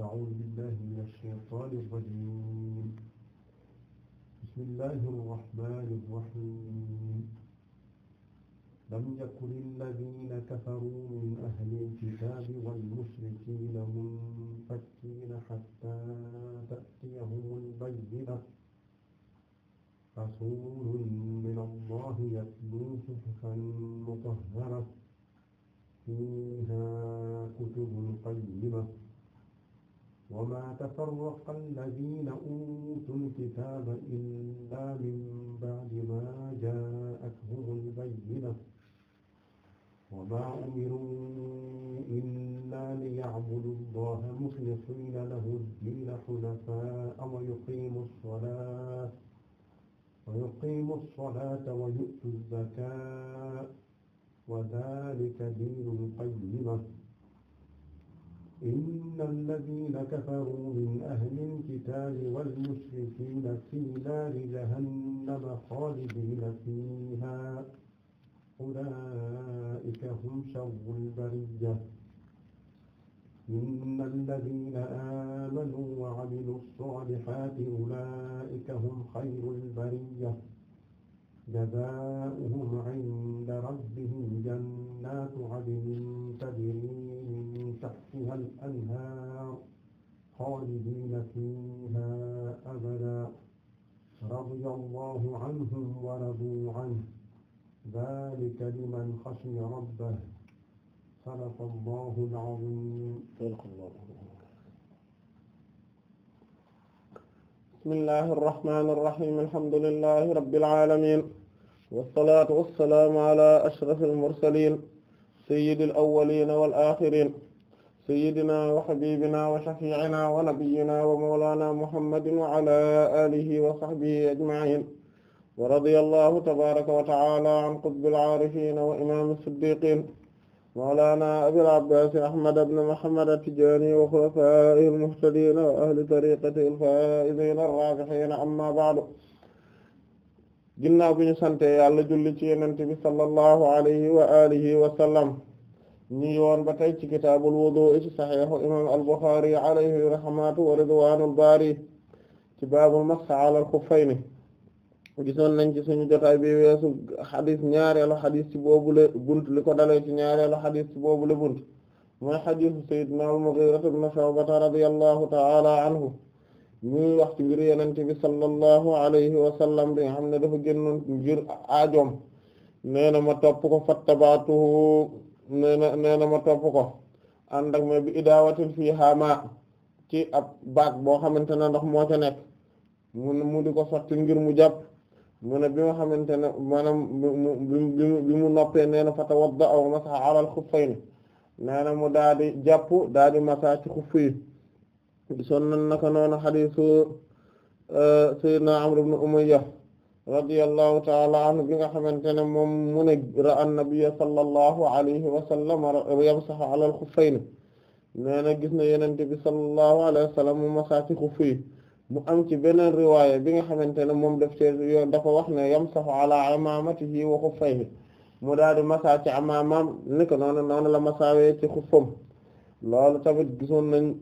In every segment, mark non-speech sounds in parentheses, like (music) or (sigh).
أعوذ بالله من الشيطان الرجيم بسم الله الرحمن الرحيم لم يكن الذين كفروا من أهل الكتاب والمشركين منفكين حتى تأتيهم البينة رسول من الله يتلو صحفا مطهرة فيها كتب قيمة وما تفرق الذين أوتوا الكتاب إلا من بعد ما جاءتهم البينة وما أمروا إلا ليعبدوا الله مخلصين له الدين حنفاء ويقيموا الصلاة ويقيموا الصلاة ويؤتوا الزكاة وذلك دين القيمة إن الذين كفروا من أهل الكتاب والمشركين في نار جهنم خالدين فيها أولئك هم شر البرية إن الذين آمنوا وعملوا الصالحات أولئك هم خير البرية جزاؤهم عند ربهم جنات عدن تجري تحتها الأنهار خالدين فيها أبدا رضي الله عنهم ورضوا عنه ذلك لمن خشي ربه صدق الله العظيم بسم الله الرحمن الرحيم الحمد لله رب العالمين والصلاة والسلام على أشرف المرسلين سيد الأولين والآخرين sayyidina wa habibina wa shafi'ina wa nabiyyina wa mawlana muhammadin wa ala alihi wa sahbihi ajma'in wa radiyallahu tabaraka wa ta'ala an qutbil arifin wa imam as-siddiqin mawlana abil abbas ahmad ibn muhammad at-tijani wa khulafa'ihil muhtadin wa ahli tariqatihil fa'izin ar-rabihin amma ba'du ginnaaw bi ñu sante Yàlla julli ci Yonent bi sallallahu alayhi wa alihi wa sallam ñu ngi ba tey ci kitaabul wudu ci saxiixu imaam al-Buxaari alayhi rahmatu wa ridwaanul baari ci baabul masx alal xuffayni gisoon nañ ci suñu jotaay bi weesu xadis ñaareelu xadis ci boobule bunt li ko dalee ci ñaareelu xadis ci boobule bunt mooy xadisu sayyidina al-Mughiira ibn Shu'ba radiyallahu ta'ala anhu ñuy wax ci mbir Yonent bi sallallahu alayhi wa sallam bi nga xam ne dafa génnoon ngir aajoom nee na ma topp ko fattabatuhu nee na ma topp ko ànd ak ma bi idaawatin fii xaamaa ci ab baag boo xamante ne ndox moo ca nekk mun mu di ko ngir mu jàpp mu ne bi nga xamante ne maanaam bi mu noppee nee na fatawadda aw masaha ala al xuffayni nee na mu daa di jàpp daa di masaa ci xuff yi gisoon nan naka noonu xadiisu euh, sayyidina Amr ibn Umayya radiyallahu taala anhu bi nga xamante ne moom mu ne ra'a an-nabiyya sallallahu alayhi wa sallam yamsahu ala al-khuffayn nee na gis na yonent bi sallallahu alayhi wa sallam mu masaa ci xuff yi mu am ci beneen riwaaya bi nga xamante ne moom daf cee yo dafa wax ne yamsahu ala imaamatihi wa xuffayhi mu daal di masaa ci amaamam ni ko noonu noonu la masaawee ci xuffam loolu tamit gisoon nañ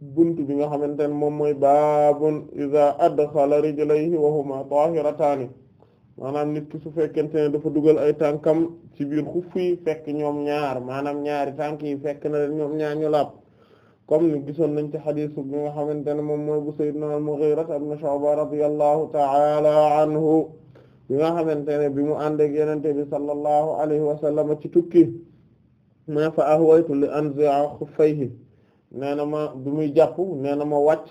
bunt bi nga xamante ne moom mooy baabun iza adxala rijlayhi wa huma tahirataani maanaam nit ki su fekkente ne dafa dugal ay tànkam ci biir xuf fekk ñoom ñaar maanaam ñaari tànk yi fekk na leen ñoom ñaar ñu laab comme ni gisoon nañ ci xadiis bi nga xamante ne moom mooy bu sayyidna al-Mughira ibn Shu'ba radiyallahu ta'ala anhu bi nga xamante ne bi mu ànd ak yenente bi sallallahu alayhi wa sallam ci tukki ma fa ahwaytu li anzi'a khuffayhi nee na ma bi muy jàpp nee na ma wàcc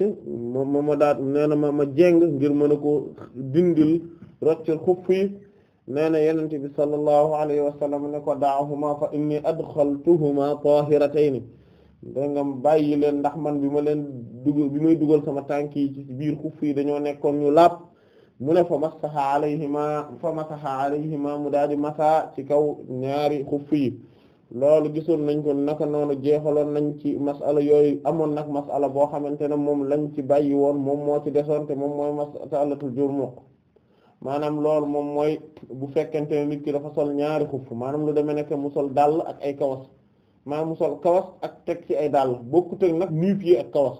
ma ma ma daat nee na ma ma jéng ngir mën a ko dindil rocci xupp yi nee na yenente bi sallallahu alayhi wa sallam ne ko daahuma fa inni adxaltuhuma tahiratayn dangam bàyyi leen ndax man bi ma leen dugal bi may dugal sama tànk yi ci biir xuff yi dañoo nekkoon ñu lapp mu ne fa masaha alayhima fa masaha alayhima mu daal di masa ci kaw ñaari xuff loolu gisoon nañ ko naka noonu jeexaloon nañ ci masala yooyu amoon nag masala boo xamante ne moom lañ ci bàyyi woon moom moo ci desoon te moom mooy masalatul jurmuq maanaam loolu moom mooy bu fekkente ne nit ki dafa sol ñaari xuf maanaam lu demee nekk mu sol dàll ak ay kawas maanaam mu sol ak teg ci ay dàll bokkut ak nag nu-pieds ak kawas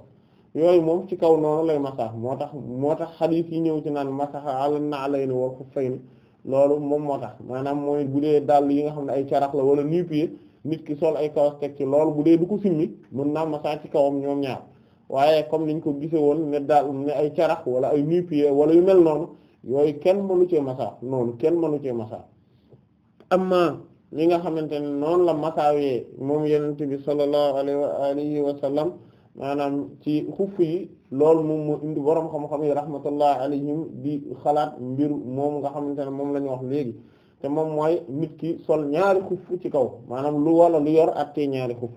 yooyu moom ci kaw noonu lay masax moo tax moo tax xadiis yi ñëw ci naan masaxa ala na'layni fay xuffayni loolu moom moo tax maanaam mooy bu dee dàll yi nga xam ne ay carax la wala nu-pieds nit ki sol ay kawas teg ci loolu bu dee du ko simmi mën naa masaa ci kawam ñoom ñaar waaye comme niñ ko gise woon ne daal ne ay carax wala ay nu-pieds wala yu mel noonu yooyu kenn mënu cee masaa noonu kenn mënu cee masaa amma li nga xamante ne noonu la masaawee moom yenente bi sallallahu alayhi wa alihi maanaam ci xuf yi loolu moom mu indi borom xam-xam yi rahmatullah alayhim di xalaat mbir moom nga xamante ne moom la ñu wax léegi te moom mooy nit ki sol ñaari xuf ci kaw maanaam lu wala lu yor attee ñaari xuf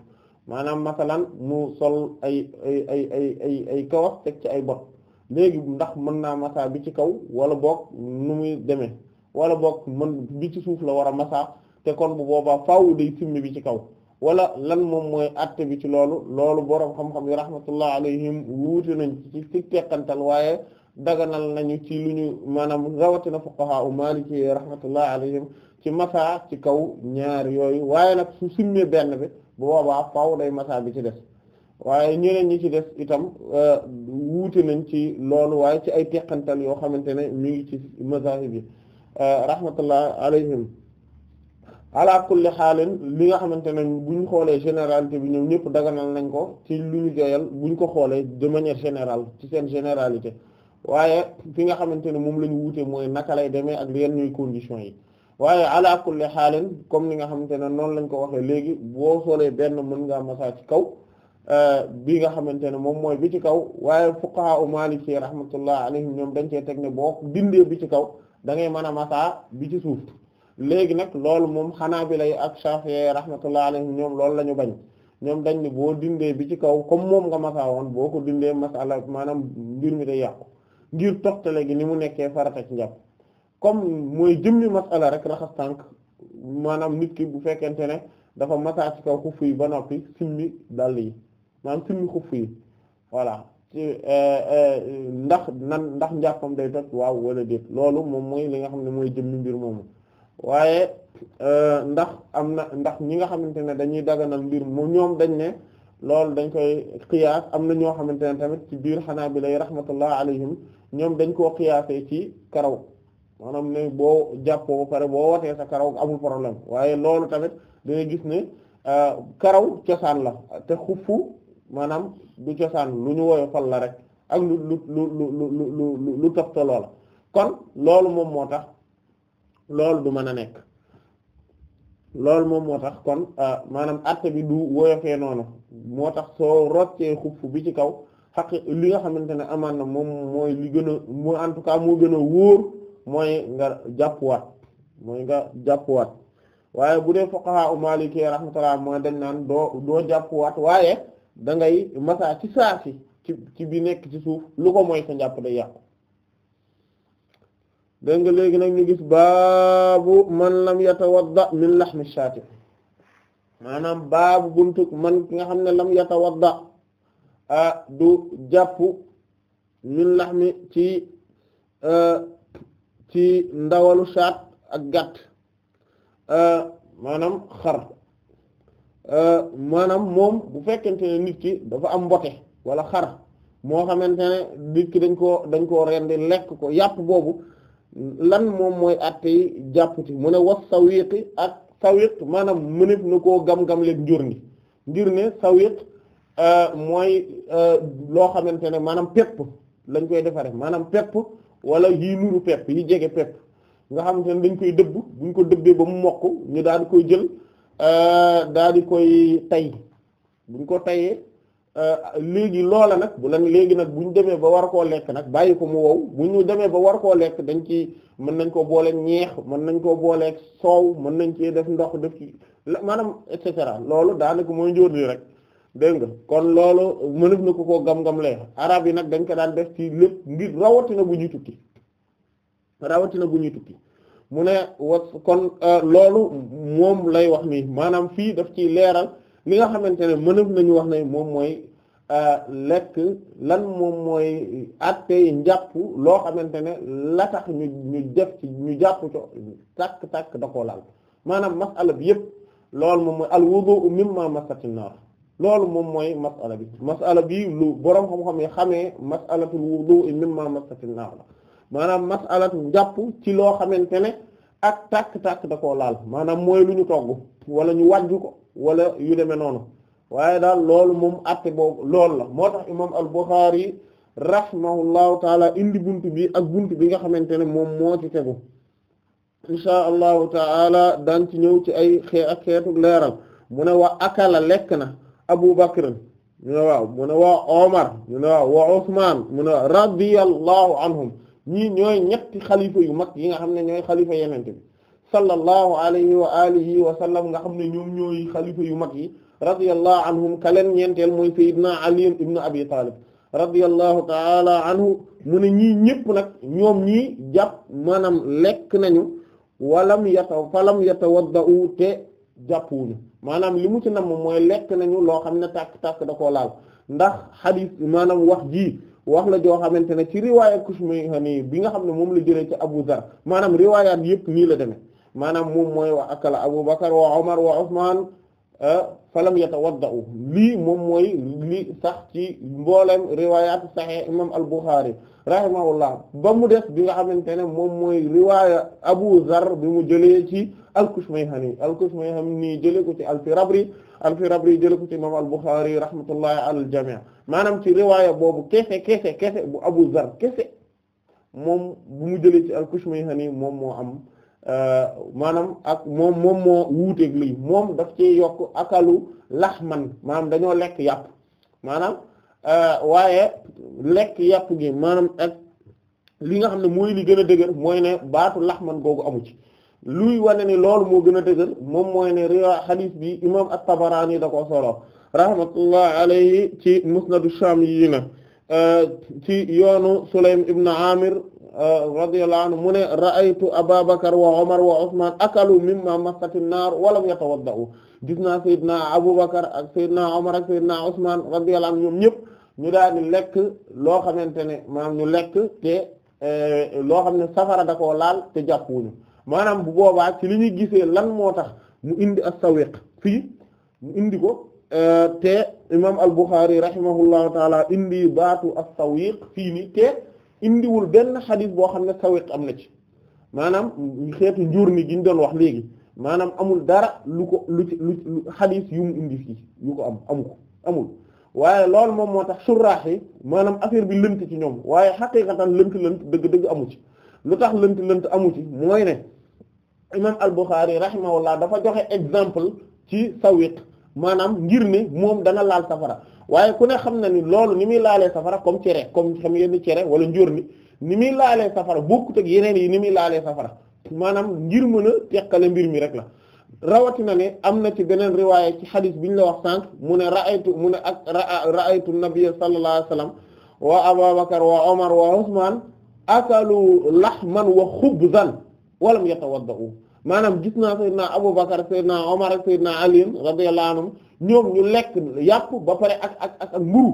maanaam masalan mu sol ay ay ay ay ay ay teg ci ay bot léegi ndax mën naa masaa bi ci kaw wala boog nu muy demee wala boog mën bi ci suuf la war a masaa te kon bu boobaa faaw day simmi bi ci kaw wala lan moom mooy atte bi ci loolu loolu boroom xam-xam yi rahmatullah alayhim wuute nañ ci ci teqantal waaye daganal nañu ci lu ñu maanaam rawatina fuqaha u maliki yi rahmatullah alayhim ci masa ci kaw ñaar yooyu waaye nag su summee benn bi bu boobaa faaw day masa bi ci des waaye ñeneen ñi ci des itam euh, wuute nañ ci loolu waaye ci ay teqantal yoo xamante ne mi ngi ci mazahib yi euh, rahmatullah alayhim ala kulli xaalin li nga xamante ne buñ xoolee généralité bi ñoom ñëpp daganal nañ ko ci lu ñu joyal bu ko xoolee de manière générale ci seen généralité waaye fi nga xamante ne moom la ñu wuute mooy naka lay demee ak yenn ñuy conditions yi waaye ala kulli xaalin comme ni nga xamante ne noonu lañ ko waxee léegi boo xoolee benn mën nga masaa ci kaw euh, bi nga xamante ne moom mooy bi ci kaw waaye fuqaha u maliki rahmatullah alayhim ñoom dañ cee teg ne boo dindee bi ci kaw dangay ngay mën a masaa bi ci suuf léegi nag loolu moom xanaa bi yi ak Shafi'i rahmatullah alayhim ñoom loolu la ñu bañ ñoom dañ ne boo dindee bi ci kaw comme moom nga masaawoon boo ko dindee masala maanaam mbir mi day yàqu ngir toxtale gi ni mu nekkee farata ci njàpp comme mooy jëmmi masala rek raxas tànk maanaam nit ki bu fekkente ne dafa masaa ci kaw xuff yi ba noppi simmi dàll yi maanaam simmi xuff yi voilà euh, euh, ndax nan ndax njàppam day toj waaw wala déet loolu moom mooy li nga xam ne mooy jëmmi mbir moomu waaye euh, ndax am na ndax ñi nga xamante ne dañuy daganal mbir mu ñoom dañ ne loolu dañ koy xiyaas am na ñoo xamante ne tamit ci biir xanaa bi lay rahmatullah alayhim ñoom dañ ko xiyaasee ci karaw maanaam ne boo jàppoo ba pare boo watee sa karaw amul problème waaye loolu tamit dangay gis ne euh, karaw cosaan la te xufu maanaam du cosaan lu ñu woyofal la rek ak lu lu lu lu lu lu lu la kon loolu moom moo tax loolu du mën a nekk loolu moom moo tax kon euh, maanaam atte bi du woyofee noonu moo tax soo roccee xuff bi ci kaw xaq li nga xamante ne amaan na moom mooy li gën a moo en tout cas moo gën a wóor mooy nga jàppuwaat mooy nga jàppuwaat waaye bu dee fuqaha u maliki rahmatullah mooy dañ naan doo doo jàppuwaat waaye da ngay masaa ci saa ci ci bi nekk ci suuf lu ko moy sa njàpp day yàqu dégg nga léegi nag ñu gis baabu man lam yatawadda min lahmi shaati maanaam baabu buntu man ki nga xam ne lam yatawadda a du jàppu min lahmi ci ci ndawalu shaat ak gàtt maanaam xar maanaam moom bu fekkente ne nit ki dafa am mbote wala xar moo xamante ne nit ki dañ koo dañ koo rendi lekk ko yàpp boobu lan moom mooy attey jàppti mu ne was sawiqi ak sawiq maanaam mënef na koo gam-gam leen njur ni njur ne sawiq euh, mooy euh, loo xamante ne maanaam pepp lañ koy defare maanaam pepp wala yi nuru pepp yi jege pepp nga xamante ne dañ koy dëbb buñ ko dëbbee ba mu mokk ñu daal koy jël euh, daal di koy tay buñ ko tayee Euh, léegi loola nag bu nag léegi nag bu ñu demee ba war koo lekk nag bàyyi ko mu wow bu ñu demee ba war koo lekk dañ ci mën nañ koo boole ñeex mën nañ koo booleeg soow mën nañ ci def ndox def ci maanaam et cetera loolu daanaka mooy njóor rek dégg nga kon loolu mënef na ko koo gam-gam arab yi nag dañ ko daan def ci lépp ngir rawatina bu ñuy tukki rawatina bu ñuy tukki mu ne wa kon euh, loolu moom lay wax nii maanaam fii daf ci leeral li nga xamante ne mënaf nañu wax ne moom mooy euh, lekk lan moom mooy attey njàpp loo xamante ne la tax ñu def ci ñu jàpp co tàkk-tàkk da koo laal maanaam masala bi yépp loolu moom mooy al wudu'u mimma masatin nar loolu moom mooy masala bi masala bi lu boroom xam-xam yi xamee masalatul wudu'i mimma masatin nar la maanaam masalatu njàpp ci loo xamante ne ak tàkk-tàkk da laal maanaam mooy lu ñu togg wala ñu wàjju ko wala yu demee noonu waaye daal loolu moom atte boobu loolu la moo tax imam al-Bukhari rahimahullahu taala indi bunt bi ak bunt bi nga xamante ne moom moo ci tegu insha allahu taala daan ci ñëw ci ay xee ak xeetu leeral mu ne waa akala lekk na Abu Bakr ñu ne waaw mu ne waa Omar ñu waaw wa Usman mu ne radiyallahu anhum ñii ñooy ñetti xalifa yu mag yi nga xam ne ñooy xalifa yenente bi sallallahu alayhi wa alihi wa sallam nga xam ne ñoom ñooy xalifa yu mag yi radiyallahu anhum kaleen ñeenteel mooy sayyidina Ali ibn Abi Talib radiyallahu taala anhu mu ne ñii ñëpp nag ñoom ñii jàpp maanaam lekk nañu walam yata falam yatawaddau te jàppuñu maanaam li mu ci nam mooy lekk nañu loo xam ne tàkk-tàkk da koo laal ndax xadiis maanaam wax ji wax la joo xamante ne ci riwaaya Kushmayhani bi nga xam ne moom la jëlee ci Abu Zar maanaam riwaayaat yëpp nii la demee maanaam moom mooy wa akala Abu Bakar wa Umar wa Usman ah, falam yatawadda'u lii moom mooy lii sax ci mboolem riwaayaat Sahih imam al-Bukhari rahimahullah ba mu def bi nga xamante ne moom mooy riwaaya Abu Zar bi mu jëlee ci al-Kushmayhani al-Kushmayhani jëlee ko ci al-Firabri al-Firabri jëlee ko ci imam al-Bukhari rahmatullahi alal jamii maanaam ci riwaaya boobu kese kese kese bu Abu Zar kese moom bu mu jëlee ci al-Kushmayhani moom moo am euh, maanaam ak moom moom moo wuuteeg lii moom daf ci yokk akalu man maanaam dañoo lekk yàpp maanaam. Euh, waaye lekk yàpp gi maanaam ak li nga xam ne mooy li gën a dëgër mooy ne baatu lax man googu amu ci luy wane ni loolu moo gën a dëgër moom mooy ne riwa xadiis bi imaam at-Tabarani da ko solo rahmatullah alayhi ci musnadu Shaam yi na euh, ci yoonu Sulaym ibn Amir Euh, radiyallahu anhu mu ne ra'aytu Ababakar wa Omar wa Ousmane akalu mimma massati naar wa lam yatawadda'u gis naa Seydina Aboubacar ak Seydina Omar ak a Ousmane radiyallahu anhu ñoom ñëpp ñu daal di lekk loo xamante ne maanaam ñu lekk te euh, loo xam ne safara da koo laal te jàppuñu maanaam bu boobaa ci li ñuy gisee lan moo tax mu indi as-sawiq fii mu indi ko. Euh, te imam al-Bukhari rahimahullahu taala indi baatu as-sawiq fii ni te indiwul benn xadis boo xam ne sawiq am na ci maanaam xeetu njur ni gi ñu doon wax léegi maanaam amul dara lu ko lu ci lu xadis yu mu indi fii yu ko am amu amul waaye loolu moom moo tax surraax yi maanaam affaire bi lënt ci ñoom waaye xaqiiqatan lënt lënt dëgg-dëgg amu ci lu tax lënt lënt amu ci mooy ne imam al-Bukhari rahimahullah dafa joxe exemple ci sawiq maanaam ngir ne moom dana laal safara waaye ku ne xam na ni loolu ni muy laalee safara comme cere comme xam yenn cere wala njur ni ni muy laalee safara bokkut ak yeneen yi ni muy laalee safara maanaam ngir mën a mbir mi rek la rawatina ne am na ci beneen riwaaya ci xadis bi la wax sànq mu ne raaytu mu ne ak raaytu nabiyya sallallahu alayhi wasallam wa Abubakar wa Omar wa Usman akalu lahman wa xubzan walam yatawaddau maanaam gis naa sayyidina Abubakar sayyidina Omar sayyidina Ali radiyallahu ñoom ñu lekk yàpp ba pare ak ak ak ak mburu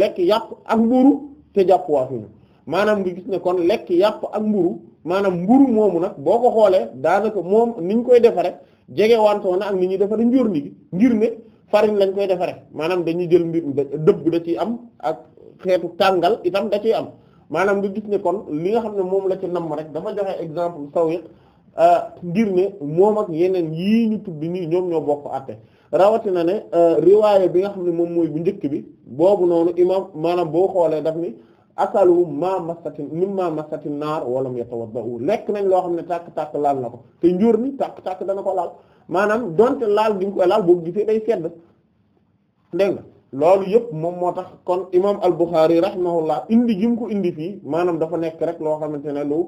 lekk yàpp ak mburu te jàpp waafiñu maanaam nga gis ne kon lekk yàpp ak mburu maanaam mburu moomu nag boo ko xoolee daanaka moom ni ñu koy defaree jege wantoo na ak ni ñuy defare njur gi ngir ne farine lañ koy defaree maanaam dañuy jël mbir dëbb da ciy am ak xeetu tàngal itam da ciy am maanaam nga gis ne kon li nga xam ne moom la ci namm rek dafa joxe exemple sawiq Euh, ngir ne moom ak yeneen yii ñu tudd nii ñoom ñoo bokk àtte rawatina ne euh, riwaaya bi nga xam ne moom mooy bu njëkk bi boobu noonu imam maanaam boo xoolee daf ni asalu ma masatin mimma masatin naar walam yatawaddau lekk nañ loo xam ne tàkk-tàkk laal na ko te njóor ni tàkk-tàkk dana ko laal maanaam donte laal gi ñu koy laal boobu gisee day sedd dégg loolu yëpp moom moo tax kon imam al Bukhari rahimahullah indi gi mu ko indi fii maanaam dafa nekk rek loo xamante ne lu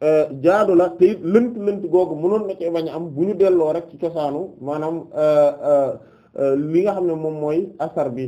Euh, jaadu la te lënt lënt googu mënoon na cee bañ am bu ñu delloo rek ci cosaanu maanaam euh, euh, li nga xam ne moom mooy asar bi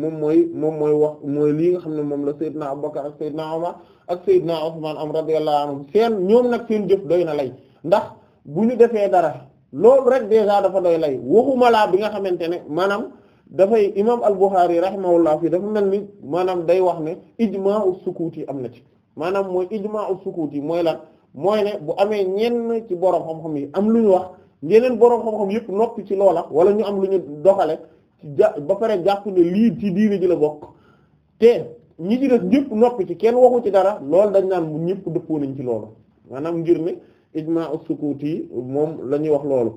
moom mooy moom mooy wax lii nga xam ne moom la Seydina Abubakar ak Seydina Omar ak Seydina Usman am radiyallahu anhum seen ñoom nag seen jëf doy na lay ndax bu ñu defee dara loolu rek déjà dafa doy lay waxuma laa bi nga xamante ne maanaam dafay imam al-Bukhari rahimahullah fii dafa mel ni maanaam day wax ne ijma'u sukuuti am na ci maanaam mooy ijmaa'u sukuuti mooy lan mooy ne bu amee ñenn ci borom xam-xam yi am lu ñu wax ñeneen borom xam-xam yëpp nokk ci loola wala ñu am lu ñu doxale ci ja ba pare jàpp ne lii ci diine ji la bokk te ñi ci def ñëpp noppi ci kenn waxu ci dara lool dañ naan ñëpp dëppoo nañ ci loolu maanaam ngir ne ijmaa'u sukuuti moom lañuy wax loolu.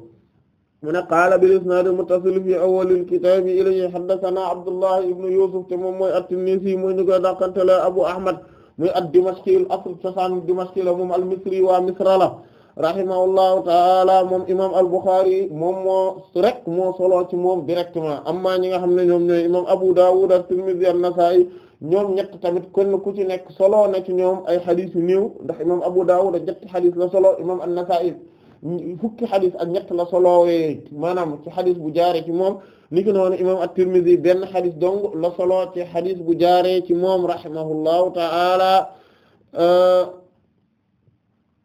mu ne qaala bil isnaad muttasil fi awwalil kitaabi ilayhi haddasanaa Abdullahi ibnu Yuusuf te moom mooy at-Tinnisi mooy ñu koy dàqanteel muy ad-Dimashqi al-asl cosaanu Dimashqi la moom al-Misri waa Misra la rahimahullahu taala moom imam al-Bukhari moom moo rek moo solo ci moom directement amma ñi nga xam ne ñoom ñooy imam Abu Dawud at-Tirmidhi an-Nasa'i ñoom ñett tamit kenn ku ci nekk solo na ci ñoom ay xadis yu néew ndax imam Abu Dawud ñetti xadis la solo imam an-Nasa'i fukki xadis ak ñett la solowee maanaam ci xadis bu jaaree ci moom ni ki noonu imam at-Tirmidhi benn xadis dong la solo ci xadis bu jaaree ci moom rahimahullahu ta'ala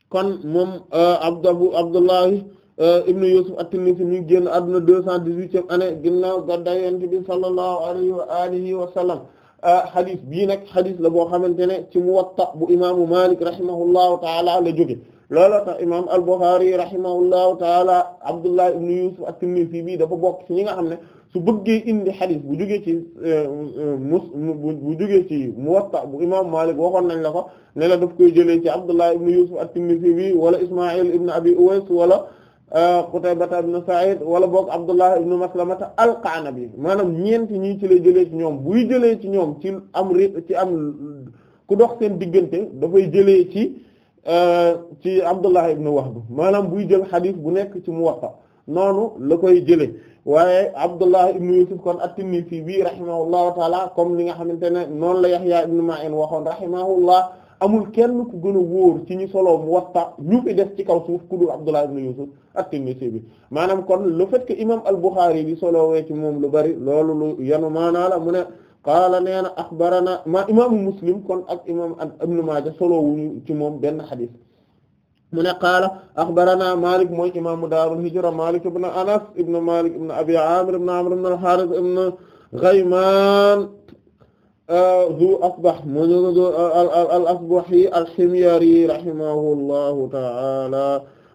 kon moom eh, abdu abdullahi eh, ibnu Yusuf at-Tinnisi mi ngi génn àdduna deux cent dix-huitième année ginnaaw gaddaay Yonent bi sallallahu alayhi wa alihi wa eh, xadis bii nag xadis la boo xamante ne ci Muwatta bu imaamu Malik rahimahullahu ta'ala la jóge looloo tax imam al-Bukhari rahimahullahu taala Abdullah ibn Yusuf at-Tinnisi bii dafa bokk ci ñi nga xam ne su bëggee indi xadis bu jógee ci mus euh, bu jugee ci Muwatta bu imam Malik waxoon nañ la ko ne la daf koy jëlee ci Abdullah ibn Yusuf at-Tinnisi bi wala Isma'il ibn Abi Uways wala euh, Qutaybata ibn Sa'id wala boog Abdullah ibn Maslamata al bi maanaam ñeent ñii ci lay jëlee ci ñoom buy jëlee ci ñoom ci am ri ci am ku dox seen diggante dafay jëlee ci Euh, ci Abdullah ibn Wahb maanaam buy jël xadis bu nekk ci mu Muwatta noonu la koy jëlee waaye Abdullah ibn Yusuf kon at-Tinnisi bi rahimahullahu taala comme li nga xamante ne noonu la Yahya ibn Ma'in waxoon rahimahullah amul kenn ku gën a wóor ci ñi solo Muwatta ñu fi def ci kaw suuf ku dul Abdullah ibn Yusuf at-Tinnisi bi maanaam kon le fait que imam al-Bukhari bi solowee ci moom lu bari loolu lu yanu maanaa la mu ne qaala nee na axbarana ma imaamu muslim kon ak imaam ibnu maaja solowuñu ci moom benn xadis mu ne qaala axbarana malik mooy imaamu daarul hijra malik ibnu anas ibnu malik ibnu abi amir ibnu amr ibnu alxaaris ibnu ghaymaan zu euh, asbax mu ñu al asbaxi alximyari rahimahullahu taala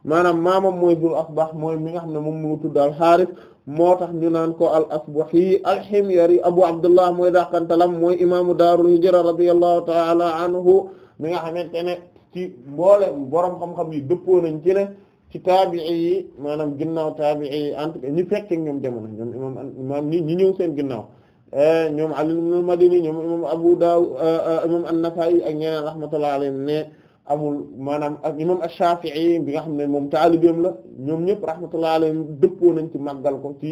maanaam maamam mooy zu asbax mooy mi nga xam ne moom mu tudd alxaaris moo tax ñu naan ko al asbahi al himyari abu abdullah mooy daqantalam mooy imaamu daarul hijra radiyallahu ta'ala anhu mi nga xamante ne ci mboole borom xam-xam yi dëppoo nañ ci ne ci taabi'i yi maanaam ginnaaw taabi'i yi en tout cas ñi fekk ñoom jamono ñoom imam imam ñi ñi ñëw seen ginnaaw eh, ñoom Ali ibn al-Madini ñoom imam Abu Dawud eh, eh, imam an-Nasa'i ak ñeneen rahmatullahi ne amul maanaam ak imam Ash-Shafi'i bi nga xam ne moom taalibeem la ñoom ñëpp rahmatullahi alayhim dëppoo nañ ci màggal ko ci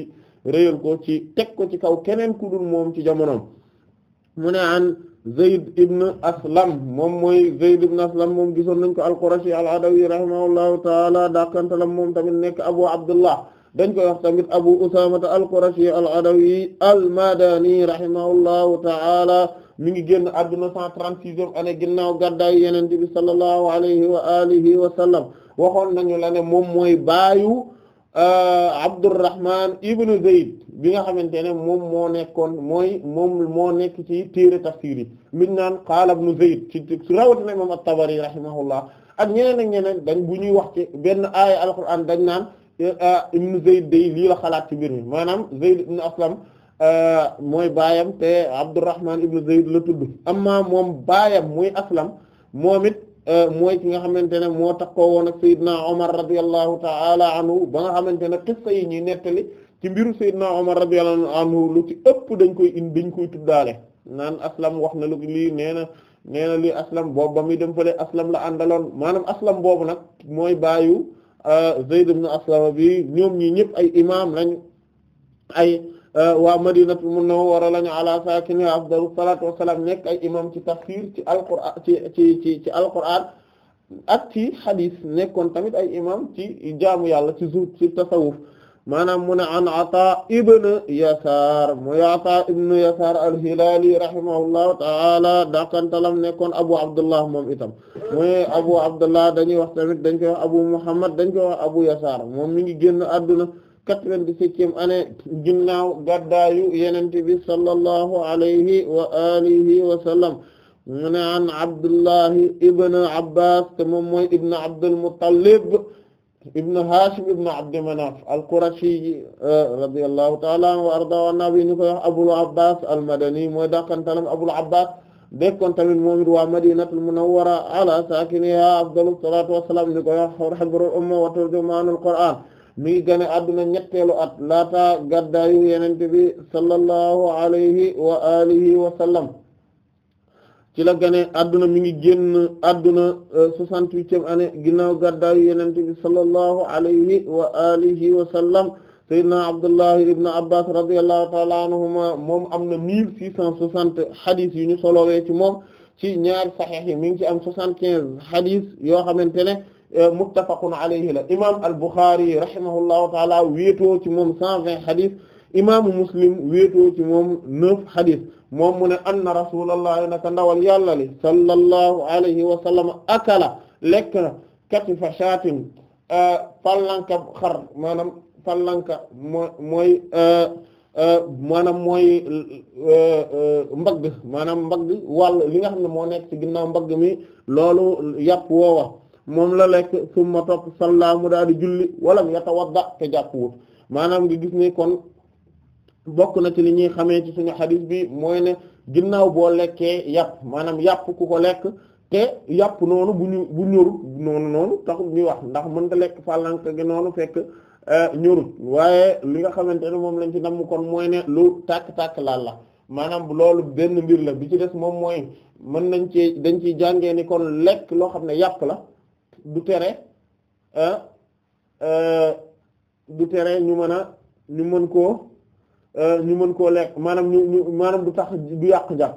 réyal ko ci teg ko ci kaw keneen ku moom ci jamonoom mu ne an Zayd ibn Aslam moom mooy Zayd ibn Aslam moom gisoon nañ ko al-Qurashi al-Adawi rahimahullahu taala daakantalam moom tamit nekk Abu Abdullah dañ koy wax tamit Abu Usaamata al-Qurashi al-Adawi al-Madani rahimahullahu taala mi ngi génn àdduna 136e année ginnaaw gàddaayu yonent bi sallallahu alayhi wa alihi wa sallam waxoon nañu la ne moom mooy baayu euh, Abdurrahman ibn Zayd bi nga xamante ne moom moo nekkoon mooy moom moo nekk ci téere tafsir yi liñ naan qaala ibn Zayd ci rawatina imam at-Tabari rahimahullah ak ñeneen ak ñeneen dañ bu ñuy wax ci benn aaya alquran dañ naan euh, ibn Zayd day lii la xalaat ci mbir mi maanaam Zayd ibn Aslam Euh, mooy baayam te Abdurrahman ibn Zayd la tudd amma moom baayam muy Aslam moom it euh, mooy ki nga xamante ne moo tax takkoo woon ak Seydina Omar radiyallahu ta'ala anhu ba nga ci mbiru Seydina Omar dañ koy indi dañ koy tuddaale naan Aslam wax na lu lii nee na na lii Aslam boobu ba muy dem fële Aslam la àndaloon maanaam Aslam boobu nag mooy baayu euh, Zayd ibn Aslam bi ñoom ñi ñëpp ay imaam lañ ay. Euh, waa madinatul munawwara lañu ala saakini afdalu salaatu wassalaam nekk ay imam ci tafsir ci alquraan ci ci ci ci alquraan ak ci xadis nekkoon tamit ay imam ci jaamu yàlla ci zuhd ci tasawuf maanaam mu ne an ata ibn yasar mooy ata ibn yasar al-hilali rahimahullahu taala dakantalam nekkoon abu abdullah moom itam mooy abu abdullah dañuy wax tamit dañ koy wax abu muhammad dañ koy wax abu yasar moom mi ngi génn adduna quatre-vingt-dix-septième année ginnaaw gaddaayu yonent bi sallallahu alayhi wa alihi wa sallam mu ne an Abdullahi ibn Abbas te moom mooy ibn Abdul Muttalib ibn Hashim ibn Abd Manaf al-Qurashi euh, radiyallahu ta'ala anhu wa ardaahu an nabi ñu koy wax Abul Abbas al-Madani mooy dakantalam Abul Abbas dekkoon tamit moom it waa Madinatul Munawwara ala saakiniha afdalu salaatu wa salaam ñu koy wax xibru umma wa turjumaanul Qur'aan mi ngi gane adduna ñetteelu at laata gaddaayu yenente bi sallallahu alayhi wa alihi wa sallam ci la gane adduna mi ngi génn adduna euh, soixante-huitième année ginnaaw gaddaayu yenente bi sallallahu alayhi wa alihi wa sallam sayyidina abdullahi ibn abbas radiyallahu ta'ala anhuma moom am na mille six cent soixante hadith yu ñu solowee ci moom ci ñaar saxiix yi mi ngi ci am soixante hadith yoo xamante ne muttafaqun alayhi la imam al-Bukhari rahimahullahu taala wéetoo ci moom cent vingt xadis imaamu Muslim wéetoo ci moom neuf xadis moom mu ne anna rasulullah naka ndawal yàlla li sallallahu alayhi wa sallam akala lekk na katifa shaatin fallanka xar maanaam fallanka moo mooy maanaam mooy mbagg maanaam mbagg wàll li nga xam ne moo nekk ci ginnaaw mbagg mi loolu yàpp woowa moom la lekk summa topp salla mu daal di julli walam yatawadda te jàppwut maanaam nga gis ne kon bokk na ci li ñuy xamee ci suñu xadis bi mooy ne ginnaaw boo lekkee yàpp maanaam yàpp ku ko lekk te noonu bu ñu bu ñorut noonu noonu tax ñuy wax ndax mën nga lekk fàllank gi noonu fekk eh, ñorut waaye li nga xamante ne moom lañ ci namm kon mooy ne lu tàkk-tàkk laal la maanaam loolu benn mbir la bi ci des moom mooy mën nañ ci dañ ciy jàngee ni kon lekk loo xam ne yàpp la du tere ah, ah, du tere ñu mën a ñu mën koo ah, ñu mën koo lekk maanaam ñu ñu maanaam du tax du yàq jàpp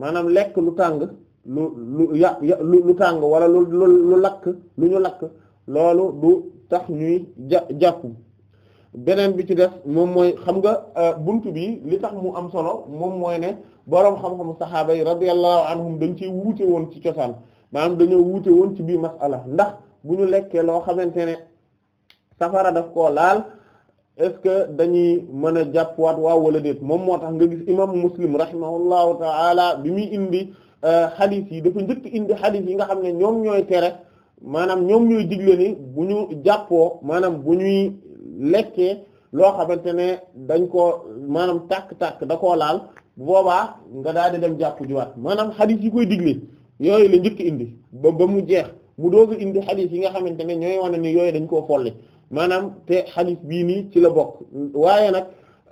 maanaam lekk lu tàng lu lu lu tàng wala lu lu lakk lu ñu lakk loolu du tax ñuy ja jàpp beneen bi ci def moom mooy xam nga buntu bi li tax mu am solo moom mooy ne boroom xam-xamu saxaaba yi radiyallahu anhum dañ ci wuute woon ci cosaan maanaam dañoo wuute woon ci bii masala ndax bu ñu lekkee loo xamante ne safara daf koo laal est-ce que dañuy mën a jàpp waat waaw wala déet moom moo tax nga gis imam muslim rahimahullahu taala bi muy indi xadis euh, yi dafa njëkk indi xadis yi nga xam ne ñoom ñooy tere maanaam ñoom ñooy digle ni bu ñu jàppoo maanaam bu ñuy lekkee loo xamante ne dañ ko maanaam tàkk-tàkk da koo laal boobaa nga daal di dem jàpp jiwaat maanaam xadis yi koy digle yooyu la njëkk indi ba ba mu jeex mu doog indi xadis yi nga xamante ne ñooy wane ni yooyu dañ koo folli maanaam te xadis bii nii ci la bokk waaye nag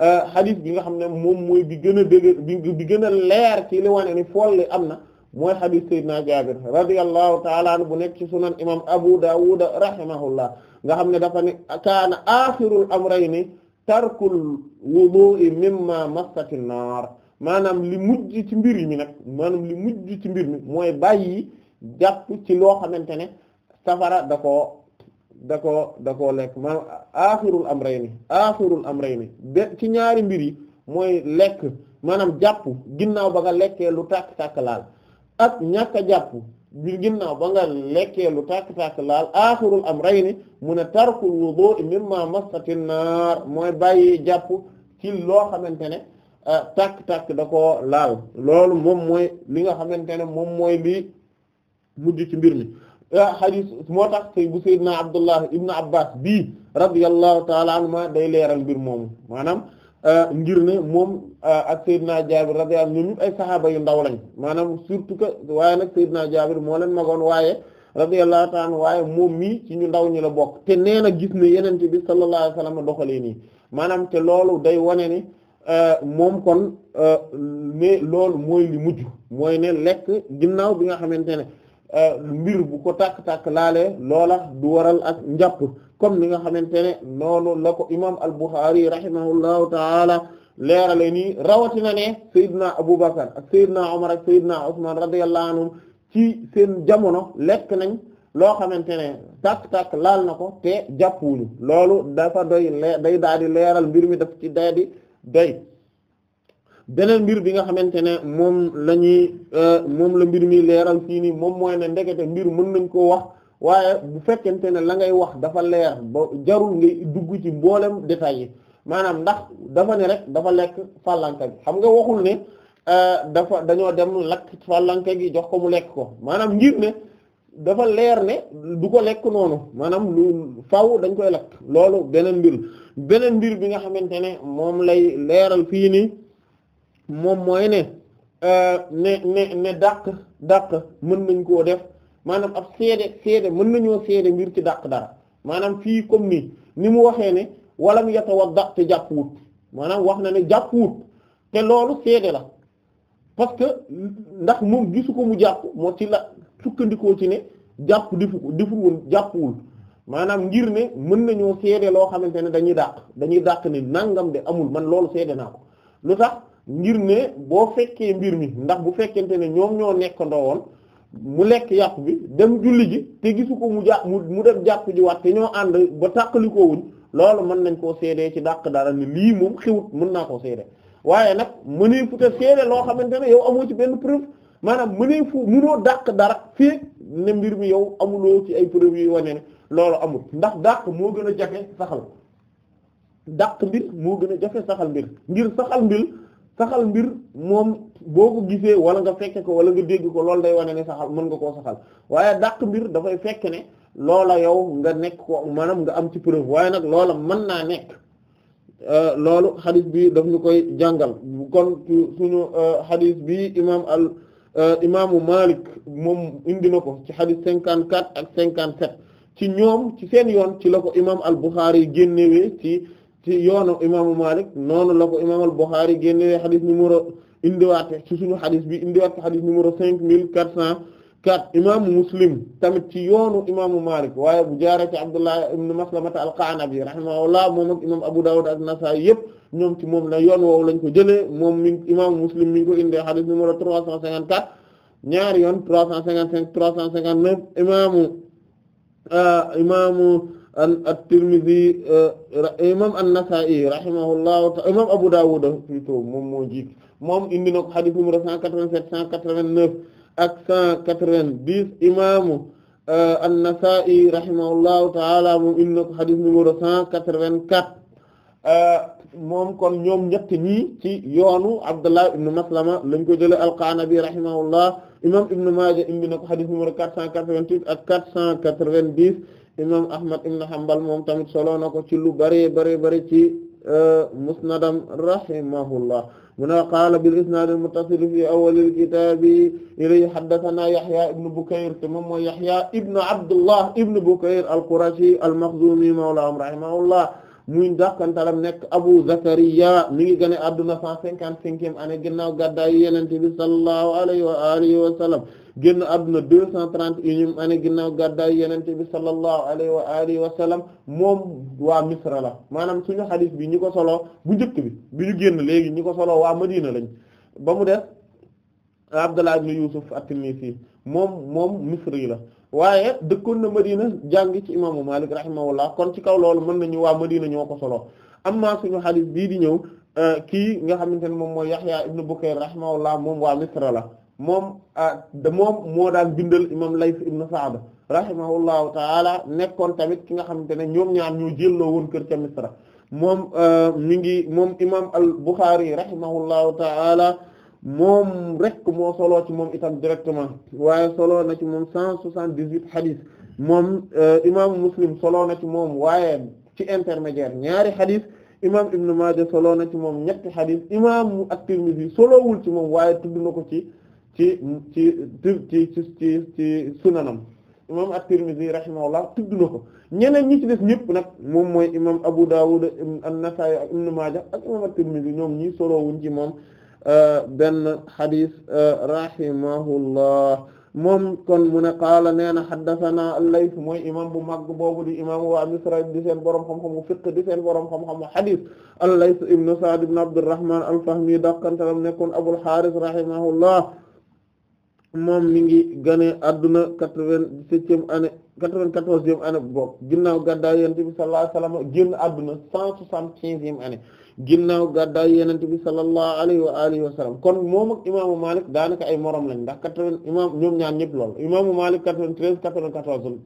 euh, xadis bi nga xam ne moom mooy bi gën a dëgg bi gën a leer ci li wane ni folli am na mooy xadis Seydina Jaabir radiyallahu taala anhu bu nekk ci sunan imam Abu Dawud rahimahullah nga xam ne dafa ne kaana axirul amrayni tarkul wudu'i mimma massati naar maanaam li mujj ci mbir mi nag maanaam li mujj ci mbir mi mooy bàyyi jàpp ci loo xamante ne safara da koo da koo da koo lekk maanaam aaxirul amrayni aaxirul amrayni de ci ñaari mbir yi mooy lekk maanaam jàpp ginnaaw ba nga lekkee lu tàkk-tàkk laal ak ñàkk a jàpp bi ginnaaw ba nga lekkee lu tàkk-tàkk laal aaxirul amrayni mun a tarkul wudu'i mimma massatin naar mooy bàyyi jàpp ci loo xamante ne tàkk-tàkk ah, da ko laal loolu moom mooy li nga xamante ne moom mooy lii mujj ci mbir mi hadith ah, moo tax tey bu sayyidna Abdullah ibn Abbas bii radiyallahu ta'ala anhuma day leeral mbir moomu maanaam ah, ngir ne moom ak sayyidna Jaabir radiyallahu ñoom ñëpp ay saxaaba yu ndaw lañ maanaam surtout que waaye nag sayyidna Jaabir moo leen magoon waaye radiyallahu ta'ala anhu waaye moom mii ci ñu ndaw ñi la bokk te nee na gis ne yenente bi sallallahu alayhi wasallam doxalee nii maanaam te loolu day wane ne Euh, moom kon euh, ne loolu mooy li mujj mooy ne lekk ginnaw bi nga xamante ne euh, mbir bu ko tàkk-tàkk laalee loola du waral ak njàpp comme ni nga xamante ne noonu la ko imam al-Bukhari rahimahullahu taala leerale ni rawatina ne Seydina Aboubacar ak Seydina Omar ak Seydina Ousmane radiyallahu anhum ci seen jamono lekk nañ loo xamante ne tàkk-tàkk laal na ko te jàppuwuñu loolu dafa doy day daal leeral mbir mi daf ci day doy beneen mbir bi nga xamante ne moom la ñuy euh, moom la mbir mi leeral fii nii moom mooy ne ndekete mbir mën nañ koo wax waaye bu fekkente ne la ngay wax dafa leer ba jarul ngay dugg ci mboolem détails yi maanaam ndax dafa ne rek dafa lekk fàllanka bi xam nga waxul ne euh, dafa dañoo dem lakk fàllanka gi jox ko mu lekk ko maanaam ngir ne dafa leer ne du ko lekk noonu maanaam lu faw dañ koy lekk loolu beneen mbir beneen mbir bi nga xamante ne moom lay leeral fii nii moom mooy euh, ne ne ne dàq dàq mën nañ koo def maanaam ab seede seede mën nañoo seede mbir ci dàq dara maanaam fii comme nii ni mu waxee ne walam yatawadda te jàpp wut maanaam wax na ne jàpp wut te loolu seede la parce que ndax moom gisu ko mu jàpp moo ci la sukkandikoo ci ne jàpp defu ko defu woon jàppuwul maanaam ngir ne mën nañoo seede loo xamante ne dañuy dàq dañuy dàq ni nangam de amul man loolu seede naa ko lu tax ngir ne boo fekkee mbir mi ndax bu fekkente ne ñoom ñoo nekkandoo woon mu lekk yàpp bi dem julli ji te gisu ko mu jàpp mu dem jàpp ji waat te ñoo ànd ba tàqalikoowuñ loolu mën nañ koo seedee ci dàq dara ne lii moom xewut mën naa koo seede waaye nag mënee peut-être seede loo xamante ne yow maanaam mënee fu mënoo dàq dara fii ne mbir mi yow amuloo ci ay preuve yu wane ne loolu amul ndax dàq moo gën a jafe saxal dàq mbir moo gën a jafe saxal mbir ngir saxal mbir saxal mbir moom boo ko gisee wala nga fekke ko wala nga dégg ko loolu day wane ne saxal mën nga koo saxal waaye dàq mbir dafay fekk ne loola yow nga nekk ko maanaam nga am ci preuve waaye nag loola mën naa nekk euh, loolu xadis bi daf ñu koy jàngal kon suñu xadis euh, bi imam al Euh, imaamu Malik moom indi na ko ci xadis cinquante quatre ak cinquante sept ci ñoom ci seen yoon ci la ko imaam al-Bukhari génnewee ci ci yoonu imaamu Malik noonu la ko imaam al-Bukhari génnewee xadis numéro indiwaat ci suñu xadis bi indiwaat xadis numéro cinq mille quatre cent 4 imaamu muslim tamit ci yoonu imaamu Malik waaye bu jaaree ci Abdullah ibn Maslamata al-Qanabi rahimahullah moom ak imaam Abu Dawud ak Nasa'i yëpp ñoom ci moom la yoon woowu lañ ko jëlee moom mi imaamu muslim mi ngi ko indee hadith numéro 354 ñaari yoon 355 359 imaamu euh, imaamu at-Tirmidhi euh, imaam an-Nasa'i rahimahullah imaam Abu Dawud plutôt moom moo jiit moom indi na ko hadith numéro 187 189. ak cent quatre-vingt-dix imaamu euh, an-Nasa'i rahimahullahu taala moom indi na ko xadis cent quatre-vingt-quatre euh, moom kon ñoom ñett ñii ci yoonu Abdullah ibn Maslama lañ ko jëlee al-Qanabi rahimahullah imam Ibn Maaja indi na ko xadis numéro quatre cent vingt huit ak quatre cent quatre-vingt-dix imam Ahmad ibn Hanbal moom tamit solo na ko ci lu bari bari bari ci euh, musnadam rahimahullah mu ne qaala bil isnaad al muttasil fi awwal al kitaab ilay haddathana Yahya ibn Bukayr te moom mooy Yahya ibn Abdullah ibn Bukayr al qurashi al makhzumi mawlaahum rahimahullah muy dàqantalam nekk Abu Zakariya mi ngi gane adduna cent cinquante-cinquième année ginnaaw gàddaayu Yonent bi sallallahu alayhi wa alihi wa sallam génn adduna deux cent trente-unième année ginnaaw gàddaayu Yonent bi sallallahu alayhi wa alihi wa sallam moom waa Misra la maanaam suñu xadis bi ñi ko solo bu njëkk bi bi ñu génn léegi ñi ko solo waa Madina lañ ba mu def Abdullah ibn Yusuf at-Tinnisi moom moom Misri la waaye dëkkoon na Madina jàng ci imaamu Malik rahimahullah kon ci kaw loolu mën na nañu waa Madina ñoo ko solo amma ñu hadith bii di ñëw euh, kii nga xamante ne moom mooy Yahya ibn Bukayr rahimahullah moom waa Misra la moom euh, de moom moo daan bindal imam Layth ibn Sa'd rahimahullahu taala nekkoon tamit ki nga xamante ne ñoom ñaar ñoo jëlloo woon kër ca Misra moom euh, mi ngi moom imam al Bukhari rahimahullahu taala moom rek moo solo ci moom itam directement waaye solo na ci moom cent soixante-dix-huit xadis moom euh, imaamu Muslim solo na ci moom waaye ci intermédiaire ñaari xadis imaam Ibn Maaja solo na ci moom ñetti xadis imaamu At-Tirmidhi solowul ci moom waaye tudd na ko ci ci ci ci ci ci sunanam imaam At-Tirmidhi rahimahullah tudd na ko ñeneen ñi ci des ñëpp nag moom mooy imaam Abu Dawud An-Nasaa'i Ibn Maaja ak imaam At-Tirmidhi ñoom ñi solowuñ ci moom benn xadis rahimahullah moom kon mu ne qaala nee na xaddasanaa al-Layth mooy imam bu mag boobu di imam waa Misra di seen borom xam-xamu fiqh di seen borom xam-xamu xadis al-Layth ibn Sa'd ibn Abdurrahman al-Fahmi daqantalam nekkoon Abul Haaris rahimahullah moom mi ngi gane adduna quatre-vingt-septième année quatre-vingt-quatorzième année bokk ginnaaw gàddaay Yonent bi sallallahu alayhi wa sallam génn adduna cent soixante-quinzième année ginnaaw gàddaay yenente bi sallallahu alayhi wa alihi wa sallam kon moom ak imaamu Malik daanaka ay moroom lañ ndax quatre-vingt imaam ñoom ñaar ñëpp lool imaamu Malik quatre vingt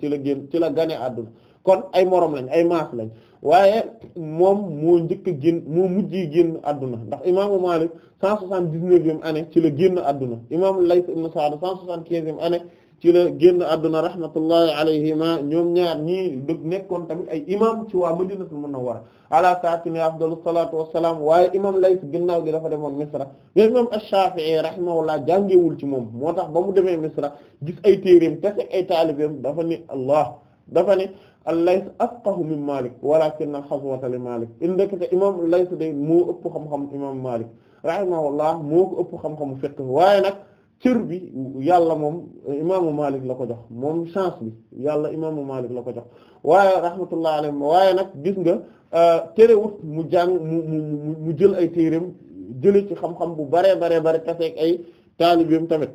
ci la génn ci la gane àdduna kon ay moroom lañ ay maas lañ waaye moom moo njëkk a génn moo mujjee génn adduna ndax imaamu Malik cent soixante-dix-neuvième année ci la génn adduna imaamu Layth ibn Sa'd cent soixante-quinzième année ci la génn àdduna rahmatullahi alayhima ñoom ñaar ñii dëgg nekkoon tamit ay imam ci waa Madinatul Munawwara ala saakini afdalu salaatu wassalaam waaye imam Layth ginnaaw gi dafa demoon Misra mais imam Ash-Shafi'i rahimahullah jàngewul ci moom moo tax ba mu demee Misra gis ay téereem tase ay taalibeem dafa ni Allah dafa ni al-Layth afqahu min Malik walakin al-khazwata li Malik indekete imam Layth day moo ëpp xam-xam imam Malik rahimahullah moo ko ëpp xam-xamu fiqh waaye nag cër bi yàlla moom imaamu Malik la ko jox moom chance bi yàlla imaamu Malik la ko jox waaye rahmatullah alayhi waaye nag gis nga euh, terewut mu jàng mu jël ay téereem jële ci xam-xam bu bare bare bare taseeg ay taalibeem tamit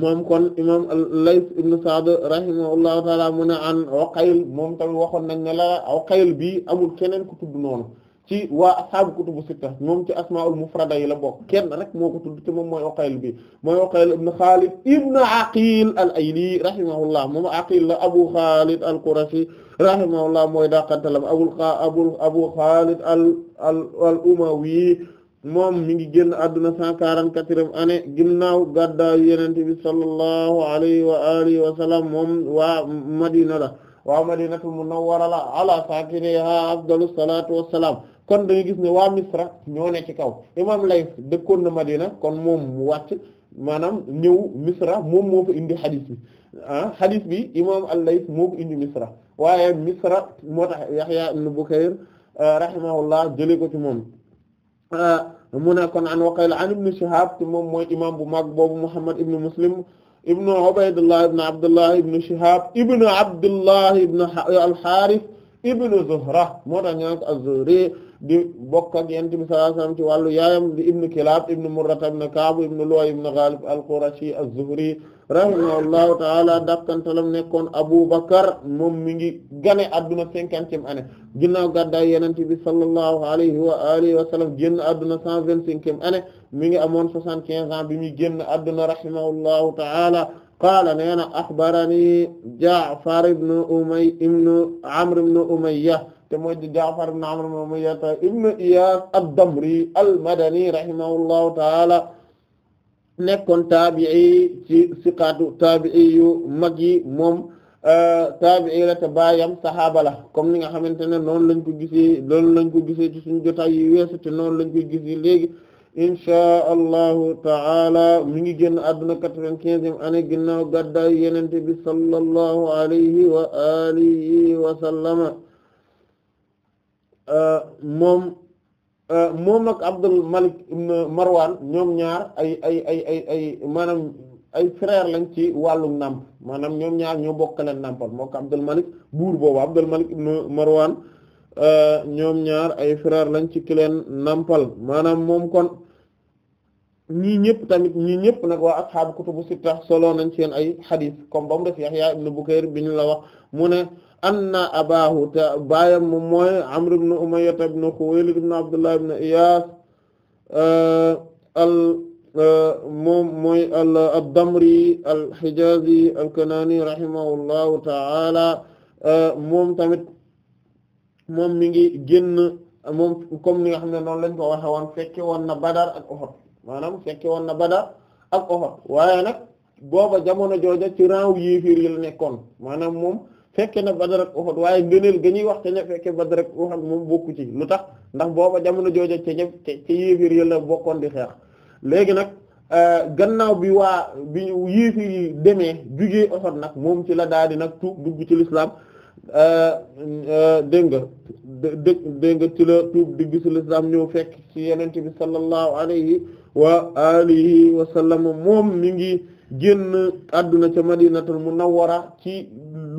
moom kon imaam Layth ibn Sa'd rahimahullahu taala mu ne an Uqayl moom tamit waxoon nañ ne la Uqayl bi amul keneen ku tudd noonu ci waa ashaabu kutubu sitta moom ci asmaul mufrada yi la bokk kenn rek moo ko tudd te moom mooy Uqayl bi mooy Uqayl ibn Xaalid ibn Aqil al Ayli rahimahullah moom Abu Xaalid al al al al mi ngi génn àdduna cent quarante-quatrième année ginnaaw gàddaayu Yonent sallallahu alayhi wa alihi wa sallam moom waa Madina la waa Madinatul Munawwara la ala saakinihaa afdalu salaatu wassalaam kon dañuy gis ne waa Misra ñoo ne ci kaw imaam Layth dëkkoon na Madina kon moom mu wàcc maanaam ñëw Misra moom moo indi xadis bi ah bi al-Layth moo ko indi Misra waaye Misra moo tax Yahya ibn Bukayr ah, rahimahullah jëlee ko ci moom ah, mu ne kon an waqayla an ibn Shihab te moom mooy imaam bu mag boobu Muhammad ibn Muslim ibn Ubaydullah ibn Abdullah ibn Shihab ibn Abdullah ibn al-Harith ibn Zuhra moo tax ñu naan ko di bokk ak yonent bi sallallahu ci wàllu yaayam di ibnu Kilaab ibnu Murrata ibnu Ka'b ibnu Lu'ay ibnu Ghalib al-Qurashi az-Zuhri rahimahullahu ta'ala dakkantalam nekkoon Abu Bakar mi ngi gane adduna cinquantième année ginnaaw gàddaay yonent bi sallallahu alayhi wa alihi wa sallam génn adduna cent vingt-cinquième mi ngi amoon soixante-quinze ans bi muy génn adduna rahimahullahu ta'ala qaala nee na axbarani Ja'far Umay ibnu Amr te mooy Jaafar ibn Amr ibn Muyatta ibn Iyas ad-Damri rahimahullahu taala nekkoon taabi'i ci siqaatu taabi'i yu mag yi moom euh, taabi'i la te baayam saxaaba la comme ni nga xamante ne noonu lañ ko gisee loolu lañ ko gisee ci suñu jotaay yi noonu lañ koy gisee léegi inchaa allahu taala mi ngi génn àdduna quatre-vingt-quinzième année ginnaaw gàddaay yenente bi sallallahu alayhi wa alihi wa sallama Euh, moom euh, moom nag Abdul Malik ibn Marwan ñoom ñaar ay ay ay ay ay maanaam ay frère lañ ci wàllu nàmp maanaam ñoom ñaar ñoo bokk leen nàmpal moo ko Abdul Malik buur boobu Abdul Malik ibn Marwan euh, ñoom ñaar ay frère lañ ci ki nampal nàmpal maanaam moom kon ñii ñëpp tamit ñii ñëpp nag waa ashaab kutubu sitta solo nañ seen ay xadiis comme ba def Yahya ibn Bukayr bi ñu la wax mu ne anna abahu ta baayam moom mooy amr ibn umayya ibn khuwaylid ibn abdullah ibn iyas al moom mooy al ad-damri al hijazi al kanani rahimahullahu ta'ala moom tamit moom mi ngi génn moom comme ni nga xam ne noonu lañ ko waxe woon fekke woon na badar ak Uhud maanaam fekke woon na badar ak Uhud waaye nag booba jamono jooja ci rang yéeféer yi la nekkoon maanaam moom fekke na Badar ak Uhud waaye ngëneel ga ñuy wax ca ña fekke Badar ak moom bokku ci lu tax ndax booba jamono jooja ca ña ca yéeféer yi bokkoon di xeex léegi nag euh, gannaaw bi waa bi yéeféer yi demee jugee Uhud nag moom ci la daal di nag tuub dugg ci lislaam euh, euh, dégg nga nga ci la ñëw fekk ci yenente bi sallallahu alayhi wa alihi wa sallam moom mi ngi génn àdduna ca Madinatul Munawwara ci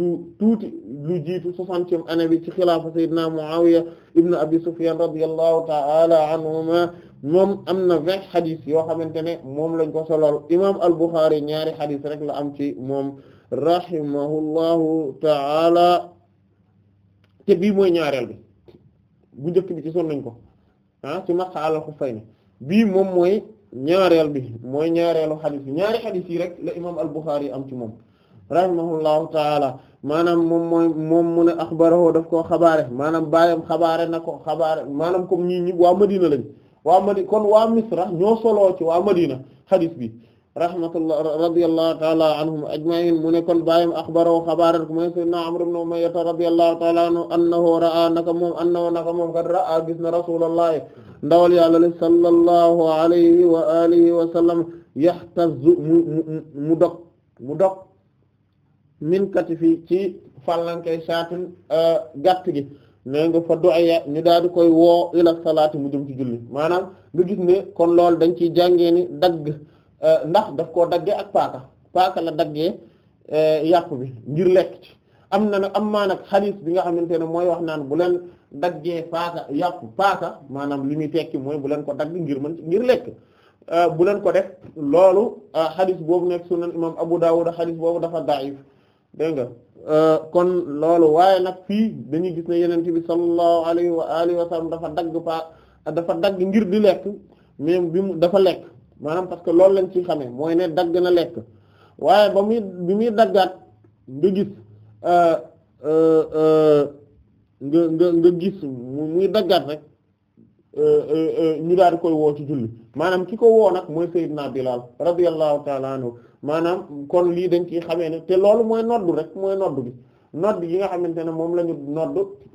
lu tuuti lu jiitu soixantième année bi ci xilaafa sayyidina Muawiya ibn Abi Sufyan radiyallahu ta'ala anhuma moom am na vingt yoo xamante ne moom lañ ko solol imam al-Bukhari ñaari xadis rek la am ci moom rahimahullahu ta'ala te bii mooy ñaareel bi bu njëkk bi ci son nañ ko ah ci mas'ala xuffayni bii moom mooy ñaareel bi mooy ñaareelu xadis bi ñaari xadis yi rek la imam al am ci moom rahimahullahu ta'ala maanaam moom mooy moom mu ne axbarahu daf koo xabaare maanaam baayam xabaare na ko xabaare maanaam comme ñii ñi waa Madina lañ waa Madina kon waa Misra ñoo soloo ci waa Madina xadis bi rahmatullah radiyallahu taala anhum ajma'in mu ne kon baayam axbarahu xabaare na ko mooy sayyidina Amr ibn Umayyah radiyallahu taala anhu annahu ra'a naka moom annahu naka moom kat ra'a gis na rasulullahi ndawal yàlla li sallallahu alayhi wa alihi wa sallam yaxtazzu mu mu mu dog mu dog min katifi ci fallankay saatin euh, gàtt gi nee nga fa du'aya ñu daal di koy woo ila salaati mu jëm ci julli maanaam nga gis kon lool dañ ciy jàngee ni dagg euh, ndax daf koo daggee ak paaka paaka la daggee euh, yàpp bi ngir lekk am na nag am maa nag xadiis bi nga xamante ne mooy wax naan bu leen daggee paaka yàpp paaka maanaam li muy tekki mooy bu leen ko dagg ngir mën ngir lekk bu leen ko def loolu xadiis boobu nekk sunan imam Abu Dawud xadiis boobu dafa da'if dégg nga euh, kon loolu waaye nag fii dañuy gis ne yeneen bi sallallahu alayhi wa alihi wa sallam dafa dagg pa dafa dagg ngir di lekk même bi mu dafa lekk maanaam parce que loolu lañ ci xamee mooy ne dagg na lekk waaye ba muy bi muy daggaat nga gis euh, euh, nga nga nga gis muy daggaat rek ñu daal di koy woo ci julli maanaam ki ko woo nag mooy Seydina Bilal radiyallahu ta'ala anhu maanaam kon lii dañ ciy xamee ne te loolu mooy noddu rek mooy noddu bi noddu yi nga xamante ne moom lañu ñu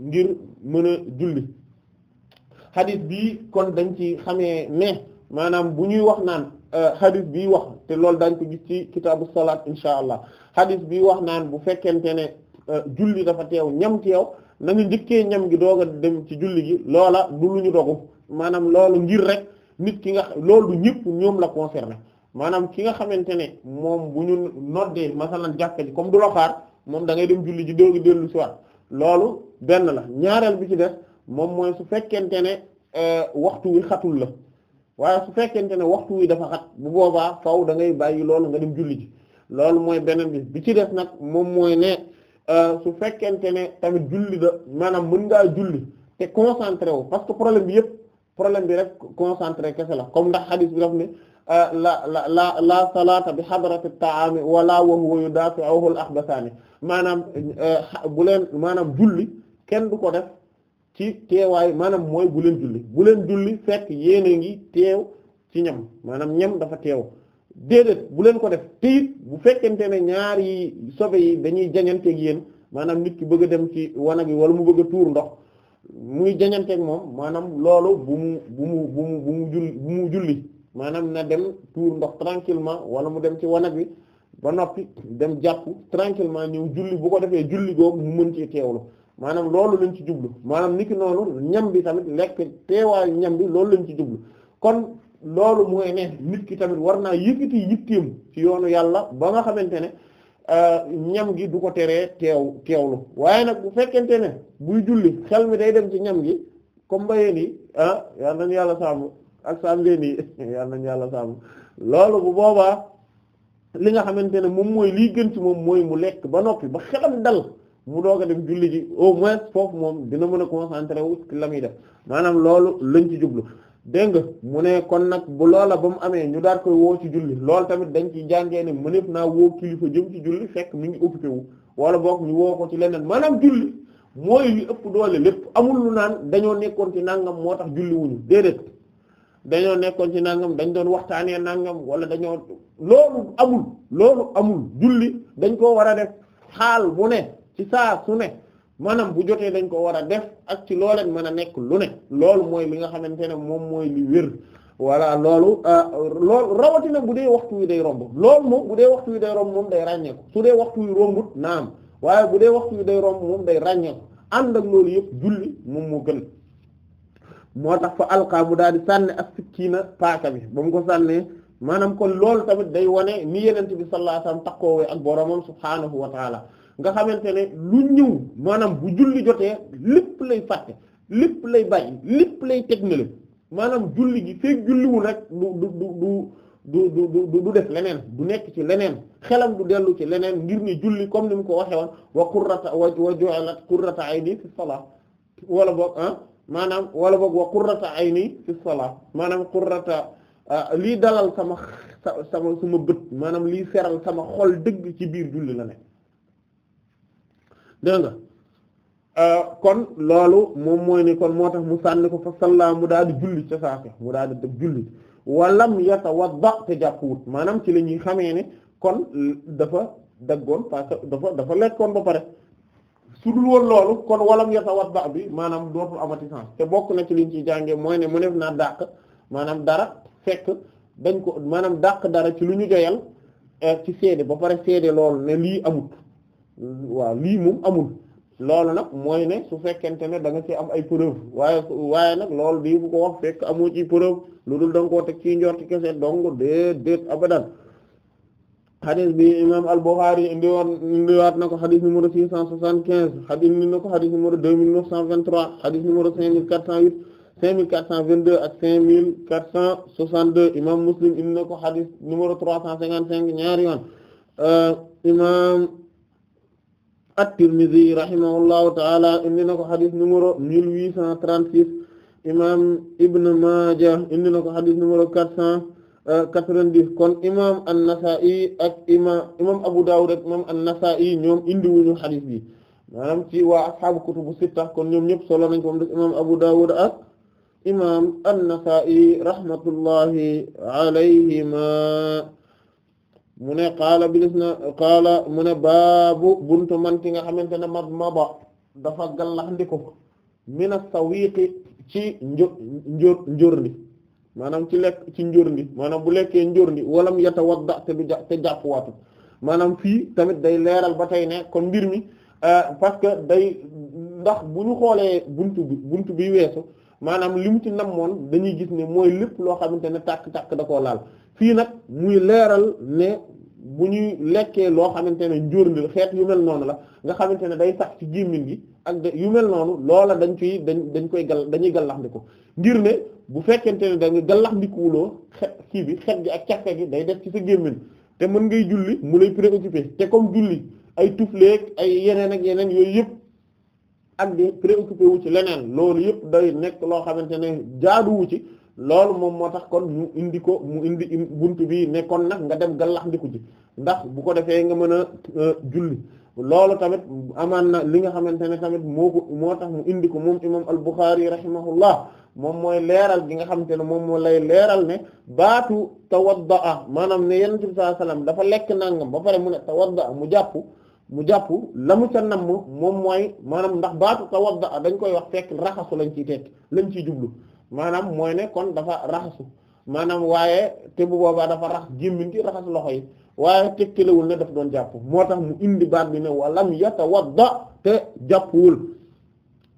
ngir mën a julli xadis bii kon dañ ci xamee ne maanaam bu ñuy wax naan xadis euh, bii wax te loolu dañ ko gis ci kitaabu salaat insha allah xadis bii wax naan bu fekkente ne euh, julli dafa teew ñam teew na nga njëkkee ñam gi doog a dem ci julli gi loola du lu ñu dogu maanaam loolu ngir rek nit ki nga loolu ñëpp ñoom la concerné maanaam ki nga xamante ne moom bu ñu noddee masalan jàkka ji comme du la xaar moom da ngay dem julli ji doogi dellu ci waat loolu benn la ñaareel bi ci def moom mooy su fekkente ne euh, waxtu wi xatul la waaye su fekkente ne waxtu wi dafa xat bu boobaa da ngay bàyyi loolu nga dem julli loolu mooy beneen bi bi ci def nag moom mooy ne euh, su fekkente ne tamit julli da maanaam mën ngaa julli te concentré wu parce que problème bi yëpp problème bi rek concentré kese la comme ndax hadith bi daf ne Euh, la la la la salaata bi xadrati taami wala wa huwa yudaafi'uhu al axbasaani maanaam euh, bu leen maanaam julli kenn du ko def ci teewaayu maanaam mooy bu leen julli bu leen julli fekk yéena ngi teew ci ñam maanaam ñam dafa teew déedéet bu leen ko def te bu fekkente ne ñaar yi sobe yi dañuy jañanteeg yéen maanaam nit ki bëgg a dem ci wanag wala mu bëgg tuur ndox muy jañanteeg moom maanaam loolu bu mu bu bu mu julli maanaam na dem tuur ndox tranquillement wala mu dem ci wanag wi ba noppi dem jàpp tranquillement ñëw julli bu ko defee julli googu mu mën ci teewlu maanaam loolu lañ ci jublu maanaam niki noonu ñam bi tamit lekk teewaayu ñam bi loolu lañ ci jublu kon loolu mooy ne nit ki tamit war naa yëkkati yitteem ci yoonu yàlla ba nga xamante ne euh, ñam gi du ko teree teew teewlu waaye nag bu fekkente ne buy julli xel mi day dem ci ñam gi comme mbayeen yi ah yal nañu yàlla ak sàmmgeen yi (laughs) yal nañu yàlla sàmm loolu bu boobaa li nga xamante ne moom mooy lii gën ci moom mooy mu lekk ba noppi ba xelam dal mu doog a dem julli ji au moins foofu moom dina mën a concentré wu la muy def maanaam loolu lañ ci jublu dégg nga mu ne kon nag bu loola ba mu amee ñu daal koy woo ci julli loolu tamit dañ ci jàngee ne mëneef naa woo kilifa jëm ci julli fekk mu ngi occupé wu wala boog ñu woo ci leneen maanaam julli mooy li ëpp doole lépp amul lu naan dañoo nekkoon ci nangam moo tax julli wuñu déedéet dañoo nekkoon ci nangam dañ doon waxtaanee nangam wala dañoo loolu amul loolu amul julli dañ koo war a def xaal bu ne ci saa su ne maanaam bu jotee dañ koo war a def ak ci looleen mën a nekk lu ne loolu mooy li nga xamante ne moom mooy li wér voilà loolu euh, lool rawatina bu dee waxtu wi day romb loolu moom bu dee waxtu wi day romb moom day ràññeeku su dee waxtu wi rombut naam waaye bu dee waxtu wi day romb day ràññeeku ànd ak loolu yëpp julli moom moo gën moo tax fa alqa mu daal di sànni ak sikkiina paaka bi ba mu ko sànnee maanaam kon loolu tamit day wane ni yenente bi sallallahu alayhi wasallam takkoowee ak boromam subhaanahu wa taala nga xamante ne lu ñëw maanaam bu julli jotee lépp lay fàtte lépp lay bàyyi lépp lay teg nele maanaam julli gi feek julliwul rek du du du du du def leneen du nekk ci leneen xelam du dellu ci leneen ngir ni julli comme ni mu ko waxe woon wa qurrata wa ju'alat qurrata ayni fi salat wala boog ah maanaam wala boog wa ay ayni fi salat maanaam qurrata ah, lii dalal sama sama sama bët maanaam lii seral sama xol dëgg ci biir julli la ne dégg nga ah, kon loolu moom mooy ni kon moo tax mu sànni ko fa salla mu daal di julli ca mu daal di julli walam yatawadda te jàppwut maanaam ci la ñuy xamee ne kon dafa daggoon parce dafa dafa lekkoon ba pare su dul woon loolu kon walam yasa wat baax bi maanaam dootul amati sens te bokk na ci liñ ciy jànge mooy ne mu nef naa dàq maanaam dara fekk dañ ko maanaam dàq dara ci lu ñu joyal eh, ci seede ba pare seede loolu ne lii amut waaw lii moom amul loolu nag mooy ne su fekkente ne da nga ci am ay preuve waaye waaye nag lool di bu ko wax fekk amoo ci preuve lu dul da nga koo teg ci njorti kese dong déet déet abadan xadis bi imam al-Bukhari indi woon indiwaat na ko xadis numéro six cent soixante-quinze xadis indi na ko xadis numéro deux mille neuf cent vingt-trois xadis numéro cinq mille quatre cent huit cinq mille quatre cent vingt-deux ak cinq mille quatre cent soixante-deux imam Muslim indi na ko xadis trois cent cinq ñaari yoon euh, imam at-Tirmidhi rahimahullahu taala indi na ko xadis numéro mille huit cent trente-six imam Ibn Maaja indi na ko xadis numéro quatre cent 90 kon imam an-Nasa'i ak Abu Dawud ak imam an-Nasa'i ñoom indiwuñu xadis bi maanaam ci waa ashaabu kutubu sitta kon ñoom ñëpp solo nañ ko moom def imam Abu Dawud ak imam an-Nasa'i rahmatullahi alayhima mu ne qaala bilis baabu buntu man ki nga xamante ne mad maba dafa gallax ndiko mina sawiqi ci njo njor maanaam ci lekk ci njurndi maanaam bu lekkee njurndi walam yatawadda te du ja te jàppwaatu maanaam fii tamit day leeral ba tey ne kon mbir mi euh, parce que day ndax bu ñu xoolee bunt bi bunt bi weesu maanaam li mu ci namoon dañuy gis ne mooy lépp loo xamante ne tàkk-tàkk da koo laal fii nag muy leeral ne bu ñuy lekkee loo xamante ne njurndi xeet yu mel noonu la nga xamante ne day ci gémmiñ gi ak yu mel noonu loola dañ ciy dañ dañ koy gal dañuy gallaxndiku ngir ne bu fekkente ne da nga gàllax ndikuwuloo kii bi xet gi ak cafka gi day def ci sa gémmiñ te mën ngay julli mu lay préoccupé te comme julli ay tufleeg ay yeneen ak yeneen yooyu yépp ak di préoccupé wu ci leneen loolu yëpp day nekk loo xamante ne jaaduwu ci loolu moom moo tax kon mu indi ko mu indi bunt bi nekkoon nag nga dem gàllax ndiku ci ndax bu ko defee nga mën a euh, julli loolu tamit amaan na li nga xamante ne tamit moo ko moo tax mu indi ko moom imam al-Bukhari rahimahullah moom mooy leeral gi nga xamante ne moom moo lay leeral ne baatu tawaddaa maanaam ne yonent bi sallallahu dafa lekk nangam ba pare mu ne tawaddaa mu jàpp mu jàpp la mu ca moom mooy maanaam ndax baatu tawaddaa dañ koy wax fekk raxasu lañ ci tekk lañ ciy jublu maanaam mooy ne kon dafa raxasu maanaam waaye te bu boobaa dafa rax gémmiñ gi raxas loxo yi waaye tekkelewul ne def doon jàpp moo tax mu indi baat bi ne walam yatawadda te jàppwul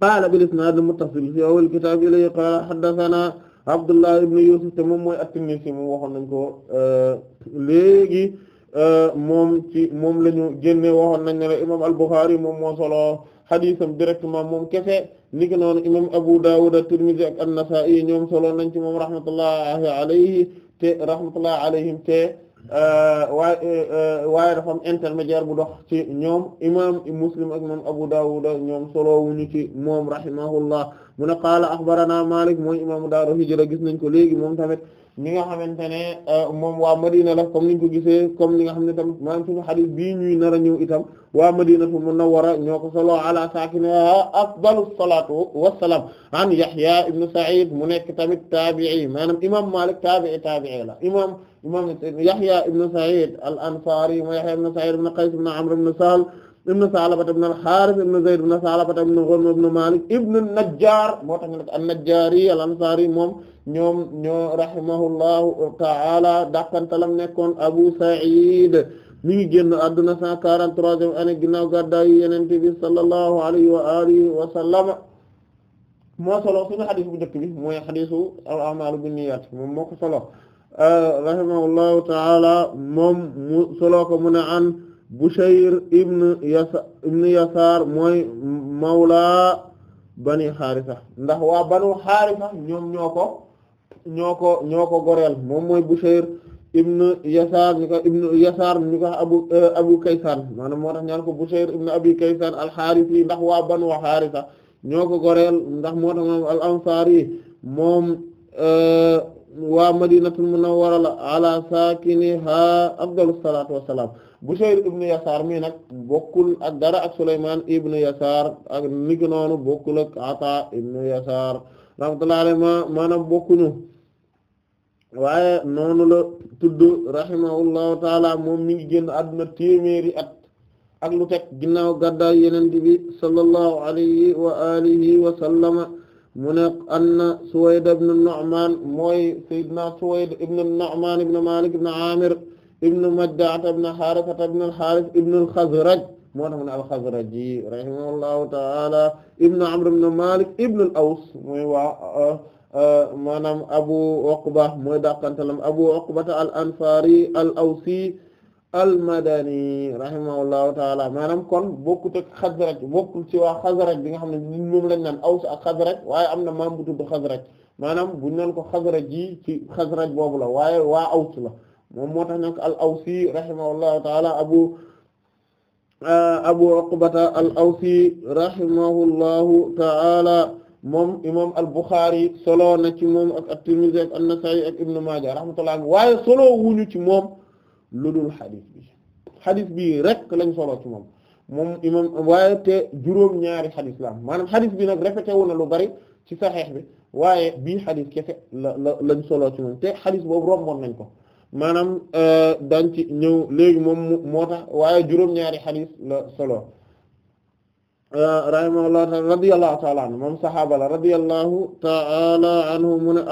qaala bil isnaad muttasil fi awwal kitaab ilayhi qaala haddathanaa Abdullah ibn Yusuf te moom mooy at-Tinnisi moom waxoon nañ ko euh, léegi euh, moom ci moom la ñu génne waxoon nañ ne imam al-Bukhari moom moo solo xadiisam directement moom kese ni ki noonu imam Abu Dawud at-Tirmidhi ak an-Nasa'i ñoom solo nañ ci moom rahmatullahi alayhi te rahmatullahi alayhim te Euh, waaye euh, waaye dafa am intermédiaire bu dox ci ñoom imam Muslim ak moom Abu Dawud ñoom solowuñu ci moom rahimahullah mu ne qaala axbarana Malik mooy imaamu daaru hijra gis nañ ko léegi moom tamit ñi nga xamante ne euh, moom waa Madina la comme ni ñu ko gisee comme li nga xam ne tamit maanaam suñu xadis bii ñuy nar a ñëw itam waa Madinatu Munawwara ñoo ko solo ala saakinihaa afdalu salaatu wassalaam an Yahya ibn Sa'id mu nekk tamit taabi'i maanaam imaam Maalik taabi'i taabi'i la imaam imaam Yahya ibn Sa'id al-Ansaari mooy Yahya ibn Sa'id ibn Qays ibn Amr ibn Sahl ibn Salaba ibn al-Harith ibn Zayd ibn Salaba ibn Ghunm ibn Malik ibn an-Najjar moo tax nag an-Najjari al-Ansari moom ñoom ñoo rahimahullahu ta'ala dàqantalam nekkoon Abu Sa'id mi ngi génn àdduna 143e année ginnaaw gàddaayu Yonent bi sallallahu alayhi wa alihi moo solo suñu xadis bu njëkk bi mooy xadisu al-a'malu bin moom moo ko solo rahimahullahu ta'ala moom mu solo ko mu ne an Bushayr ibn Yasa ibn Yasaar mooy mawla bani Haarisa ndax waa wa Haarisa ñoom ñoo ko ñoo ko ñoo ko goreel moom mooy Bushayr ibn Yasaar ñu ko ibn Yasaar ñu ko Abu eh, Abu Kaysaan maanaam moo tax ñaan ko Bushayr ibn Abi Kaysaan al-Haarisi ndax waa banu Haarisa ñoo ko goreel ndax moo tax moom al-Ansaari moom eh, waa Madinatul Munawwara ala saakinihaa afdalu salaatu wa salaam Bushayr ibn Yasaar mii nag bokkul ak dara ak Sulaymaan ibn Yasaar ak niki noonu bokkul ak Ataa ibn Yasaar rahmatullahi alayhi maanaam bokkuñu waaye noonu la tudd taala moom mi ngi génn àdduna téeméeri at ak lu teg ginnaaw gàddaay Yonent sallallahu alayhi wa alihi wa sallama mu ne anna Suwayd ibn Nu'maan mooy Seydina Suwayd ibn Nu'maan ibn Maalik ibn Aamir ibn Majda'a ibn Haarisa ibn al-Haaris ibn al-Khazraj moo tax mu ne al-Khazraji rahimahullahu ta'ala ibn Amr ibn Malik ibn al-Aws mooy waa uh, uh, maanaam Abu Uqba mooy dàqantalam Abu Uqba al-Ansaari al-Awsi al-Madani rahimahullahu ta'ala maanaam kon bokkut ak Khazraj bokkul ci waa Khazraj bi nga xam ne moom lañ naan Aws ak Khazraj waaye am na maam bu tudd Khazraj maanaam buñ naan ko Khazraji ci Khazraj boobu la waaye waa Aws la moom moo tax ñu ko al awsi rahimahullahu taala abu abu uqbata al awsi rahimahullahu taala moom imam al buxaari solo na ci moom ak at-tirmidhi ak an-nasa'i ak ibnu maaja rahmatullahi waaye solo wuñu ci moom lu dul xadis bi xadis bi rek lañ solo ci moom moom imam waaye te juróom ñaari xadis la am maanaam xadis bi nag répété wu na lu bari ci saxeex bi waaye bii xadis kese la la lañ solo ci moom te xadis boobu romboon nañ ko maanaam euh, dañ ci ñëw léegi moom moo tax waaye juróom-ñaari xadis la solo euh, rahimahullahu taala taala anhu moom sahaaba la radiyallahu taala anhu mu ne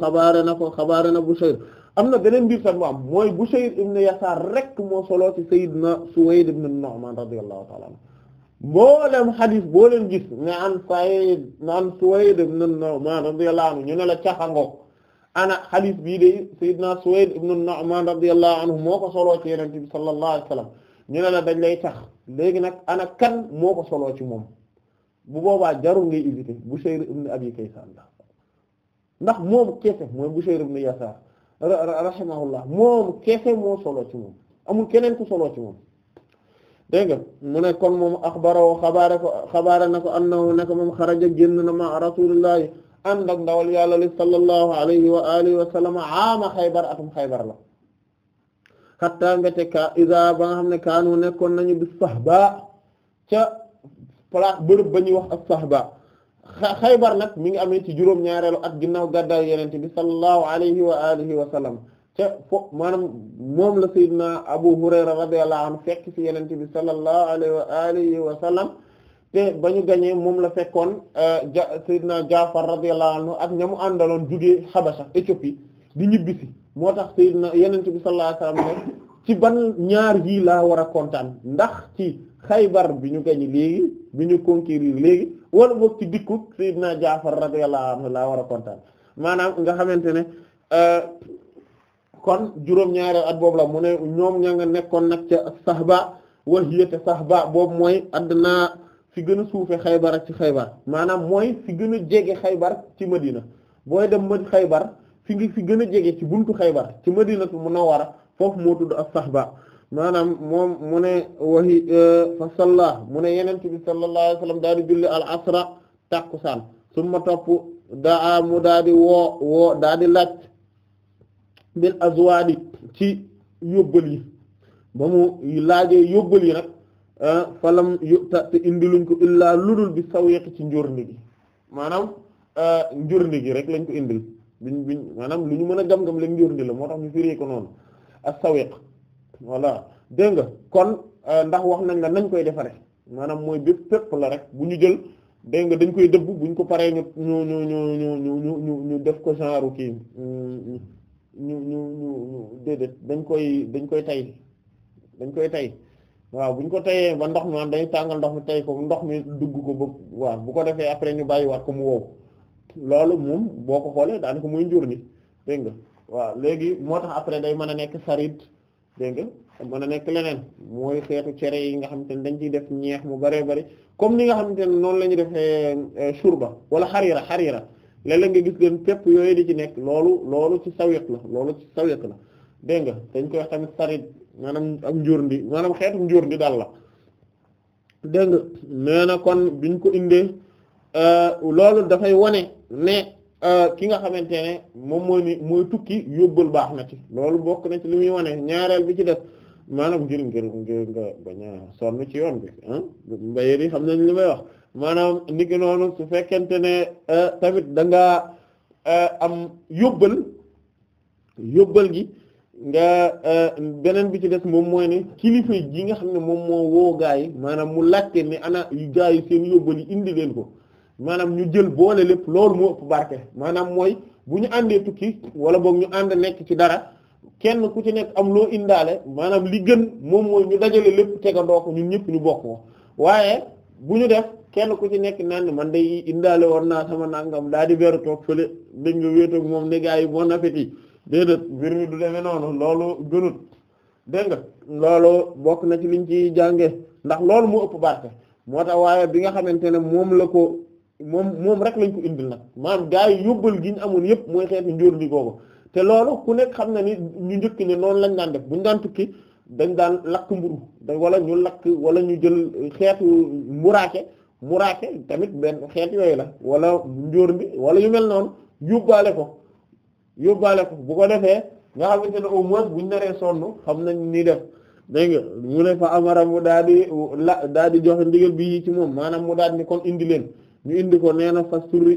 xabaare na ko xabaare na Bushayr am na beneen mbir sax mu am mooy Bushayr ibn Yasaar rek moo solo ci Sayyidina Suwayd ibn Nu'man radiyallahu taala anhu mboolem xadis boo leen gis nga am Sayyid nga am Suwayd ibn Nu'man ñu ne la caxango ana xadis bii de Seydina Suwayd ibn Nu'man radiyallahu anhu moo ko soloo ci yenente bi sallallahu alayhi dañ lay tax léegi nag ana kan moo ko soloo ci moom bu boobaa jarul ngay hésité Bushayr ibn Abi Kaysan la ndax moom kese mooy Bushayr ibn Yasar rahimahullah moom moo soloo ci moom amul keneen ku soloo ci moom dégg nga mu ne kon moom axbara xabaare ko xabaare na ko annahu naka moom xaraja génn na ma rasulillahi ànd ak ndawal yàlla li sallallahu alayhi wa alihi wa sallam aama xaybar atum xaybar la xatta mbete ka isa ba nga xam ne kaanu nekkoon nañu bi sahba ca place ba ñuy wax ak sahba xaybar nag mi ngi amee ci juróom ñaareelu at ginnaaw gàddaay yenente bi sallallahu alayhi wa alihi wa sallam ca moom la sayyidina abu hurayra radiyallahu anhu fekk ci yenente bi sallallahu alayhi wa alihi wa sallam te ba ñu gañee moom la fekkoon euh, ja Seydina Jaafar radiyallahu anhu ak ñamu àndaloon jugee Habasha Éthiopie di ñibbisi moo tax Seydina Yonent bi sallallahu alayhi ci ban ñaar yii laa war a kontaan ndax ci Xaybar bi ñu gañe léegi bi ñu conquérir léegi wala boog ci dikku Seydina Jaafar radiyallahu anhu laa war a kontaan maanaam nga xamante ne euh, kon juróom-ñaareel at boobu la mu ne ñoom ña nga nekkoon nag ca Sahba wa hiya Sahba boobu mooy addinaa. fi gën a suufe xaybar ak ci xaybar maanaam mooy fi gën a jege xaybar ci madina booy dem ma xaybar fi ngi fi gën a jege ci buntu xaybar ci madinatu munawwara foofu moo tudd as-sahba maanaam moom mu ne wahi euh, fa salla mu ne yenent bi sallallahu alayhi wasallam di julli al asra tàkkusaan summa topp daa mu daa di woo woo daa laaj bil azwaadi ci yóbbal yi ba mu laajee yóbbal yi nag falam yu'ta te indiluñ ko illaa dul bi sawiq ci njurni gi maanaam njurni gi rek lañ ko indil biñ maanaam lu ñu mën a gam-gam lañ njurni la moo tax ñu firi ko noonu ak sawiq voilà dégg nga kon ndax wax nañ la nañ koy defaree maanaam mooy bépp fépp la rek bu ñu jël dégg nga dañ koy dëbb buñ ko paree ñu ñu ñu ñu ñu ñu ñu def ko genre kii ñu ñu dañ koy dañ koy tay dañ koy tay waaw bu ñu ko tayee ba ndox mi am dañu tàngal ndox mi tay ko ndox mi dugg ko ba waaw bu ko defee après ñu bàyyi waat ko mu wow loolu moom boo ko xoolee daanaka muy njur ni dégg nga waaw léegi moo tax après day mën a nekk sarit dégg nga mën a nekk leneen mooy xeetu cere yi nga xamante ne dañ ciy def ñeex mu bëree bëri comme ni nga xamante ne noonu la ñu defee eh, ba wala xariira xariira léeg-léeg nga gis leen pepp yooyu di ci nekk loolu loolu ci sawiq la loolu ci la dégg nga dañ maanaam ak njóorndi maanaam xeetu njóorndi dal la dégg nga nee na kon biñ ko indee euh, loolu dafay wane ne euh, ki nga xamante ne moom mooy ni mooy tukki yóbbal baax na ci loolu bokk na ci li muy wane ñaareel bi ci def maanaam ngir ngir ngir nga bañ a ci yoon bi ah mbayir yi xam nañ li may wax maanaam ni ki noonu su fekkente ne euh, tamit danga am yóbbal yóbbal gi nga euh, beneen bi ci des moom mooy ne kilifa ji nga xam ne moom moo woo gaa yi maanaam mu laajte ne ana gaa yi seen yóbbali indi leen ko maanaam ñu jël boole lépp loolu moo ëpp barke maanaam mooy bu ñu àndee tukki wala boog ñu ànd nekk ci dara kenn ku ci nekk am loo indaale maanaam li gën moom mooy ñu dajale lépp tegandoo ko ñu ñëpp ñu bokk ko waaye bu ñu def kenn ku ci nekk naan man day indaale woon naa sama nangam daal di beru toog fële dégg nga wéetoog moom ne gaa yi bon déedéet mbir mi du demee noonu loolu gënut dégg nga loolu bokk na ci liñ ci jànge ndax loolu moo ëpp barke moo tax waaye bi nga xamante ne moom la ko moom moom rek lañ ko indil nag maanaam gaa yi yóbbal gi ñu amoon yëpp mooy xeeti njóor di googu te loolu ku nekk xam na ni ñu njëkk ne noonu lañ daan def buñu daan tukki dañ daan lakk mburu da wala ñu lakk wala ñu jël xeetu mburaake mburaake tamit benn xeet yooyu la wala njóor bi wala yu mel noonu yóbbaale ko yóbbaale ko bu ko defee nga xamante ne au moins buñ naree sonn xam nañ ni def dégg mu ne fa amara mu daal di la daal di joxe ndigal bi ci moom maanaam mu daal ni kon indi leen ñu indi ko nee na fa suri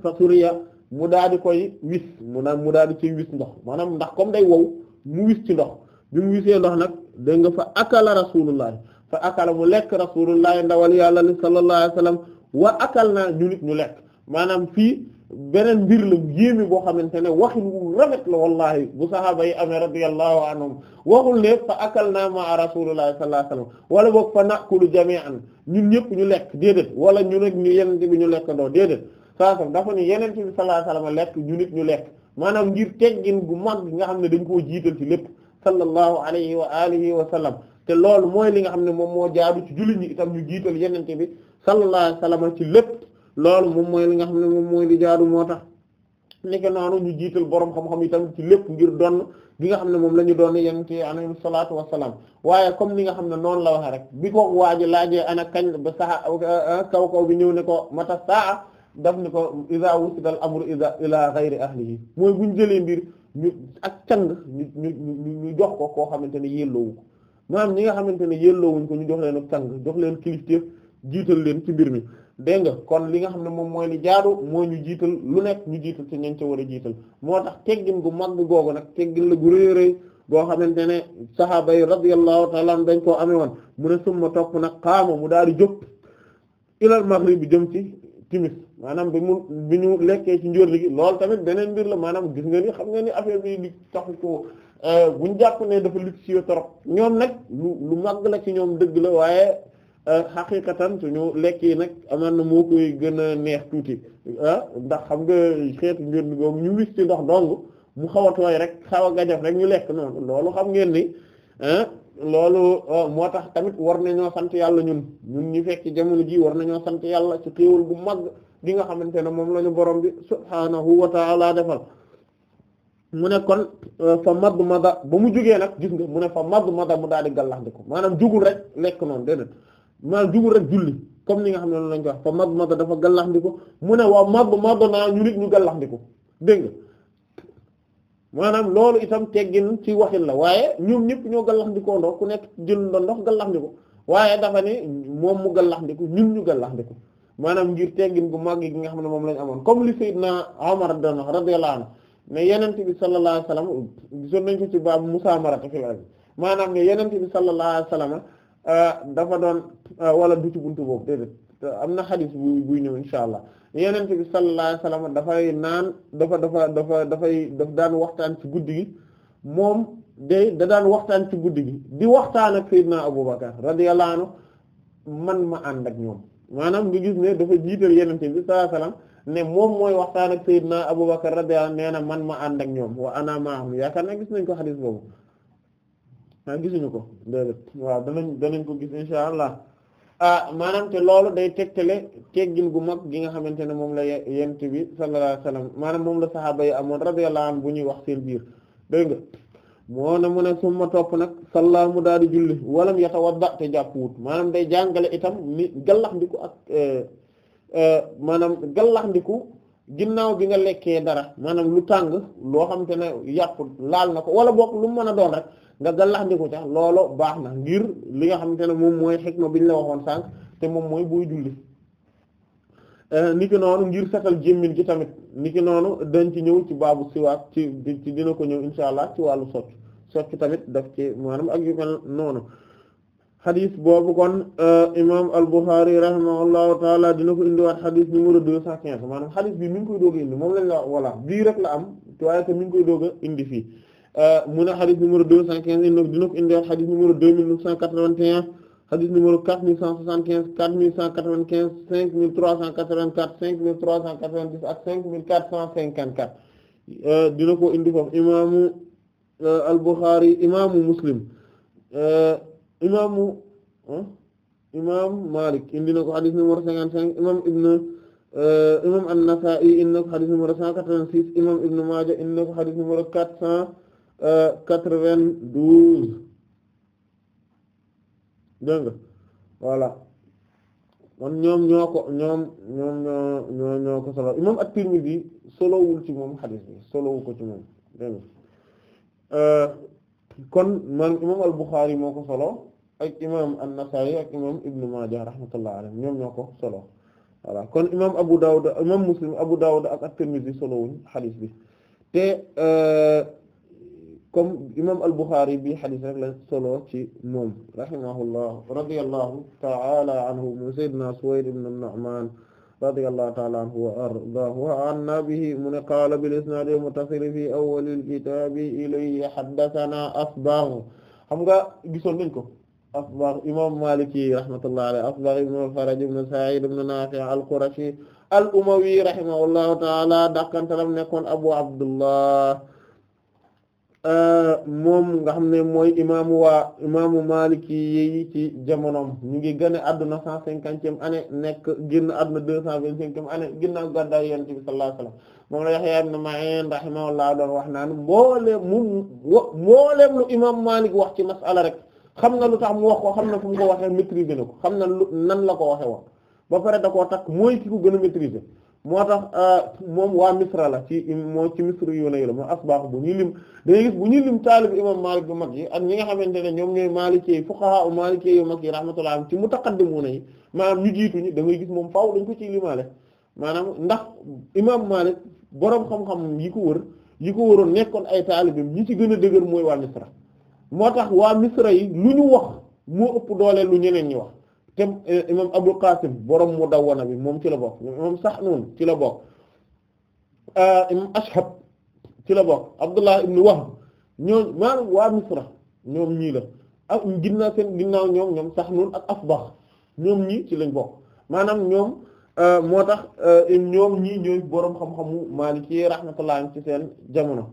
fa suriya mu daal di koy wis mu naan mu daal di ciy wis ndox maanaam ndax comme day wow mu wis ci ndox bi mu wisee ndox nag dégg nga fa akala rasulullah fa akala mu lekk rasulullah ndawal yàlla sallallahu alayhi wasallam wa akal naa ñu nit ñu lekk maanaam fii beneen mbir la yéeme boo xamante ne waxin wu rafet la wallahi bu sahaaba yi amee radiyallahu anhum waxul ne fa akalna ma'a rasulillahi sallallahu alayhi wasallam wala boog fa na'kulu jami'an ñun ñëpp ñu lekk déedéet wala ñu nag ñu yenent bi ñu lekkandoo déedéet saa sam dafa ni yenent bi lekk ñu ñu lekk maanaam ngir teggin gu mag nga xam ne dañ koo jiital ci lépp sallallahu alayhi wa alihi wa sallam te lool mooy li nga xam ne moom moo jaadu ci jullit ñi itam ñu jiital yenente bi sallallahu alayhi ci lépp loolu moom mooy li nga xam ne moom mooy li jaadu moo tax nekk noonu ñu jiital borom xam-xam yi tamit ci lépp ngir donn gi nga xam ne moom la ñu doon yonent yi alayhi salaatu wa salaam waaye comme ni nga xam ne noonu la waxee rek bi ko waa ji laajee ana kañ ba sax ah, kaw kaw bi ñëw ne ko mata saa daf ni ko iza wusida al amru iza ila ghayri ahlihi mooy bu ñu jëlee mbir ñu ak càng ñu ñu ñu jox ko koo xamante ne yelloowu ko maanaam ñi nga xamante ne yelloowuñ ko ñu jox leen ak càng jox leen kilifteef jiital leen ci mbir mi. dégg nga kon li nga xam ne moom mooy li jaadu moo ñu jiital lu nekk ñu jiital ci ñañ ca war a jiital moo tax teggin gu mag googu nag teggin la gu rëy rëy boo xamante ne sahaaba yi radiyallahu ta'ala anhum dañ koo amee woon mu ne summa topp nag xaama mu daal di jóg ilal maghrib bi jëm ci timis maanaam bi mu bi ñu lekkee ci njur gi loolu tamit beneen mbir la maanaam gis nga ni xam nga ni affaire bi di taxu ko euh, buñ jàpp ne dafa luxe trop ñoom nag lu lu mag la ci ñoom dëgg la waaye Euh, xaqiqatan suñu lekk yi nag amaan na moo koy gën neex tuuti euh, ndax xam nga xeetu mbir boobu ñu wis ci ndox dong mu xaw a rek xaw a gajaf rek ñu lekk noonu loolu xam ngeen ni euh, loolu moo tax tamit war ñoo sant yàlla ñun ñun ñu fekk jamono ji war nañoo sant yàlla ci xéewal bu mag gi nga xamante ne moom la ñu borom bi subhaanahu wa ta'ala defal mu ne kon fa madd mada ba mu jógee nag gis nga mu ne fa madd mada mu daal di gàllax ko maanaam jugul rek lekk noonu déedéet maa jubul rek julli comme ni nga xam ne noonu lañ ko wax fa mad mad dafa gàllaxndiku mu ne waaw mad mad naa ñu nit ñu gàllaxndiku dégg nga maanaam loolu itam teggin ci waxin la waaye ñoom ñëpp ñoo gàllaxndikoo ndox ku nekk jël ndox gàllaxndiku waaye dafa ne moom mu gàllaxndiku ñun ñu gàllaxndiku maanaam ngir teggin gu màgg gi nga xam ne moom lañ amoon comme li Seydina Umar dana radiyallahu anhu ne yenente bi sallallahu alayhi wasallam gisoon nañ ko ci baab musaamarata fil ardi maanaam ne Euh, dafa doon euh, wala du ci buntu boobu déedéet am na xadis bu buy ñëw insha allah yeneen bi sallallahu alayhi wasallam dafay naan dafa dafa dafa dafay daf daan waxtaan si guddi gi moom day da daan waxtaan ci guddi gi di waxtaan ak Seydina Abubakar radiyallahu anhu man ma ànd ak ñoom maanaam nga gis ne dafa jiital yeneen bi sallallahu alayhi wasallam ne moom mooy waxtaan ak Seydina Abubakar radiyallahu anhu nee na man ma ànd ak ñoom wa ana ma'ahum yaakaar naa gis nañ ko xadis boobu ah gisuñu ko déedéet waaw danañ danañ ko gis insha allah ah maanaam te loolu day tegtale teggin gu mag gi nga xamante ne moom la yent bi sallallahu alayhi maanaam moom la saxaaba yi amoon radiyallahu anhu bu ñuy wax seen biir dégg nga moo na mu ne summa topp nag salla mu daal di julli walam yatawadda te jàppwut maanaam day jàngale itam ni gallax ndiku ak eh, eh, maanaam gallax ginnaaw bi nga lekkee dara maanaam lu tàng loo xamante ne yàqu laal na ko wala boog lu mën a doon rek nga gàllaxndiku ca loolu baax na ngir li nga xamante ne moom mooy xikma bi ñu la waxoon sànq te moom mooy buy julli eh, niki noonu ngir setal jémmin gi tamit niki noonu dañ ci ñëw ci baabu siwaat ci ci dina ko ñëw insha allah ci wàllu socc socc tamit daf ci maanaam ak yu mel noonu xadis boobu kon eh, imam al-Bukhari rahimahullahu taala dina ko indiwaat xadis numéro deux cent quinze maanaam xadis bi mi ngi koy dooga indi moom lañ la voilà bii rek la am waaye mi ngi koy dooga indi fii Euh, mu ne xadis numéro deux cent quinze dina ko indi xadis numéro deux mille neuf cent quatre-vingt-un xadis numéro quatre mille cent soixante-quinze quatre mille cent quatre-vingt-quinze cinq mille trois cent quatre-vingt-quatre cinq mille trois cent quatre-vingt-dix ak cinq mille quatre cent cinquante-quatre euh, dina ko indi foofu imaamu euh, al-Bukhari imaamu Muslim imaamu imaam Malik indi na ko xadis numéro cinquante-cinq imaam Ibn imam an-Nasa'i indi na ko xadis numéro cent quatre-vingt-six imam Ibn Maaja indi na ko xadis numéro quatre cent Euh, quatre vingt voilà kon ñoom ñoo ko ñoom ñoom ñoo ñoo ko solo imam at-Tirmidhi solowul ci moom xadis bi solowu ko ci moom dégg nga euh, kon man imam al-Bukhari moo ko solo ak imam an-Nasa'i ak imam Ibn Maaja rahmatullahi ñoom ñoo ko solo voilà kon imam Abu Dawud imam Muslim Abu Dawud ak at-Tirmidhi solowuñ xadis bi te euh, comme imam al-Bukhari bi xadis rek la solo ci moom rahimahullah radiyallahu ta'ala anhu mu sayyidina Suwayd ibn an-Nu'man radiyallahu ta'ala anhu wa ardaahu wa anna bihi mu ne qaala bil isnaad al-muttasil fi awwal al-kitaab ilayhi haddathana Asbagh xam nga gisoon nañ ko Asbagh imam Maliki rahmatullahi alayhi Asbagh ibn al-Faraj ibn Sa'id ibn Nafi' al-Qurashi al-Umawi rahimahullahu ta'ala dàqantalam nekkoon Abu Abdullah Euh, moom nga xam ne mooy imaamu waa imaamu Maliki yi ci jamonoom ñu ngi gën a adduna cent cinquantième année nekk génn adduna deux cent vingt-cinquième année ginnaaw gàddaay Yonent bi sallallahu alayhi wasallam moom la Yahya ibn Ma'in rahimahullah doon wax naan mbooleem mu mbooleem lu imaamu Malik wax ci masala rek xam na lu tax mu wax ko xam na fu mu ko waxee maîtriser na ko xam na lu nan la ko waxee woon ba pare da koo takk mooy ki ko gën a maîtriser moo tax euh, moom waa Misra la ci moo ci Misra yu ne la moo asbaax bu ñuy lim dañuy gis bu ñuy lim taalibu imam Maalik bu mag yi ak ñi nga xamante ne ñoom ñooy maalikee fuqaha maalikee yu mag yi rahmatullah ci mutaqaddimuna yi maanaam ñu jiitu ñi da ngay gis moom faaw dañ ko ciy limaale maanaam ndax imam Maalik boroom xam-xam yi ko wër yi ko waroon nekkoon ay taalibam ñi ci gën a dëgër mooy waa Misra moo tax waa Misra yi lu ñu wax moo ëpp doole lu ñeneen ñi wax te eh, imam Abul Qasim borom Mudawwana bi moom ci la bokk imam Sahnun ci la bokk eh, imam Ashhab ci la bokk Abdullah ibn wax ñooñ maanaam waa Misra ñoom ñii la ak ah, ginnaaw seen ginnaaw ñoom ñoom Sahnun ak Asbagh ñoom ñii ci lañ bokk maanaam ñoom eh, moo tax ñoom ñii ñooy borom xam-xamu Maliki rahmatullah ci seen jamono.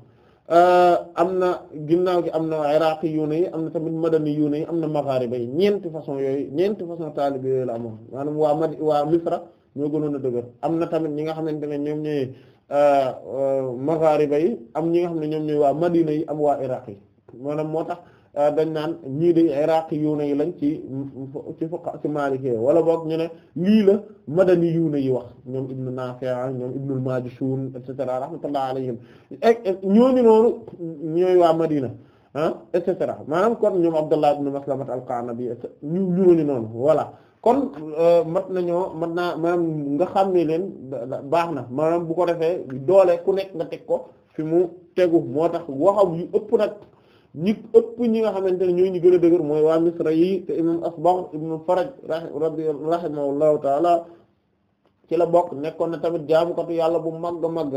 Euh, am na ginnaaw gi am na iraqi yuuna yi am na tamit madani yuuna yi am na maghariba yi ñeenti façon yooyu ñeenti façon taalibe yooyu la amoon waa mad waa misra ñoo gënoon a dëgër am na tamit ñi nga xamante ne ñoom ñooy euh, euh, maghariba yi am ñi nga xam ne ñoom ñooy waa madina yi am waa iraq yi moo tax Euh, dañ naan ñii di iraqi yuuna yi lañ ci ci fuqa ci maliki wala boog ñu ne lii la madani yuuna yi wax ñoom ibnu Nafi'a ah, ñoom ibnul Majishun et cetera rahmatullah alayhim ñooñu noonu ñooy waa Madina ah et cetera maanaam kon ñoom Abdullah ibn Maslamat al-Qanabi ñu ñooñu noonu voilà kon euh, mat nañoo mat naa maanaam nga xam ne leen baax na maanaam bu ko defee doole ku nekk nga teg ko fi mu tegu moo tax waxam yu ëpp nag ñi ëpp ñi nga xamante ne ñooy ñu gën a dëgër mooy waa misra yi te imam asbagh ibnu faraj rabbi rahimahullahu taala ci la bokk nekkoon na tamit jaamukatu yàlla bu màgg màgg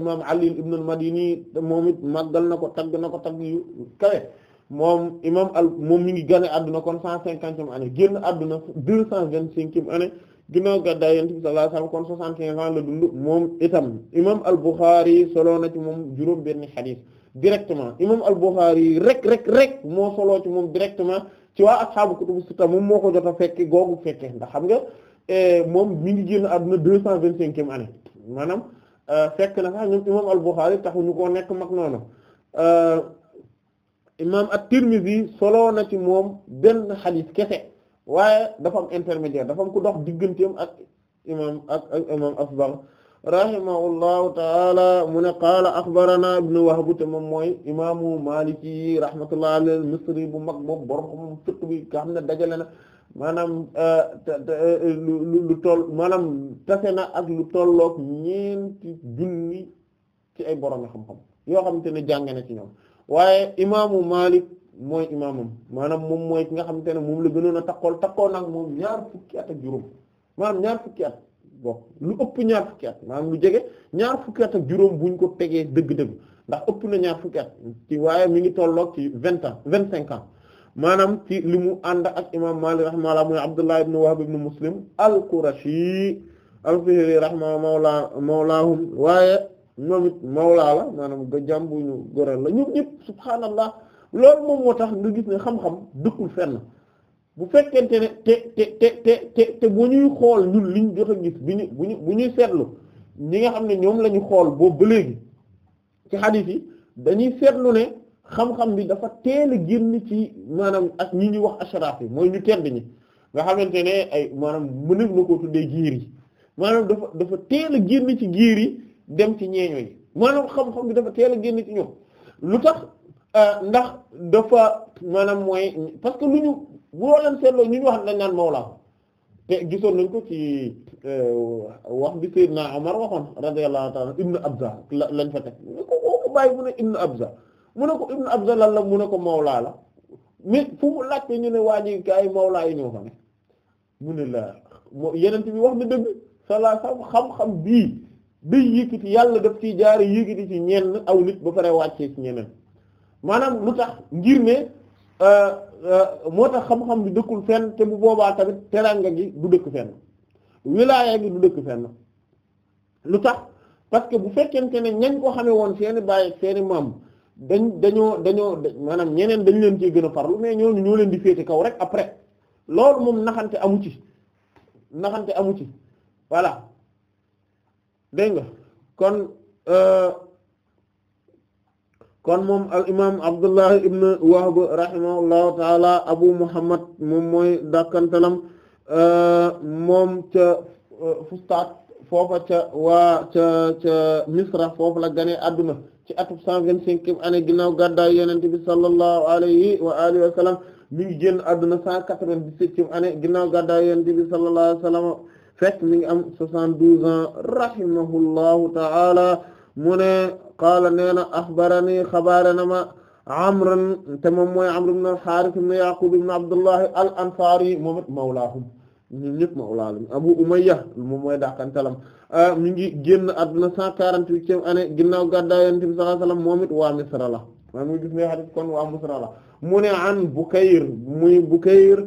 imam ali ibnu al-madini moom it màggal na ko tagg na ko tagg yu kawe moom imam al moom mi ngi gane àdduna kon cent cinquantième année génn àdduna deux cent vingt-cinquième année ginnaaw gàddaay yonent bi sallallahu alayhi wasallam kon soixante-quinze ans la dund moom itam imam al-Bukhari solo na ci moom juróom directement imam al-Bukhari rek rek rek moo soloo ci moom directement ci waa ak asxaabu kutubu sitta moom moo ko jot a fekke googu fekke ndax xam nga eh, moom mi ngi génn àdduna deux cent vingt-cinquième année maanaam eh, fekk na sax ñoom imam al-Bukhari taxuñu ko nekk mag noonu eh, imam at-Tirmidhi soloo na ci moom benn xadis kese waaye dafa am intermédiaire dafa am ku dox digganteem ak imam ak ak asbar rahimahullahu taala mu ne qaala axbarana ibnu wahb te moom mooy imaamu maliki rahmatullahi alayhi misri bu mag boobu borom xam fiqh bi nga xam ne dajale na maanaam euh, lu toll maanaam tase na ak lu tolloog ñeenti junni ci ay borom xam-xam yoo xamante ne jàng na ci ñoom waaye imaamu malik mooy imaamam maanaam moom mooy ki nga xamante ne moom la gënoon a takkool takkool nag moom ñaar fukki at ak juróom maanaam ñaar fukki at bokk lu ëpp ñaar fukki at maanaam lu jege ñaar fukki at juróom bu ñu ko tegee dëgg-dëgg ndax ëpp na ñaar fukki at ci waaye mi ngi tollook ci vingt ans vingt cinq ans maanaam ci li mu ànd ak imam Maalik rahimahullah muy Abdullah ibn Wahb ibn Muslim al-Qurashi al-Fihri rahimahullah mawla mawlaahum waaye moom it mawlaa la maanaam ga ñu goreel la ñoom ñëpp subhaanallah loolu moom moo tax nga gis ne xam-xam dëkkul fenn bu fekkente ne te te te te te te ñuy xool ñun liñ jot a gis bi ñu bu ñu bu ñuy seetlu ñi nga xam ne ñoom la ñu xool boobu ba léegi ci hadith yi dañuy seetlu ne xam-xam bi dafa teel a génn ci maanaam ak ñi ñuy wax ashraf yi mooy ñu tedd ñi nga xamante ne ay maanaam mëneef na koo tuddee yi maanaam dafa dafa teel a génn ci giir yi dem ci ñeeño yi maanaam xam-xam bi dafa teel a génn ci ñoom lu tax euh, ndax dafa maanaam mooy parce que lu ñu. boo leen seetloo ñu wax dañ naan mawlaahu te gisoon nañ ko ci euh, wax bi Seydina Omar waxoon radiyallahu ta'ala ibnu Abza lañ fa teg mu ne ko woo ko bàyyi mu ne ibnu Abza mu ne ko ibnu Abza lan la mu ne ko mawlaa la mu ne waa ji gaa yi mawlaa yi ñoo fa ne mu ne la yeneen bi wax na dëgg sallallahu xam-xam bii day yëkkati yàlla def ci jaare yëkkati ci ñenn aw nit ba pare wàccee ci ñeneen maanaam lu tax ngir ne Euh, euh, moo tax xam-xam bi dëkkul fenn te bu boobaa tamit teranga gi du dëkk fenn wilaaya gi du dëkk fenn lu tax parce que bu fekkente ne ñañ ko xamee woon seeni bàyyi seeni maam dañ dañoo dañoo maanaam ñeneen dañ leen ci gën a farlu mais ñooñu ñoo leen di féete kaw rek après loolu moom naxante amu ci naxante amu ci voilà dégg nga kon. Euh, kon moom al imaam Abdullah ibn Wahb rahimahullahu taala Abu Muhammad moom mooy dàkkantalam euh, moom ca euh, Fustaat foofa ca waa ca ca Misra foofu la gane adduna ci atub cent vingt-cinquième ane ginnaaw gàddaay Yonent bi sallallahu alayhi wa alihi wa sallam mi ngi génn adduna cent quatre-vingt-dix-septième année ginnaaw gàddaay Yonent bi sallallahu alayhi wa sallam fekk mi ngi am soixante-douze rahimahullahu taala mu ne qaala nee na axbarani xabaarana ma amran te moom mooy amr ibn al-Harith ibn Yaqub ibn Abdullah al-Ansari moom it mawlaahum ñun ñëpp mawlaa lañu Abu Umayya moom mooy daakantalam mi ngi génn àdduna 148e année ginnaaw gàddaay Yonent bi sallallahu alayhi wasallam moom it waa Misra la maa ngi gis ne hadith kon waa Misra la mu ne an Bukayr muy Bukayr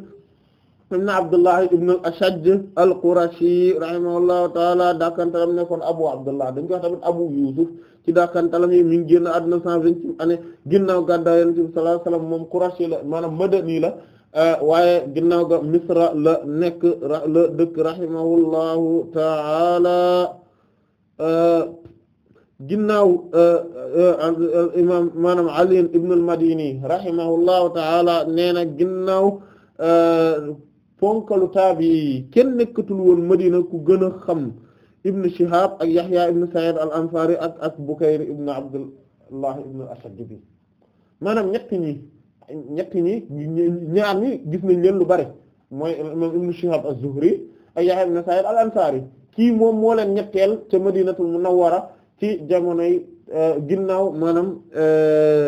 ibn Abdullah ibn Ashajj al-Qurashi rahimahullahu taala daakantalam nekkoon Abu Abdullah dañ koy wax tamit Abu Yusuf ci daakantalam yi mi ngi génn àdduna cent vingt année ginnaaw gàddaay Yonent bi sallallahu alayhi wasallam moom Qurashi la maanaam madani la euh, waaye ginnaaw ga Misra la nekk la dëkk rahimahullahu taala euh, ginnaaw euh, imam maanaam Ali ibn al-Madini rahimahullahu taala nee na ginnaaw ponkalu taabi yi kenn nekkatul woon Madina ku gën a xam Ibn Shihab ak Yahya Ibn Sa'id al-Ansari ak ak Bukayr Ibn Abdullah Ibn al-Ashaj bi maanaam ñett ñi ñett ñi ñaar gis nañ leen lu bari mooy Ibn Shihab az-Zuhri ak Yahya Ibn Sa'id al-Ansari kii moom moo leen ñetteel ca Madinatul Munawwara ci jamonoy euh, ginnaaw maanaam euh,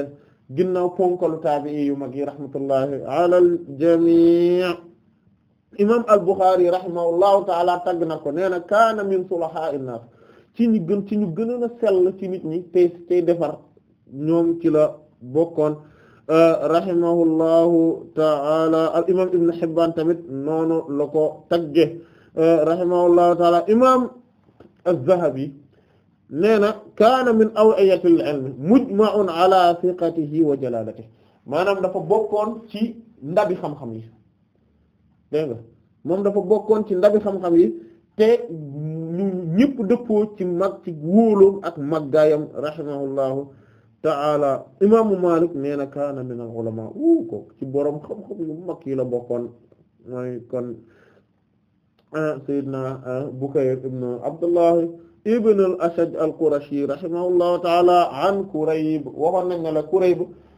ginnaaw ponkalu taabi yu mag yi rahmatullahi ala al imam al-Bukhari rahimahullahu taala tagg na ko nee na kaana min sulahaa'in naas ci ñu gën ci ci nit ñi tey tey defar ñoom ci bokkoon euh, rahimahullahu taala al imam Ibn Hibban tamit noonu la ko tagge euh, rahimahullahu taala imam az-Zahabi nee na kaana min awiyatil ilmi mujma'un ala thiqatihi wa jalalatihi maanaam dafa bokkoon ci ndabi xam yi dégg nga moom dafa bokkoon ci ndabi xam-xam yi te ñu ñëpp dëppoo ci mag ci wóoloom ak maggaayam rahimahullahu ta'ala imaamu Malik nee na kaana min al-ulama ko ci borom xam-xam yu mag yi bokkoon mooy kon ah, Seydina ah, Bukayr ibn Abdullah ibn al-Ashaj al-Qurashi rahimahullahu ta'ala an Kurayb waxoon nañ ne la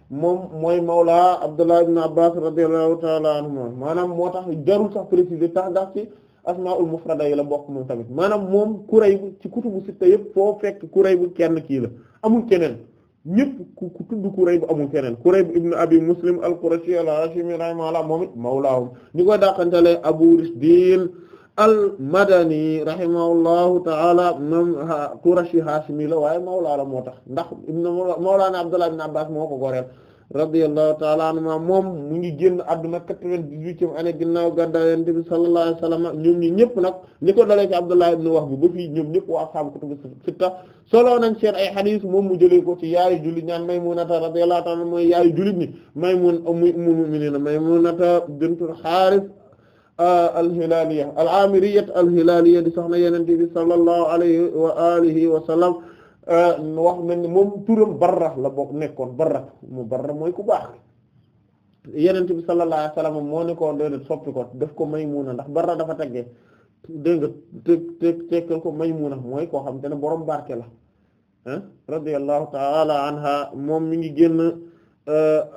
moom mooy mawla Abdullah ibn Abbas radiyallahu ta'ala anhuma maanaam moo tax jarul sax préciser tax ndax ci asmaul mufrada yi la bokk moom tamit maanaam moom Kurayb ci kutubu sitta yëpp foo fekk Kurayb kenn kii la amul keneen ñëpp ku tudd Kurayb amul keneen Kurayb ibn Abi Muslim al-Qurashi al-Hashimi rahimahullah moom it mawlaahum ñu koy dàqantele Abu Risdin al-Madani rahimahullahu ta'ala moom Qurashi Hashimi la waaye mawla la moo tax ndax mawlaana Abdullah ibn Abbas moo ko goreel radiyallahu ta'ala anhuma moom mu ngi génn àdduna quatre-vingt-dix-huitième année ginnaaw gàddaay Yonent bi sallallahu alayhi wasallam ñëpp nag ko dalee ci Abdullah ibn Wahb ba fii ñoom ñëpp waa ashaabu kutubu sitta solo nañ seen ay xadiis moom mu jëlee ko ci yaayu jullit ñaan Maymunata radiyallahu ta'ala mooy yaayu jullit ñi Maymun ummul mu'minin Maymunata bintul al-Hilaliyya al-Amiriyya al-Hilaliyya di soxna Yonent bi sallallahu alayhi wa alihi wa sallam wax nañ moom turam Barra la bokk nekkoon Barra mu Barra mooy ku baax Yonent bi sallallahu alayhi wa sallam moo nekkoon déedéet def ko Maymuna ndax Barra dafa teggee dégg nga teg teg tekkal ko Maymuna mooy koo xam te ne borom barke la ta'ala anha moom mi ngi génn.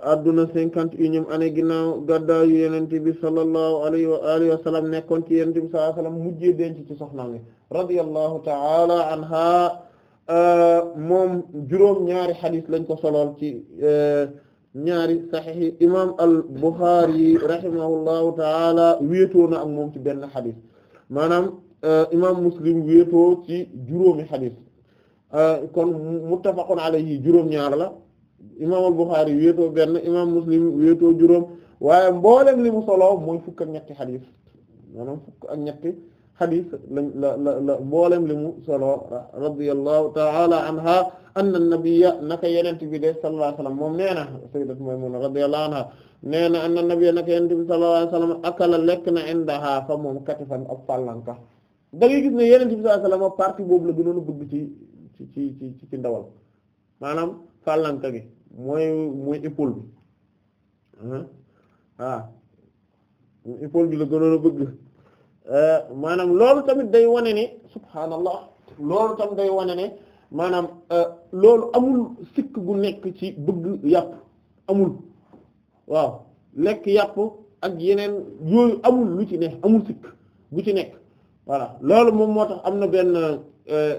adduna euh, cinquante et unième année ginnaaw gàddaayu yenente alayhi wa alihi nekkoon ci yenente bi sallallahu alayhi wa sallam mujjee denc ci soxnaam radiyallahu ta'ala anha euh, moom juróom ñaari xadis lañ ko solool ci euh, ñaari saxiix imam al Bukhari rahimahullahu ta'ala wéetoo na ak moom ci benn xadis maanaam imam Muslim wéetoo ci juróomi xadis kon muttafaqun alayhi juróom ñaar la imaam al-Bukhari wéetoo benn imaam Muslim wéetoo juróom waaye mboolem li mu solo mooy fukk ak ñetti xadiis maanaam fukk ak ñetti xadiis la la la li mu solo radiyallahu ta'ala anha anna nabiyya naka yonent bi de sallallahu alayhi wasallam moom nee na sayyidat Maymuna radiyallahu anha nee na anna nabiyya naka yonent bi sallallahu alayhi wasallam akala lekk na indaha fa moom katifan ab pàllanka da ngay gis ne yonent bi sallallahu alayhi wasallam partie boobu la bu a bëgg ci ci ci ci ci ndawal fàllanka gi mooy mooy épaule bi ah épaule bi la gënoon bëgg eh, maanaam loolu tamit day wane ne subhaanallah loolu tamit day wane ne maanaam eh, loolu amul sikk gu nekk ci bëgg yàpp amul waaw lekk yàpp ak yeneen yooyu amul lu ci ne amul sikk bu ci nekk voilà loolu moom moo tax am na benn eh,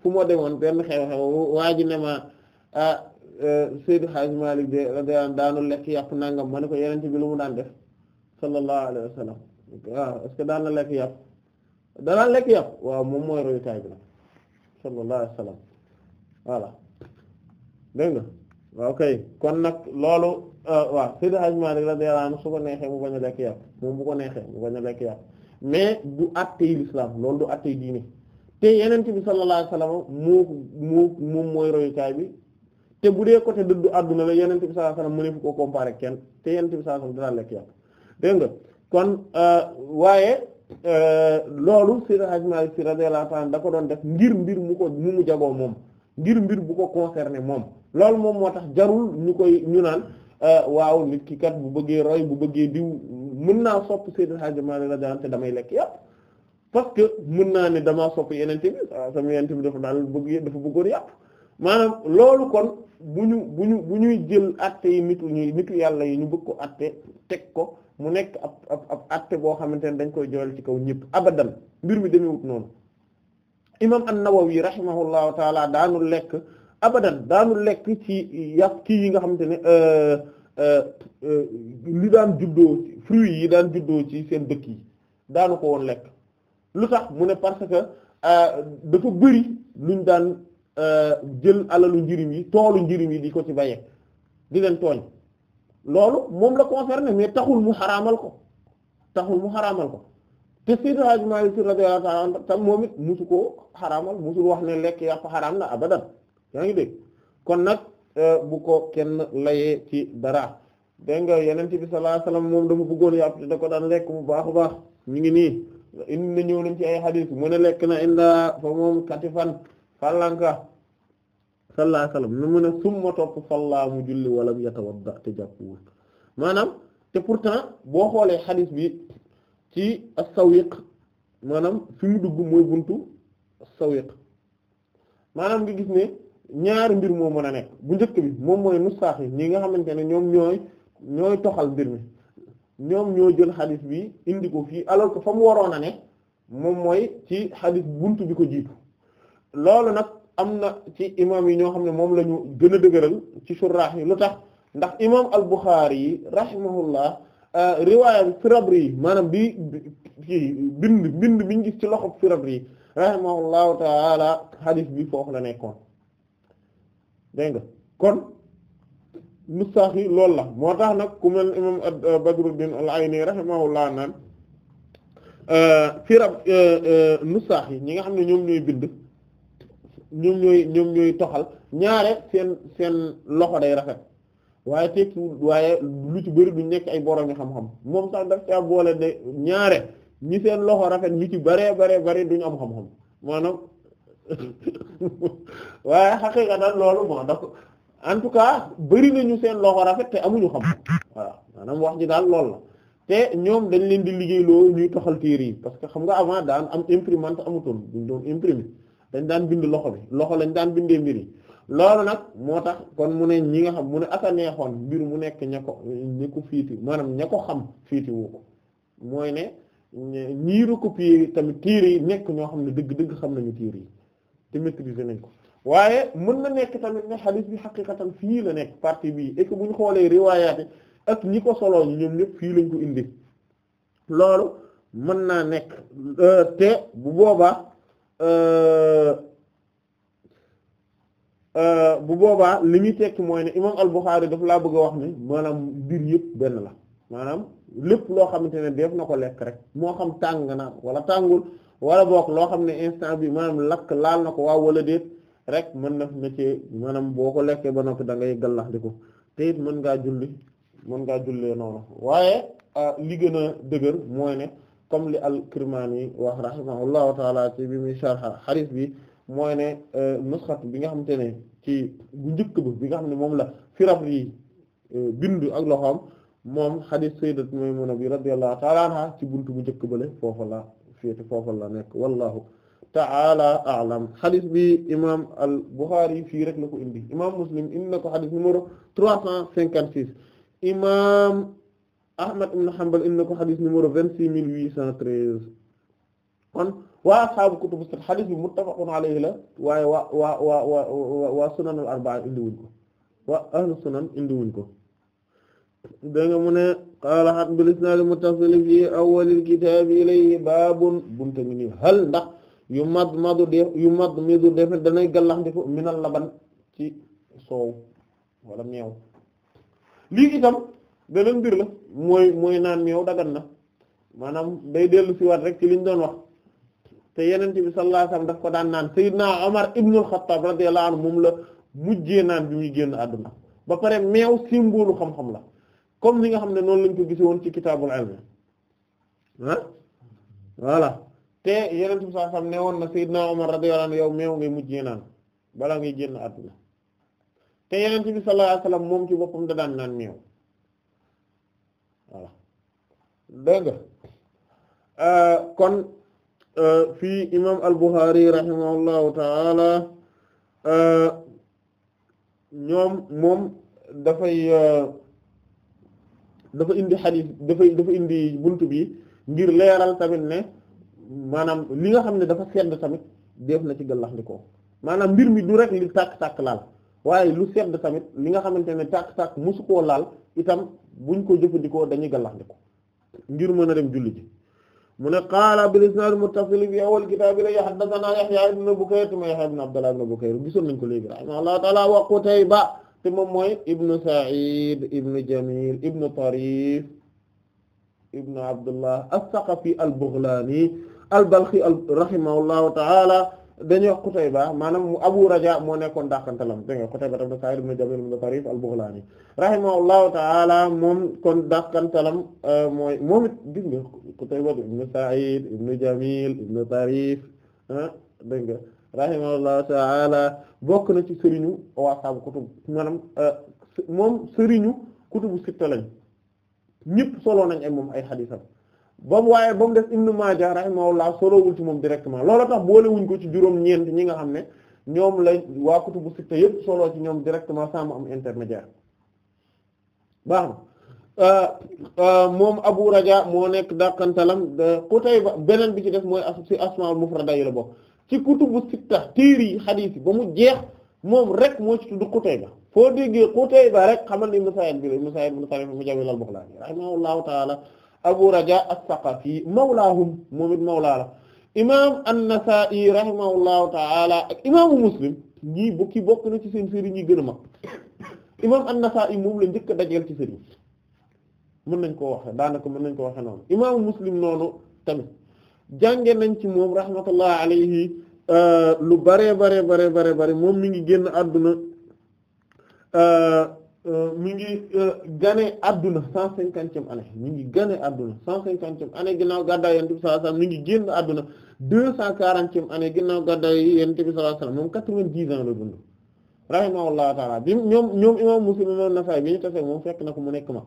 fu ma demoon benn xew-xew waa ne ma ah eh, Seydi Hadj Malick de radiyallahu anhu daanu lekk yàpp nangam ma ne ko yeneen bi lu mu daan def sallallahu alayhi wa sallam ah, que daan na lekk yàpp danaan lekk yàpp waaw moom mooy royukaay bi nag kon nag loolu ah, a lekk yàpp moom du àttee l'islam loolu du àttee diine te yeneen bi sallallahu alayhi wa sallam moo mooy royukaay bi te bu dee côté dëddu àdduna la yeneen bi sallallahu alayhi wasallam mëneefu koo comparer kenn te yeneen bi sallallahu alayhi wasallam dégg nga kon euh, waaye euh, loolu Seydi Hadj Malick Sy radiyallahu ta'ala da ko doon def ngir mbir mu ko mu mu jagoo moom ngir mbir bu ko concerné moom loolu moom moo tax jarul ñu koy ñu naan euh, waaw nit ki kat bu bëggee roy bu bëggee diw mën naa sopp Seydi Hadj Malick radiyallahu te damay lekk yàpp parce que naa ne damaa sopp yeneen bi sama bi dafa daal bëgg dafa bëggoon yàpp maanaam loolu kon bu ñu bu ñu ñuy jël atte yi nitu ñuy nitu yàlla yi ñu bëgg ko atte teg ko mu nekk ab ab atte boo xamante ne dañ koy joyal ci kaw ñëpp abadan mbir mi demewut noonu imam an-Nawawi rahimahullahu taala daanu lekk abadan daanul lekk ci yàpp kii yi nga xamante ne euh, euh, euh, li daan juddoo fruits yi daan juddoo ci seen dëkk yi daanu ko woon lekk lu tax mu ne parce que dafa bëri luñ daan Euh, jël alalu njirim yi toolu njirim yi di ko ci baye di leen tooñ loolu moom la concerné mais taxul mu xaraamal ko taxul mu xaramal ko te Seydi Hadji Malick Sy radiyallahu ta'ala anhu tam wax ne lekk yàpp xaraam na abadan yaa ngi dégg kon nag euh, bu ko kenn layee ci dara dégg nga Yonent bi sallallahu moom dafa bëggoon yàpp te da ko daan lekk bu baax a baax ñu ngi nii indi na ñëw nañ ci ay xadiis mu ne lekk na inda fa moom kati fallanka sallallahu alayhi wa sallam nu mu ne summa topp salla mu julli walam yatawadda te jàppwul maanaam te pour pourtant boo xoolee xadis bi ci as-sawiq maanaam fi mu dugg mooy buntu as maanaam nga gis ne ñaari mbir moo mën a nekk bu njëkk bi moom mooy nusaax yi ñi nga xamante ne ñoom ñooy ñooy toxal mbir mi ñoom ñoo jël xadis bi indi ko fii alors que fa mu waroon a ne moom mooy ci xadis bunt bi ko jiitu loolu nag am na ci imam yi ñoo xam ne moom lañu ñu gën a dëgëral ci surah yi lu tax ndax imam al-Bukhari yi rahimahullah euh, riwaaya bi Firabri yi maanaam bi ci bind bind biñ gis ci loxo Firabri yi rahimahullahu taala hadith bi foofu la nekkoon dégg nga kon nusaax yi loolu la moo tax nag ku mel imam euh, Badruddin al-Ayni rahimahullah naan euh, firab nusaax yi ñi nga xam ne ñoom ñooy bind ñoom ñooy ñoom ñooy toxal ñaare seen seen loxo day rafet waaye tekki waaye lu ci bëri du nekk ay borom xam-xam moom sax daf caa boole de ñaare ñi seen loxo rafet ñi ci baree baree bari duñu am xam-xam maanaam (laughs) waaye xaqiqa daal loolu bon en tout cas bëri nañu seen loxo rafet te amuñu xam voilà maanaam wax ñi daal lool la te ñoom dañ leen di liggéey liggéeyloo ñuy toxal téere yi parce que xam nga avant daan am imprimante amutoon duñ doon imprimer lañ daan bind loxo bi loxo lañ daan bindee mbir yi loolu nag moo tax kon mu ne ñi nga xam mu ne aka neexoon mbir mu nekk ña ko ña ko fiiti maanaam ña ko xam fiiti wu ko mooy ne ñii recopier tamit tiir yi nekk ñoo xam ne dëgg-dëgg xam nañu tiir yi te maîtriser nañ ko waaye mën na nekk tamit ne hadith bi xaqiqatan fii la nekk partie bii et que xoolee riwaayaat yi ak ñi ko soloo ñu ñoom ñëpp fii lañ ko indi loolu mën naa nekk euh, te bu boobaa Euh, euh, bu boobaa li muy tekki mooy ne imam al-Bukhari daf laa bëgg a wax ne maanaam mbir yëpp benn la maanaam lépp loo xamante ne def na ko lekk rek moo xam tàng na wala tàngul wala boog loo xam ne instant bi maanaam lakk laal na ko waaw wala déet rek mën na na ci maanaam boo ko lekkee ba noppi da ngay gallax di ko te mën ngaa julli mën ngaa jullee noonu waaye euh, li gën a dëgër mooy ne comme li al-Kirmaani wax rahimahullahu taala ci bi muy sharha hadith bi mooy ne euh, nusxat bi nga xamante ne ci bu njëkk bi nga xam ne moom la Firafri euh, bindu ak loxoom moom hadith sayyidat Maymuna bi radiyallahu taala ci buntu bu njëkk ba le la féete foofu la nekk wallahu ta'ala a'lam xarit bi imaam al-Bukhari fii rek la ko indi imaam Muslim indi na ko hadith numéro 356 imaam. Ahmad ibn Hanbal indi na ko xadis numéro vingt-six mille huit cent treize kon waa ashaabu kutubu sitta xadis bi muttafaqun alayhi la waaye waa waa waa waa sunan al arba'a ko waa ahlu sunan indiwuñ ko dégg mu ne qaala xat bil isnaad muttasil fi awwalil kitaab ilayhi baabun bunta mi hal ndax yu mad madu def yu mad midu def danay gallax ndiko minal laban ci soow wala meew lii itam beneen mbir la mooy mooy naan meew dagan na maanaam day dellu siwaat rek ci liñ doon wax te yeneen bi sallallahu alayhi wasallam daf ko daan naan Seydina Omar ibn al moom la mujjee naan bi muy génn àdduna ba pare meew simboolu xam la comme ni nga xam ne noonu lañ ko gise woon ci kitaabul ilm ah voilà te yeneen bi na Seydina Omar yow meew ngay mujjee naan balaa ngay génn àdduna moom ci boppam da daan naan meew voilà dégg nga euh, kon euh, fii imam al-Bukhari rahimahullahu taala euh, ñoom moom dafay dafa indi xadiis dafay dafa indi bunt bi ngir leeral tamit ne maanaam li nga xam ne dafa sedd tamit def na ci gàllaxndikoo maanaam mbir mi du rek li tàkk-tàkk laal waaye lu sedd tamit li nga xamante ne tàkk-tàkk mosu koo laal itam buñ ko jëfandikoo dañuy gàllaxndiko ngir mën a dem julli ji mu ne qaala bil isnaad muttasil fi awwal kitaab la haddathana Yahya ibn Bukayr te ma Yahya ibn Abdullah gisoon nañ ko léegi rahimahullahu ta'ala wa Qutayba te moom mooy ibnu Sa'id ibnu Jamil ibnu Tarif ibnu Abdullah as-Saqafi al-Baghlani al-Balkhi rahimahullahu ta'ala dañuy wax Qutayba maanaam Abu Raja moo nekkoon dàqantalam dégg nga Qutayba ibn Sa'id ibn Jabir ibn Tarif al-Baghlani rahimahullahu moom kon dàqantalam euh, mooy moom it gis nga Qutayba ibn Sa'id ibn Jamil ibn Tarif ah dégg nga rahimahullahu ta'ala bokk na ci sëriñu waa saabu kutub maanaam euh, moom sëriñu kutubu sitta lañ ñëpp solo nañ ay moom ay xadiisam ba mu waaye ba mu des Ibn Maaja rahimahullah solowul ci moom directement loolu tax boolewuñ ko ci juróom-ñeent ñi nga xam ne ñoom la waa kutubu sitta yëpp soloo ci ñoom directement sans mu am intermédiaire baax euh, euh, moom Abu Raja moo nekk dàqantalam ba beneen bi ci def mooy as ci asmaul mufrada yi la bokk ci kutubu sitta téeri yi xadiis yi ba mu jeex moom rek moo ci tudd Qutayba foo déggee Qutayba rek xamal ni Ibn Sa'id bi la Ibn Sa'id ibn Sarif Mujawil al Abu Raja as-Saqafi mawlaahum moom it mawlaa la imaam an-Nasaa'i rahimahullahu ta'ala ak Muslim ñii bokki bokk na ci seen sëriñ ñi gën a mag imaam an-Nasaa'i moom la njëkk a dajeel ci sëriñ mën nañ ko wax daanaka mën nañ ko wax noonu imaamu Muslim noonu tamit jànge nañ ci moom rahmatullah alayhi euh, lu bare bare bare bare bare moom mi ngi génn àdduna euh, Euh, mi ngi euh, gane adduna cent cinquantième année mi ngi gane adduna cent cinquantième année ginnaaw gàddaay yonent bi sallallahu alayhi wasallam mi ngi génn adduna deux cent quarantième année ginnaaw gàddaay yonent bi sallallahu alayhi moom quatre-vingt-dix ans la dund rahimahullahu taala bi ñoom ñoom imam Muslim imam Nasa'i bi ñu tase moom fekk na ko mu nekk ma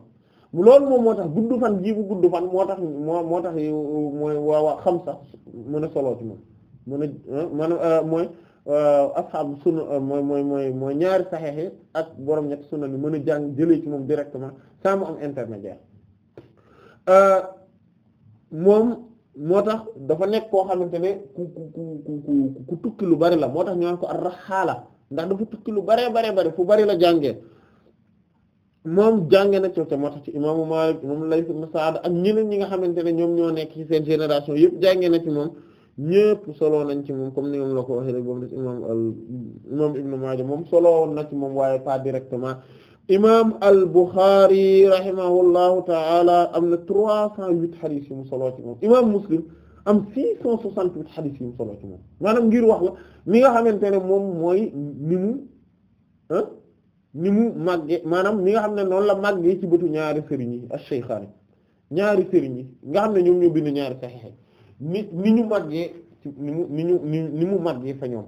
loolu moom moo tax gudd fan ji gudd fan moo tax moo tax mooy waa waa xam sax mën a soloo moom mën a maanaam euh, mooy asxaabu sunna euh, mooy mooy mooy mooy ñaari saxeex ak borom ñetti sunna mën a jàng jëlee ci moom directement sans mu am euh, moom moo tax dafa nekk koo xamante ne ku ku ku ku tukki lu bari la moo tax ñu naan ko ar-raxaala ndax dafa tukki lu bare baree bari fu bari la jàngee moom jànge na ci moo tax ci imaamu Maalik moom Layth ibn Sa'd ak ñeneen ñi nga xamante ne ñoom ñoo nekk ci seen génération yëpp jàngee na ci moom. ñépp solo nañ ci moom comme ni moom la ko waxee rek boobu des imam al moom solo na ci moom waaye pas directement imam al Buxaari rahimahullahu taala am na trois cent huit xadis yu solo ci moom imam Muslim am six cent soixante huit xadis yu solo ci moom maanaam ngir wax la mi nga xamante ne moom mooy ni mu ah ni mu màgge maanaam ni nga xam ne noonu la màggee ci bëtu ñaari sëriñ yi as-Shaykhaani ñaari sëriñ yi nga xam ne ñoom ñoo bind ñaari saxiix ni ni ñu màggee ni mu ni ñu ni mu màggee fa ñoom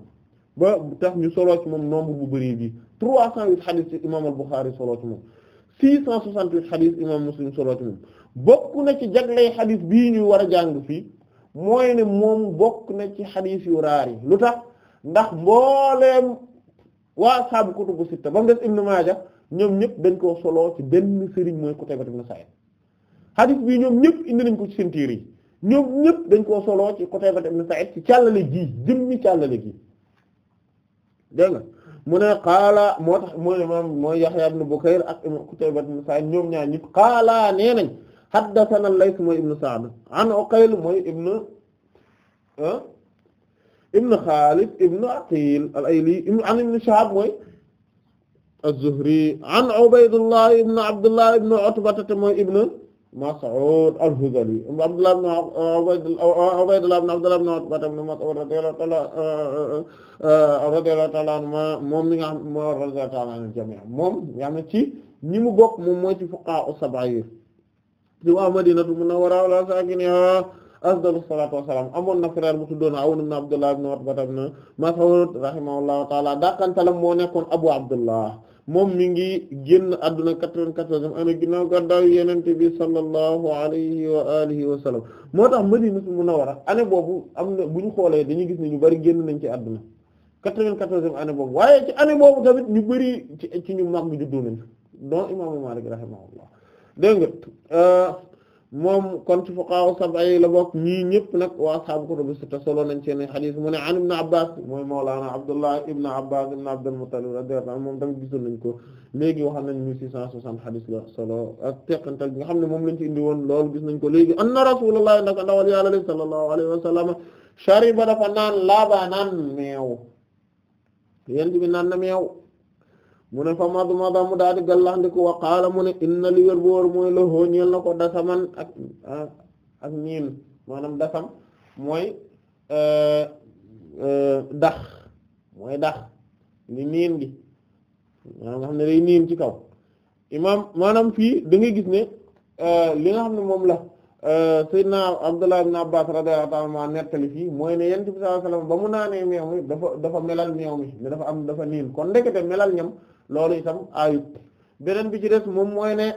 ba tax ñu soloo ci moom nombre bu bëri bi trois cent huit xadis ci imam al-Bukhari soloo ci moom six cent soixante huit xadis imam bokk na ci jaglay xadis bii ñu war a jàng fii mooy ne moom bokk na ci xadis yu raar yi lu tax ndax mbooleem waa saabu kutubu sitta ba mu des Ibn Maaja ñoom ñëpp dañ ko soloo ci benn sëriñ mooy ku Qutayba ibn Sa'id xadis bii ñoom ñëpp indi nañ ko ci seen yi ñoom ñëpp dañ koo soloo ci Qutayba ibn Sa'id ci càllale gi jëmmi càllale gi dégg nga mu ne qaala moo tax mooy imaam mooy Yahya ibn Bukayr ak Qutayba ibn Sa'id ñoom ñaar ñëpp qaala nee nañ haddathana Layth mooy ibn Sa'd an Uqayl mooy ibn ah, ibn Khalid ibn Aqil al an ibn Shihab mooy az-Zuhri an Ubaydullah ibn Abdullah ibn Utbata mooy ibn Mas'ud al-Hudhali Abdullah uh, ibn Ubaydullah uh, uh, ibn Abdullah ibn Utba ibn Mas'ud radiyallahu ta'ala anhuma moom mi nga xam moo radiyallahu ta'ala anil jami' moom yaa ngi ci ñi mu bokk moom mooy ci fuqaha as-sab'a ci waa Madinatu Munawwara ala saakinihaa afdalu salaatu wassalaam amoon na frère bu tuddoon Awn ibn Abdullah ibn Utba ibn Mas'ud rahimahullahu ta'ala dàqantalam moo nekkoon Abu Abdullah moom mi ngi génn adduna quatre-vingt-quatorzième année ginnaaw gàddaaw yonent bi sallallahu alayhi wa alihi wa sallam moo tax na Madinatul Munawwara année boobu am na bu ñu xoolee dañuy gis ni ñu bari génn nañ ci adduna quatre-vingt-quatorzième année boobu waaye ci année boobu tamit ñu bari ci ci ñu mag bi juddu nañ donc imaamu Maalik rahimahullah dégg nga euh, moom kon ci fuqaha sab'a yi la bokk ñii ñëpp nag wa ashaabu kutubu sitta solo nañ seen xadis mu ne an ibn Abbas mooy mawlaana Abdullah ibn Abbas ibn Abdul Muttalib radiyallahu anhu moom tamit gisul nañ ko léegi wax nañ 1660 xadis la solo ak teqantal bi nga xam ne moom lañ ci indi woon loolu gis nañ ko léegi anna Rasulullah ndaka ndawal Yàlla li sallallahu alayhi wa sallam shariba dafa naan laaba naan meew yent bi naan na meew mu ne fa madu mada mu daal di gallaxndiku wa qaala mu ne inna li wér boor mooy loxoo ñeel na ko dasaman ak ak niin maanaam dasam mooy euh, dax mooy dax li niin gi maanaam nga xam ne day niin ci kaw imaam maanaam fii da ngay gis ne euh, li nga xam ne moom la euh, sayyidina Abdullah ibn Abbas radiyallahu ta'ala ma nettali fii mooy ne yent bi sallallahu alayhi ba mu naanee meew mi dafa dafa melal meew mi ne dafa am dafa niin kon ndekete melal ñam loolu itam ayut beneen bi ci des moom mooy ne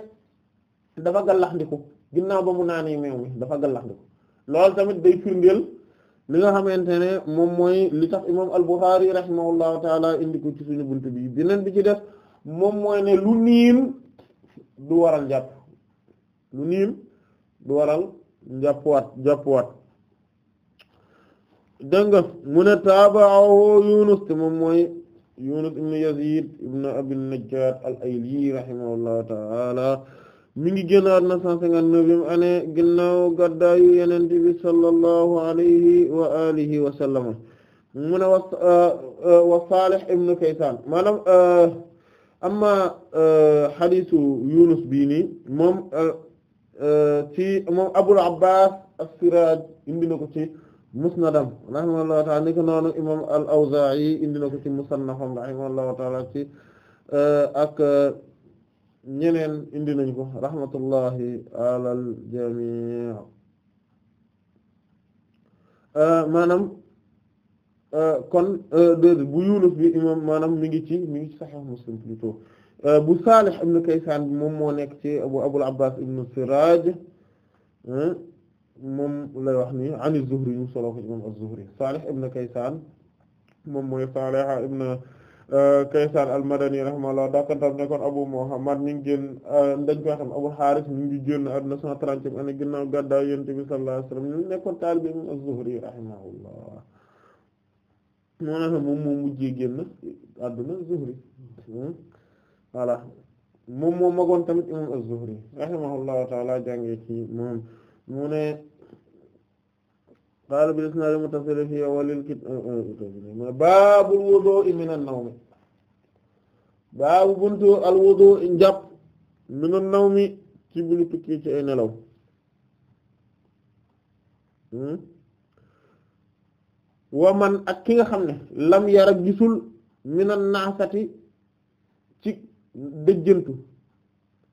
dafa gallaxndiku ginnaaw ba mu naanee meew mi dafa gallax gallaxndiku loolu tamit day firndeel li nga xamante ne moom mooy li tax imam al-Bukhari rahimahullahu taala indi ko ci suñu bunt bi beneen bi ci des moom mooy ne lu niin du waral jàpp lu niin du waral jàppwaat jàppwaat dégg nga mu ne taabaahu Yunus te moom mooy Yunus ibn Yazid ibn Abi Najjad al-Ayli rahimahullahu ta'ala mi ngi génn àdduna 159 année ginnaaw gàddaayu Yonent bi sallallahu alayhi wa alihi wa sallam mu ne wa euh, euh, Salih ibn Kaysan maanaam euh, amma hadiisu Yunus bii nii moom ci moom Abul Abbas as-Siraj indi na ko ci musnadam rahimahullahu ta'ala ni ko noonu imam al-Awzaa'i indi na ko ci musannafam rahimahullahu ta'ala ci euh, ak euh, ñeneen indi nañ ko rahmatullahi alal jamii euh, maanaam kon bu Yunus bi imam maanaam mi ngi ci mi ngi ci Sahih Muslim plutôt bu Salih ibn Kaysan bi moom moo nekk ci Abu Abul Abbas ibn Siraj moom lay wax ni ani Zuhri ñu solo ko imam az-Zuhri Salih ibn Kaysan moom mooy Salih ibn euh, Kaysan al-Madani rahimahullah dakantam nekkoon Abu Muhammad ñu génn euh, dañ koy xam Abu Harith ñu ngi génn àdduna 130 an ginnaaw gàddaa Yonent bi sallallahu alayhi wasallam ñu nekkoon taalibe imam az-Zuhri rahimahullah moo ne moom moo mujjee génn àdduna Zuhri voilà moom moo magoon tamit imam az-Zuhri rahimahullahu ta'ala jàngee ci moom mu ne qaala bil isnaad muttasil fi awwalil kitaab eh, eh, baabul wudu'i min an-nawm baabu buntu al wudu'i njàpp min an ci bulu tukki ci ay nelaw hmm? wa man ak ki nga xam ne lam yara gisul min an-naasati ci dëjjantu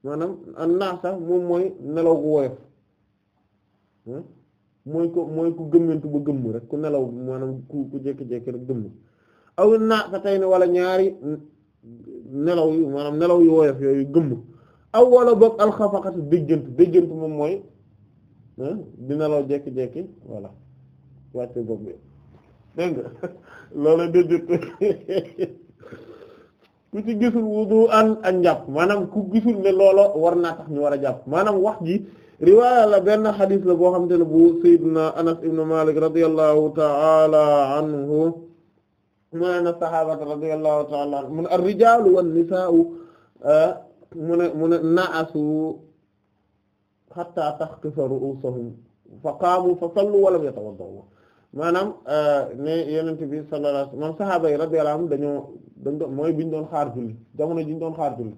maanaam an-naasa moom mooy nelaw gu woyof mooy ko mooy ku gëmmantu ba gëmm rek ku nelaw maanaam ku ku jékki-jékki rek gëmm aw naa fa tey ne walla ñaari nelaw yu maanaam nelaw yu woyof yooyu gëmm aw wala boog alxafaqatu déjjant déjjant moom mooy di nelaw jékki-jékki voilà wàcce bopp bi dégg nga (laughs) loola déjjant (laughs) ku ci gisul wudu an ak njàpp maanaam ku gisul ne loola war naa tax ñu war a jàpp maanaam wax ji riwaaya la benn xadis la boo xamante ne bu sayyidina anas ibn malik radiyallahu ta'ala anhu mu ne na saxaabata radiyallahu ta'ala anhu mu ne ar-rijaalu wan-nisaa'u ah, mu ne mu ne na'asu hatta taxtasa ru'uusuhum fa qaamu fa sallu wa lam yatawadda'u maanaam ah, ne yonent bi sallallahu alayhi wa sallam saxaaba yi radiyallahu anhum dañoo dañ doon mooy biñ doon xaar julli jamono jiñ doon xaar julli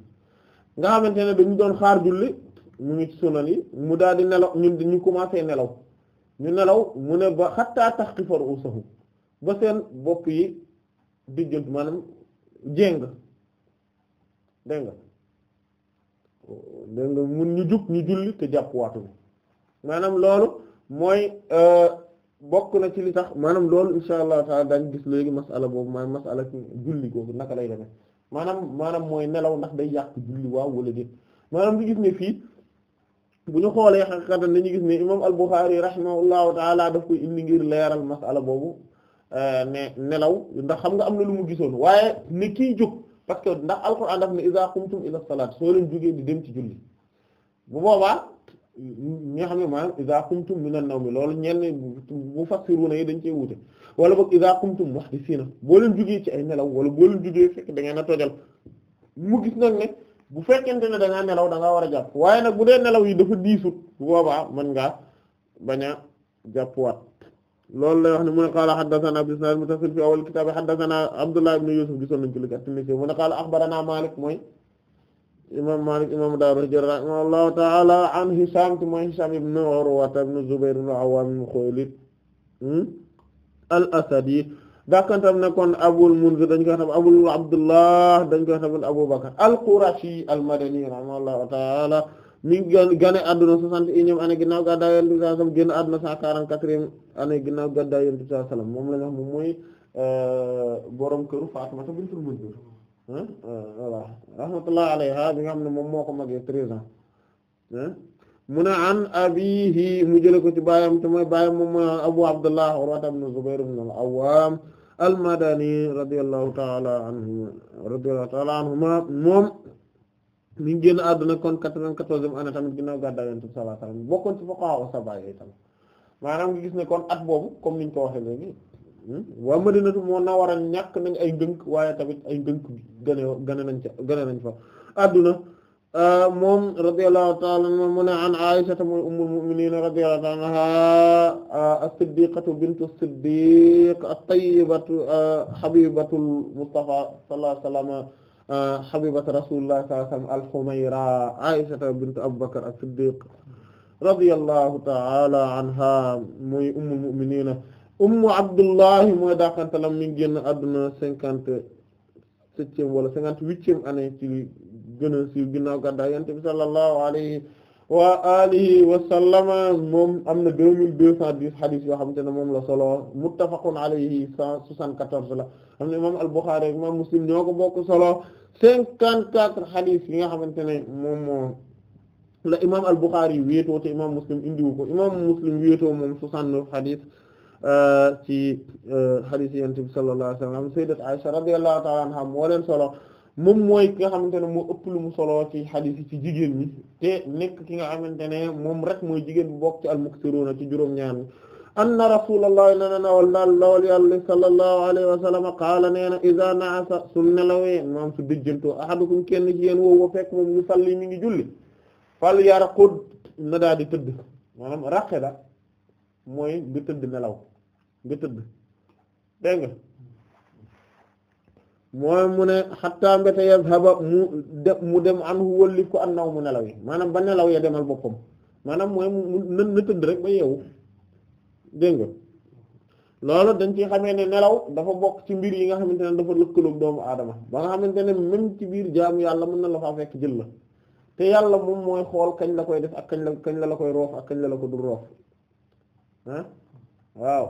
nga xamante ne dañu doon xaar julli mu ngi sunan yi mu daal di nelaw ñun ñu commencé nelaw ñu nelaw mu ne ba xattaa tax ki faru saxu ba seen bopp yi dijjant maanaam jéng dégg nga dégg nga mun ñu jug ñu julli te jàpp waatu bi maanaam loolu mooy euh, bokk na ci li tax maanaam loolu insha allahu taala dañ gis léegi masala boobu maanaam masala ci naka lay demee maanaam maanaam mooy nelaw ndax day yàq julli waaw wala déet maanaam li gis ne fii bu ñu xoolee xaqiqatan dañu gis ne imam al-Bukhari rahimahullahu taala daf koy indi ngir leeral masala boobu euh, ne nelaw ndax xam nga am na lu mu gisoon waaye ne kii jóg parce ndax alquran daf ne iza qumtum ila salat soo leen jógee di dem ci julli bu boobaa ñi nga xam ne maanaam iza qumtum min an loolu ñenn bu fassiruna yi dañ cee wute wala boog iza qumtum muhdisina boo leen jógee ci ay nelaw wala boo leen jógee fekk da ngeen a tojal mu gis ne bu fekkente ne da ngaa nelaw da war a jàpp waaye nag bu dee nelaw yi dafa diisut bu boobaa man ngaa bañ a jàppwaat loolu lay wax ne mu ne qaala haddathana bisnad mutasil fi awal kitab haddathana abdullah ibn yusuf gisoon nañ ci li gàtt ni ci mu ne qaala akhbarana malik mooy imam malik imam daaru hijra rahimahullahu an hisham te mooy hisham ibn urwa ibn zubayr ibn awwam ibn khuwaylid hmm, al asadi dàkantam ne kon Abul Munzir dañ koy xam Abul Abdullah dañ koy xam Abu Bakr al-Qurashi al-Madani rahimahullahu ta'ala mi ngi gane adduna soixante et unième année ginnaaw gàddaay Yonent bi sallallahu alayhi wasallam génn adduna cent quarante-quatrième année ginnaaw gàddaay Yonent bi sallallahu alayhi wasallam moom la ñu wax moom mooy euh, borom këru Fatimata bintul Munzir euh, voilà rahmatullahi alayha bi nga xam ne moom moo ko magee treize ans mu ne an abihi mu jële ko ci baayam te mooy baayam moom abu abdullah urwata ibn zubair ibn al-awwam al-madani radiyallahu ta'ala anhu radiyallahu ta'ala anhuma moom mi ngi génn àdduna kon quatre-vingt-quatorzième année tamit ginnaaw gàddaay Yonent bi sallallahu alayhi wasallam bokkoon ci fuqaha sab'a yi tamit maanaam nga gis ne kon at boobu comme niñ ko waxe léegi hmm, waa Madinatu moo na war a ñàkk nañ ay ngënk waaye tamit ay ngënk bi gane nañ ca gane nañ fa àdduna Ah, moom radiyallahu ta'ala anha mu ne an Aisha ummul mu'minin radiyallahu ta'ala anha ah, as-siddiqatu bintu as-siddiq at-tayyibatu ah, habibatul Mustafa sallallahu alayhi wa sallam habibatu rasulillah sallallahu alayhi wa sallam al-Humayra Aisha bintu Abu Bakr as-Siddiq radiyallahu ta'ala anha muy ummul mu'minin ummu Abdullah mooy daakantalam mi ngi génn àdduna cinquante septième wala cinquante huitième année ci gën a siiw ginnaaw gàddaay yonent bi sallallahu alayhi wa alihi wa sallama moom am na deux mille deux cent xadis yoo xamante ne moom la solo muttafaqun alayhi cent soixante-quatorze la am na imam al-Bukhari ak imam Muslim ñoo ko bokk solo cinquante-quatre xadis yi nga xamante ne moom moo la imam al-Bukhari wéetoo te imam Muslim indiwu ko imam Muslim wéetoo moom soixante-neuf xadis euh, ci xadis euh, yonent bi sallallahu alayhi wa sallam sayyidat Aisha radiyallahu ta'ala moo leen solo moom mooy ki nga xamante ne moo ëpp lu mu solo ci xadiis yi ci jigéen ñi te nekk ki nga xamante ne moom rek mooy jigéen bu bokk ci al-muksiruna ci juróom-ñaar ñi anna rasulullah nana nawal daal lawal yàlla sallallahu alayhi wa sallam qaala nee na iza naasa su nelawee maam su déjjantoo ahadukum kenn ci yéen woowu fekk moom ñu salli mi ngi julli fal yarqud na daal di tëdd maanaam raqida mooy nga tëdd nelaw nga tëdd dégg mooy mu ne xatta mbéta yazhaba mu de mu dem anhu wallif ko an naw mu nelaw yi maanaam ba nelaw ya demal boppam maanaam mooy mu na tëdd rek ba yeewu dégg nga loolu dañ ci xamee ne nelaw dafa bokk ci mbir yi nga xamante ne dafa lëkkaloog doomu aadama ba nga xamante ne même ci biir jaamu yàlla mën na la faa fekk jël la te yàlla moom mooy xool kañ la koy def ak kañ la kañ la la koy roof ak kañ la la ko dul roof ah waaw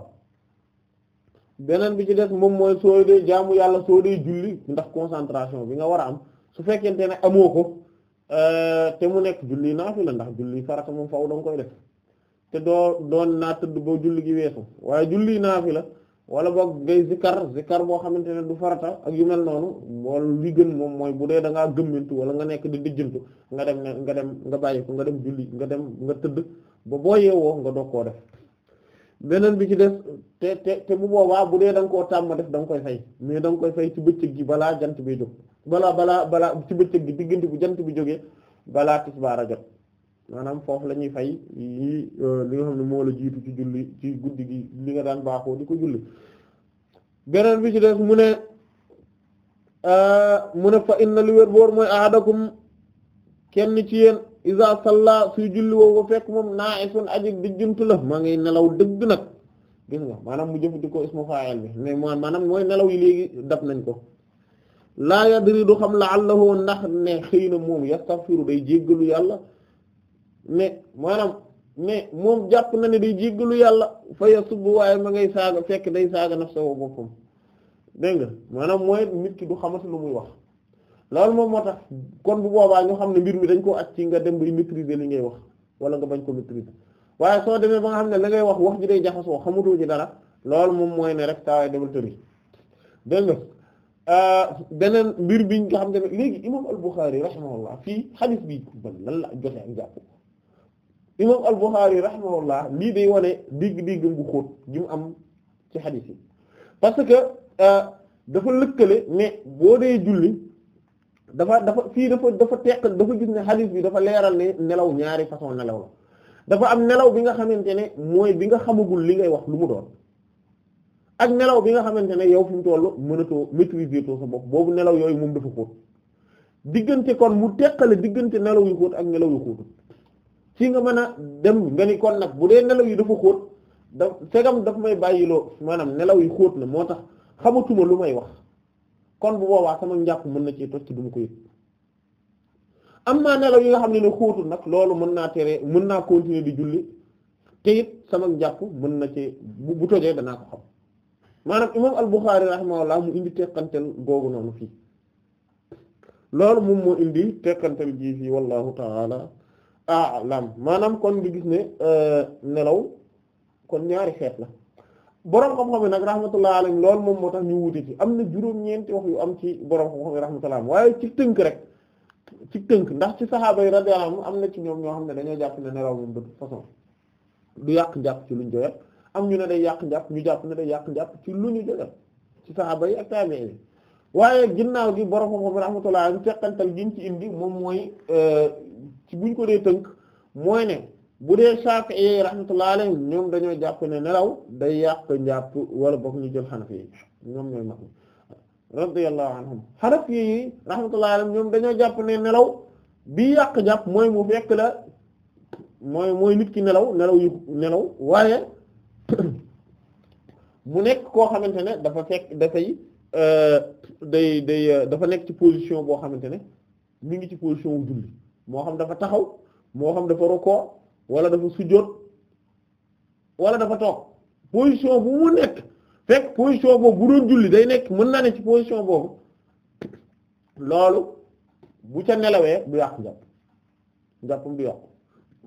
beneen bi ci des moom mooy soo dee jaamu yàlla soo dee julli ndax concentration bi nga war a am su fekkente ne amoo ko euh, te mu nekk julli naafila ndax julli farata moom faaw danga koy def te doo doon naa tëdd boo julli gi weesu waaye julli la wala boog ngay zikar zikar boo xamante ne du farata ak yu mel noonu wala li gën moom mooy bu dee da ngaa gëmmintu wala nga nekk di dijjantu nga dem nga dem nga bàyyi ko nga dem julli nga dem nga tëdd ba boo yeewoo nga doog koo def beneen bi ci des te te te bu boobaa bu dee da nga koo tàmm def da koy fay mais da nga koy fay ci bëccëg gi balaa jant bi jóg balaa balaa balaa ci bëccëg gi diggante bu jant bi jógee balaa tisbaar a jot maanaam foofu la ñuy fay euh, li nga xam ne moo la jiitu ci julli ci guddi gi li nga daan baaxoo di ko julli beneen bi ci des mu ne euh, mu ne fa inna li wér boor mooy ahadakum kenn ci yéen isa salla suy julli woowu ba fekk moom naa isun aji dijjuntu la maa ngi nelaw dëgg nag gis nga maanaam mu jëfandikoo ismu fa'il bi mais mo maanaam mooy nelaw yi léegi dab nañ ko laa yadri du xam la àllahoo ndax ne xëy na moom yastaghfiru day jéggalu yàlla ne maanaam ne moom jàpp na ne day jéggalu yàlla fa yasubbu waaye ma ngay saaga fekk day saaga nafsahu boppam dégg nga maanaam mooy nit ki du xamante muy wax loolu moom moo tax kon bu boobaa ñu xam ne mbir mi dañ koo ak ci nga dem bay maîtriser li ngay wax wala nga bañ ko maîtriser waaye soo demee ba nga xam ne la ngay wax wax ji day jaxasoo xamutoo ci dara loolu moom mooy ne rek saa demal tëri dégg nga euh, beneen mbir bi xam ne léegi imam al-Bukhari rahimahullah fii hadith bi ban lan la joxe ak jàpp imam al-Bukhari rahimahullah lii day wane digg-diggam bu xóot gi mu am ci hadith yi parce que euh, dafa lëkkale mais boo dee julli dafa dafa fii dafa dafa teq dafa gis ne hadith bi dafa leeral ne nelaw ñaari façon nelaw la dafa am nelaw bi nga xamante ne mooy bi nga xamagul li ngay wax lu mu doon ak nelaw bi nga xamante ne yow fi mu toll mënatoo maîtriser too sa bopp boobu nelaw yooyu moom dafa xóot diggante kon mu teqale diggante nelaw yu xóot ak nelaw yu xóotul ci nga mën a dem nga ni kon nag bu dee nelaw yi dafa xóot da fegam daf may bàyyiloo maanaam nelaw yi xóot na moo tax xamatuma lu may wax kon bu boobaa sama njàpp mën na ci toj ci du ma ko yëg am naa nelaw yi nga xam ne ne xóotul nag loolu mën naa tere mën naa continuer di julli te it sama njàpp mën na ci bu bu tojee danaa ko xam maanaam imam al-Bukhari rahimahullah mu indi teqantel googu noonu fii loolu moom moo indi teqantel ji fii wallahu ta'ala a'lam maanaam kon di gis ne euh, nelaw kon ñaari xeet la borom xam-xam yi nag rahmatullahi alayhim loolu moom moo tax ñu wuute ci am na juróom-ñeenti wax yu am ci borom xam-xam yi rahmatullahi alayhim waaye ci tënk rek ci tënk ndax ci saxaaba yi radiyallahu anhum am na ci ñoom ñoo xam ne dañoo jàpp ne nelaw moom de du yàq njàpp ci lu ñu joyal am ñu ne day yàq njàpp ñu jàpp ne day yàq njàpp ci lu ci saxaaba yi ak tabi'i yi ginnaaw gi borom xam-xam yi rahmatullahi alayhim teqantal giñ ci indi moom mooy euh, ci buñ ko dee tënk mooy ne bu dee Shafi'i rahmatullahi alayhi ñoom dañoo jàpp ne nelaw day yàq njàpp wala bokk ñu jël Hanafi yi ñoom ñooy mag radiyallahu anhum Hanafi yi rahmatullahi alayhi ñoom dañoo jàpp ne nelaw bi yàq jàpp mooy mu fekk la mooy mooy nit ki nelaw nelaw yu nelaw waaye (clears throat) mu nekk koo xamante ne dafa fekk dafay euh, day day euh, dafa nekk ci position boo xamante ne mu ngi ci position wu julli moo xam dafa taxaw moo xam dafa roko wala dafa sujjóot wala dafa toog position bu mu nekk fekk position boobu bu doon julli day nekk mën na ne ci position boobu loolu bu ca nelawee du yàqu njàpp njàppam du yàqu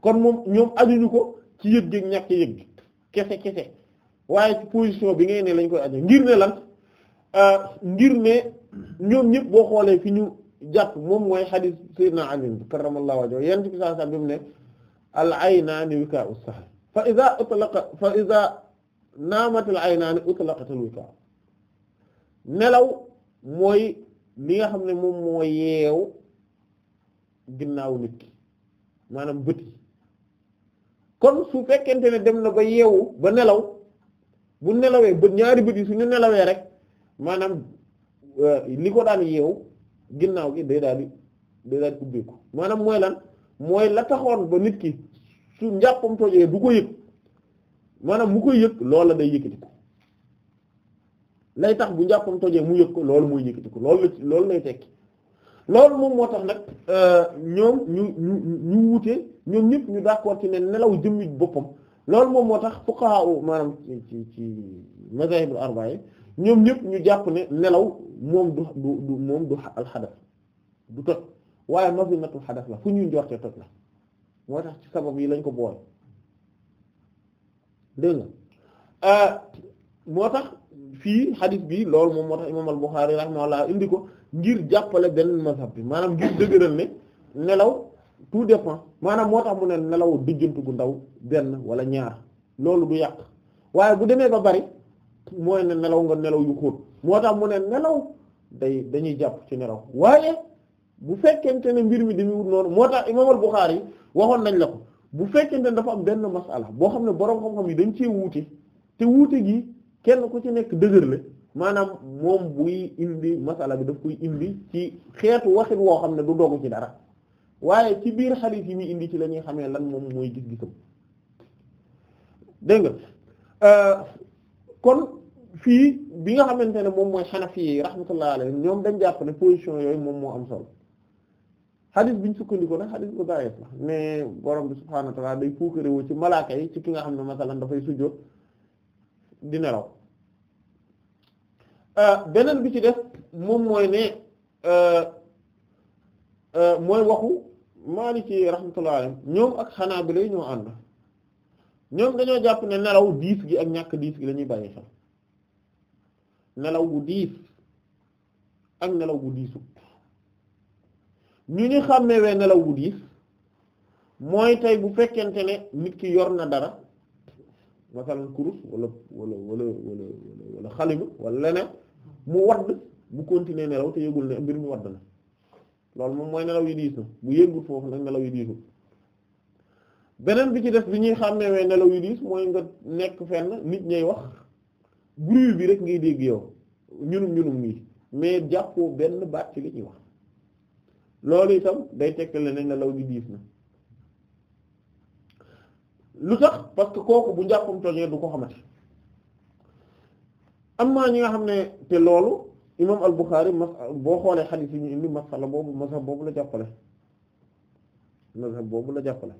kon moom ñoom ajuñu ko ci yëg gi ñàkk yëg gi kese kese waaye ci position bi ngay ne lañ koy aju ngir ne lan euh, ngir ne ñoom ñëpp boo xoolee fi ñu jàpp moom mooy xadiis sayyidina Ali karramallahu wajhahu yenn ci saa saa bi mu ne al aynaani wikaa as-sahr fa iza utlaqa fa iza naamat al aynaani utlaqat nelaw mooy li nga xam ne moom moo yeew ginnaaw nit ki maanaam bët kon su fekkente ne dem na ba yeewu ba nelaw bu nelawee bët ñaari bët yi su nelawee rek maanaam euh, li ko daan yeew ginnaaw gi day daal di day mooy lan mooy la taxoon ba nit ki su njàppam tojee du ko yëg maanaam mu koy yëg la day yëkkati ko lay tax bu njàppam tojee mu yëg ko loolu mooy yëkkati ko loolu la loolu lay tekki loolu moom moo tax nag euh, ñoom ñu ñu ñu wuute ñoom ñëpp ñu d'accord ci ne nelaw jëmmi boppam loolu moom moo tax fuqaha maanaam ci ci ci mazahibul arba'a ñoom ñëpp ñu jàpp ne nelaw moom du moom du alxadas du toj waaye mazinatul xadas la fu ñuy njorte toj la moo tax ci sabab yi lañ ko boole dégg nga euh, moo tax fii xadis bi loolu moom moo tax imaam al-Bukhari laa indi ko ngir jàppale benn mazhab bi maanaam ngir dëgëral ne nelaw tout dépend maanaam moo tax mu ne nelaw dijjantu gu ndaw benn wala ñaar loolu du yàq waaye bu demee ba bari mooy ne nelaw nga nelaw yu xóot moo tax mu ne nelaw day dañuy jàpp ci nelaw waaye bu fekkente ne mbir mi dañuy wut noonu moo tax imaam al-Bukhari yi waxoon nañ la ko bu fekkente ne dafa am benn masala boo xam ne boroom xam-xam yi dañ cee wuute te wuute gi kenn ku ci nekk dëgër la maanaam moom buy indi masala bi daf koy indi ci xeetu waxit woo xam ne du dogu ci dara waaye ci biir xalit yi muy indi ci la ñuy xamee lan moom mooy gis-gisam dégg nga euh, kon fii bi nga xamante ne moom mooy xanafi yi rahmatullah alayhi ñoom dañ jàpp ne position yooyu moom moo am solo xadis bi ñu sukkandiku nag xadis bu daif la mais borom bi subhaanahu wa ta'ala day puukaréwu ci malaaka yi ci ki nga xam ne masalan dafay sujjóot di nelaw euh, beneen bi ci def moom mooy ne euh, euh, mooy waxu Maliki rahmatullah alayhi ñoom ak Hanabila ñoo ànd ñoom dañoo jàpp ne nelaw diis gi ak ñàkk diis gi lañuy ñuy bàyyi xel nelaw bu diis ak nelaw bu diisu ñu ñu xàmmewee nelaw bu diis mooy tey bu fekkente ne nit ki yor na dara masalan kurus wala wala wala wala wala xalima wala leneen mu wadd bu continuer nelaw te yëgul ne mbir mu wadd na loolu moom mooy nelaw yi diis na bu yëgul foofu nag nelaw yi diisul beneen bi ci def bi ñuy xàmmewee nelaw yi diis mooy nga nekk fenn nit ñay wax bruit bi rek ngay dégg yow ñunum ñunum nii mais jàppoo benn baat ci li ñuy wax loolu itam day tegtale nañ ne law gi diis na lu tax parce que kooku bu njàppam tojee du ko xamante am na ñi nga xam ne te loolu imam al-Bukhari mas boo xoolee xadiis yi ñu indi masala boobu mazhab boobu la jàppale mazhab boobu la jàppale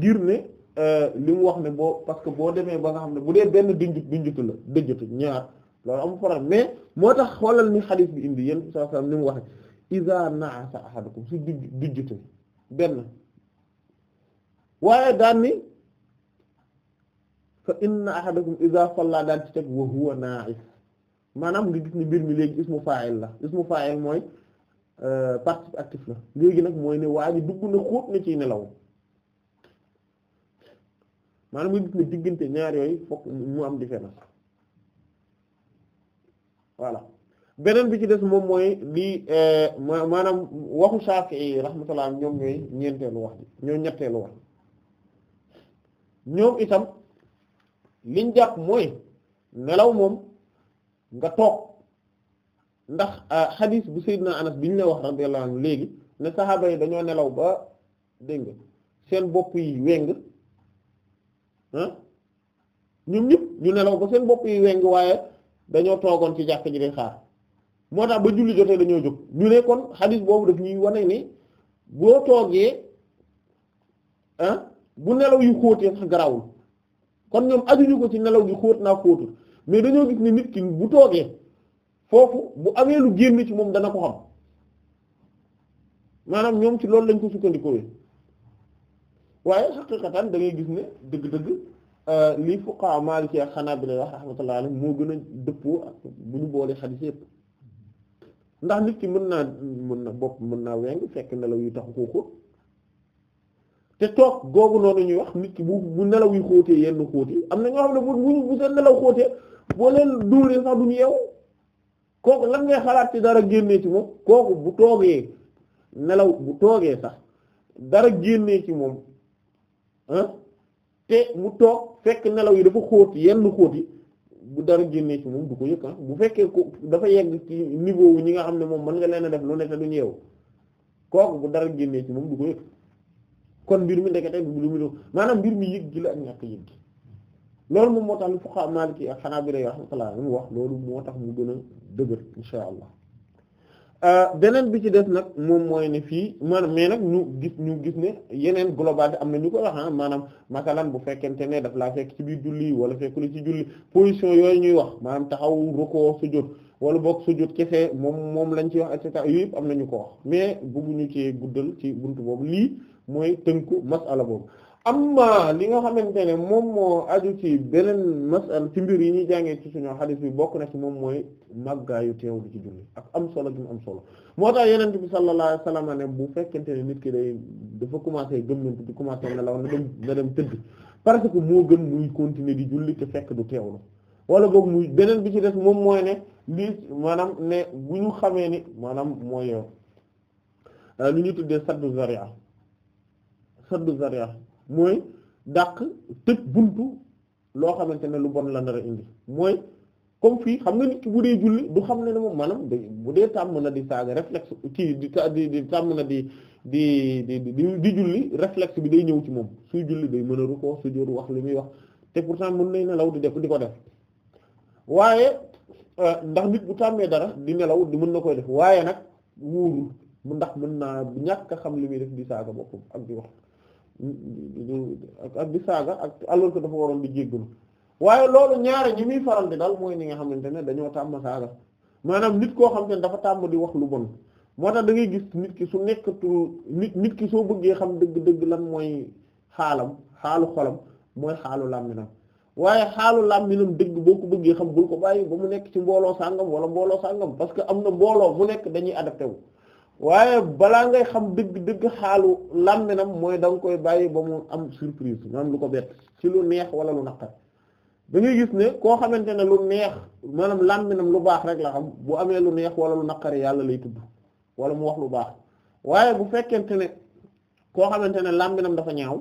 giir ne euh, li mu wax ne boo parce que boo demee ba nga xam ne bu dee benn dunjut dunjutu la dëjëtu ñaar loolu amul problème mais moo tax xoolal ni xadiis bi indi yéen saa saa ni mu waxee iza naasa ahadukum su duj dujjute benn waaye daan ni fa inna ahadakum iza salla daan ci teg mbir mi léegi ismu la ismu mooy euh, participe actif la léegi nag mooy ni waa dugg na xóot na ci nelaw maanaam nga gis ne diggante ñaar yooyu fokk mu am différence voilà beneen bi ci des moom mooy lii eh, maanaam waxu Shafi'i rahmatullah ñoom ñooy ñeenteelu wax ji ñoo ñetteelu ñoom itam liñ jàpp mooy nelaw moom nga toog ndax ah, xadiis bu Seydina Anas ñu ne wax radiyallahu léegi ne saxaaba yi dañoo nelaw ba dégg nga seen bopp yi weng ah ñoom ñëpp ñu nelaw ba seen bopp yi weng waaye dañoo toogoon ci jàkk ji di xaar moo tax ba julli jotee dañoo jóg ñu ne kon xadis boobu daf ñuy wane ni boo toogee ah bu nelaw yu xóotee sax garawul kon ñoom ajuñu ko ci nelaw gi xóot naa xóotul mais dañoo gis ne nit ki bu toogee foofu bu amee lu génn ci moom dana ko xam maanaam ñoom ci loolu lañ ko sukkandikoo waaye xaqiqatan da ngay gis ne dëgg-dëgg euh, lii fuqaha Maliki ak Hanabila rahmatullah alayhi moo gën a dëppoo ak bu ñu boolee xadis yépp ndax nit ki mën naa mën na bopp mën naa weng fekk nelaw yi taxu koo xóot te toog googu noonu ñuy wax nit ki bu bu nelaw yi xóotee yenn xóot am na ñoo xam ne bu bu seen nelaw xóotee boo leen duulee sax duñu yeewu kooku lan ngay xalaat ci dara génnee ci moom kooku bu toogee nelaw bu toogee sax dara génnee ci moom ah, te mu toog fekk nelaw yi dafa xóot yenn xóot yi bu dara génnee ci moom du ko yëg ah. bu fekkee ko dafa yegg ci niveau ñi nga xam ne moom mën nga leen a def lu ne te duñu yeewu kooku bu dara génnee ci moom du ko yëg kon mbir mi ndekete du lu mu do maanaam mbir mi yëg gi la ak ñàkk yëg gi loolu moom moo tax lu fuqaha Maliki ak Hanabila rahmatullah mu wax loolu moo tax mu gën a dëgër insha allah Euh, beneen bi ci des nag moom mooy ne fii man mais nag ñu gis ñu gis ne yeneen globalité am na ñu ko wax ah, maanaam masalan bu fekkente ne daf laa fekk ci biir julli wala lu ci julli position yooyu ñuy wax maanaam taxaw rukkoo sujjóot wala boog sujjóot kese moom moom lañ ci wax et cetera yooyu yëpp am na ñu ko wax mais bëgguñu ci guddal ci bunt boobu lii mooy tënku masala boobu amma li nga xamante ne moom moo aju ci beneen masal ci mbir yi ñuy jàngee ci suñu xadis bi bokk na ci moom mooy màggaayu teew bi ci julli ak am solo gi mu am solo moo tax bi sallallahu alayhi wasallam ne bu fekkente ne nit ki day dafa commencé gëmmantu di commencé nelaw na dem na dem tëdd parce que moo gën muy continuer di julli te fekk du teewlu wala boog muy beneen bi ci des moom mooy ne lii maanaam ne bu ñu xamee ni maanaam mooy euh, li ñu tuddee saddu zaria saddu zaria mooy dàq tëj buntu loo xamante ne lu bon la nar indi mooy comme fii xam nga nit ki bu dee julli du xam ne ne moom maanaam bu dee tàmm na di saaga réflexe ci di di tàmm na di di di di julli réflexe bi day ñëw ci moom suy julli day mën a rukkoo su jor wax li muy wax te pourtant mun nay nelaw di def di ko def waaye euh, ndax nit bu tàmmee dara di nelaw di mën na koy def waaye nag wóorul mu ndax mën naa ñàkk xam li muy def di saaga boppam ak di wax ak di saaga ak alors que dafa waroon di jéggalu waaye loolu ñaari ñi muy faral di dal mooy ñi nga xamante ne dañoo tàmm saaga maanaam nit koo xam te ne dafa tàmm di wax lu bon moo tax da ngay gis nit ki su nekkatu nit nit ki soo bëggee xam dëgg-dëgg lan mooy xaalam xaalu xolam mooy xaalu làmminam waaye xaalu làmminam dëgg boo ko bëggee xam bul ko bàyyi ba mu nekk ci mbooloo sàngam wala mbooloo sàngam parce que am na mbooloo bu nekk dañuy adapté wu waaye balaa ngay xam dëgg dëgg xaalu làmminam mooy da koy bàyyi ba mu am surprise maanaam lu ko bett ci lu neex wala lu naqar da ngay gis ne koo xamante ne lu neex maanaam làmminam lu baax rek la xam bu amee lu neex wala lu naqari yàlla lay tudd wala mu wax lu baax waaye bu fekkente ne koo xamante ne làmminam dafa ñaaw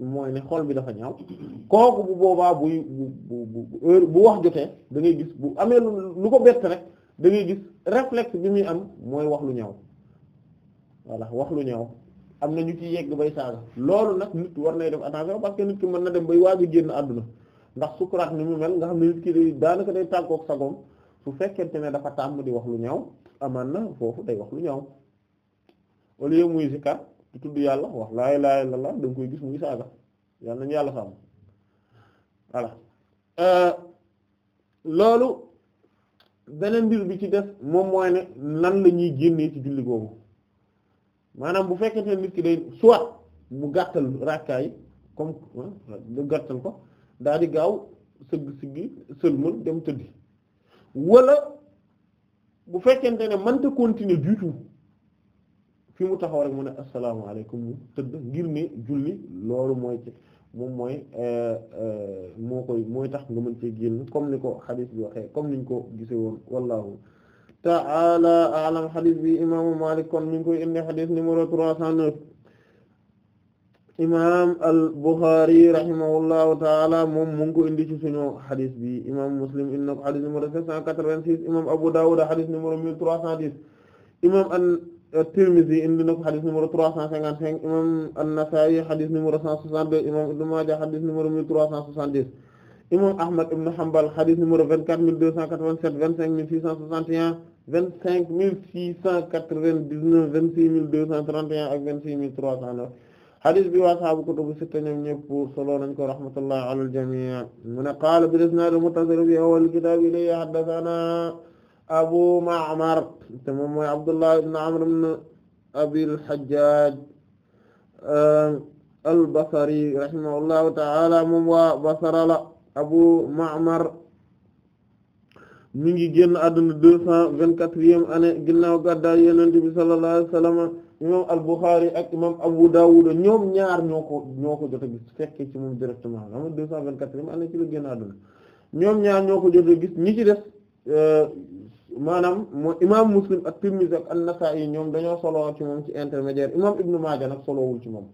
mooy ne xol bi dafa ñaaw kooku bu boobaa buy bu bu bu wax jotee da ngay gis bu amee lu ko bett rek da ngay gis réflexe bi muy am mooy wax lu ñaaw voilà wax lu ñaw am na ñu ci yegg bay saaga loolu nag nit war nay def attention parce que nit ki mën na dem bay waa a génn àdduna ndax sukuraat ni mu mel nga xam ne nit ki day daanaka day tàggoog sagoom su fekkente ne dafa tàmm di wax lu ñaw amaan na foofu day wax lu ñaw au lieu muy zikar di tudd yàlla wax laa ilaaha la da nga koy gis muy saaga yàlla nañu yàlla sàmm voilà euh, loolu beneen mbir bi ci def moom mooy ne nan la ñuy génnee ci julli googu. maanaam bu fekkente ne nit ki day soit mu gàttal rakkaa yi comme mu gàttal ko daal di gaaw sëgg siggi sëlmal dem tëddi wala bu fekkente ne mënta continuer du fi mu taxaw rek mu ne asalaamaaleykum mu tëdd ngir ne julli loolu mooy ci moom mooy euh, euh, moo tax nga mën cee génn comme ni ko xadiis bi waxee comme niñ ko gisee woon wallaahu ta'ala a'lam xadis bi imaamu Malik kon mi ngi koy indi xadis numéro trois cent neuf imaam al-Bukhari rahimahullahu ta'ala moom mu ngi ko indi ci suñu bi imaam Muslim indi na ko xadis numéro sept cent quatre-vingt-six imaam Abu Dawud xadis numéro mille trois cent dix imaam at-Tirmidhi indi na ko xadis numéro trois Ibn Maaja xadis numéro mille trois ibn Hanbal xadis numéro vingt-quatre vingt sept vingt-cinq mille six cent soixante et un vingt cinq mille six cent quatre-vingt-dix-neuf vingt six mille deux cent trente et un ak vingt six mille trois cent neuf hadis bi waa sahaabu kutubu sitta ñoom ñëpp solo nañ ko rahmatullah ala al-jamii mu ne qaala bil isnaad al-muttasil fi awwal kitaab ilayhi haddasanaa Abu Ma'mar te moom mooy Abdullah ibn Amr ibn Abil Hajjaaj euh, al-Basri rahimahullahu ta'aala moom waa Basra la Abu Ma'mar mi ngi génn àdduna deux cent vingt-quatrième année ginnaaw gàddaay yenente bi sallallahu alayhi wasallam imam al-Bukhari ak imam Abu Dawud ñoom ñaar ñoo ko ñoo ko jot a gis fekke ci moom directement xam deux cent vingt-quatrième année ci la génn àdduna ñoom ñaar ñoo ko jot a gis ñi ci def euh, maanaam moo imam Muslim ak Tirmidhi ak an-Nasa'i ñoom dañoo solo ci moom ci intermédiaire imam Ibn Maaja nag solowul ci moom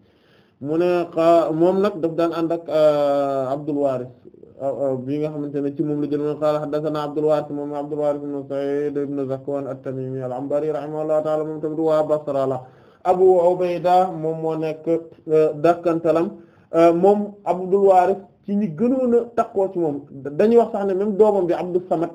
mu ne xa moom nag daf daan ànd ak euh, Abdul Waris bi nga xamante ne ci moom la jël moom qaala haddathana Abdul Waaris moom Abdul Waaris ibn Sa'id ibn Zakwan at-Tamimi al-Anbari rahimahullahu moom tamit waa Basra la moom moo nekk euh, dakkantalam euh, moom Abdul Waaris ci ñi gënoon a takkoo ci moom dañuy wax sax ne même doomam bi Abdus Samad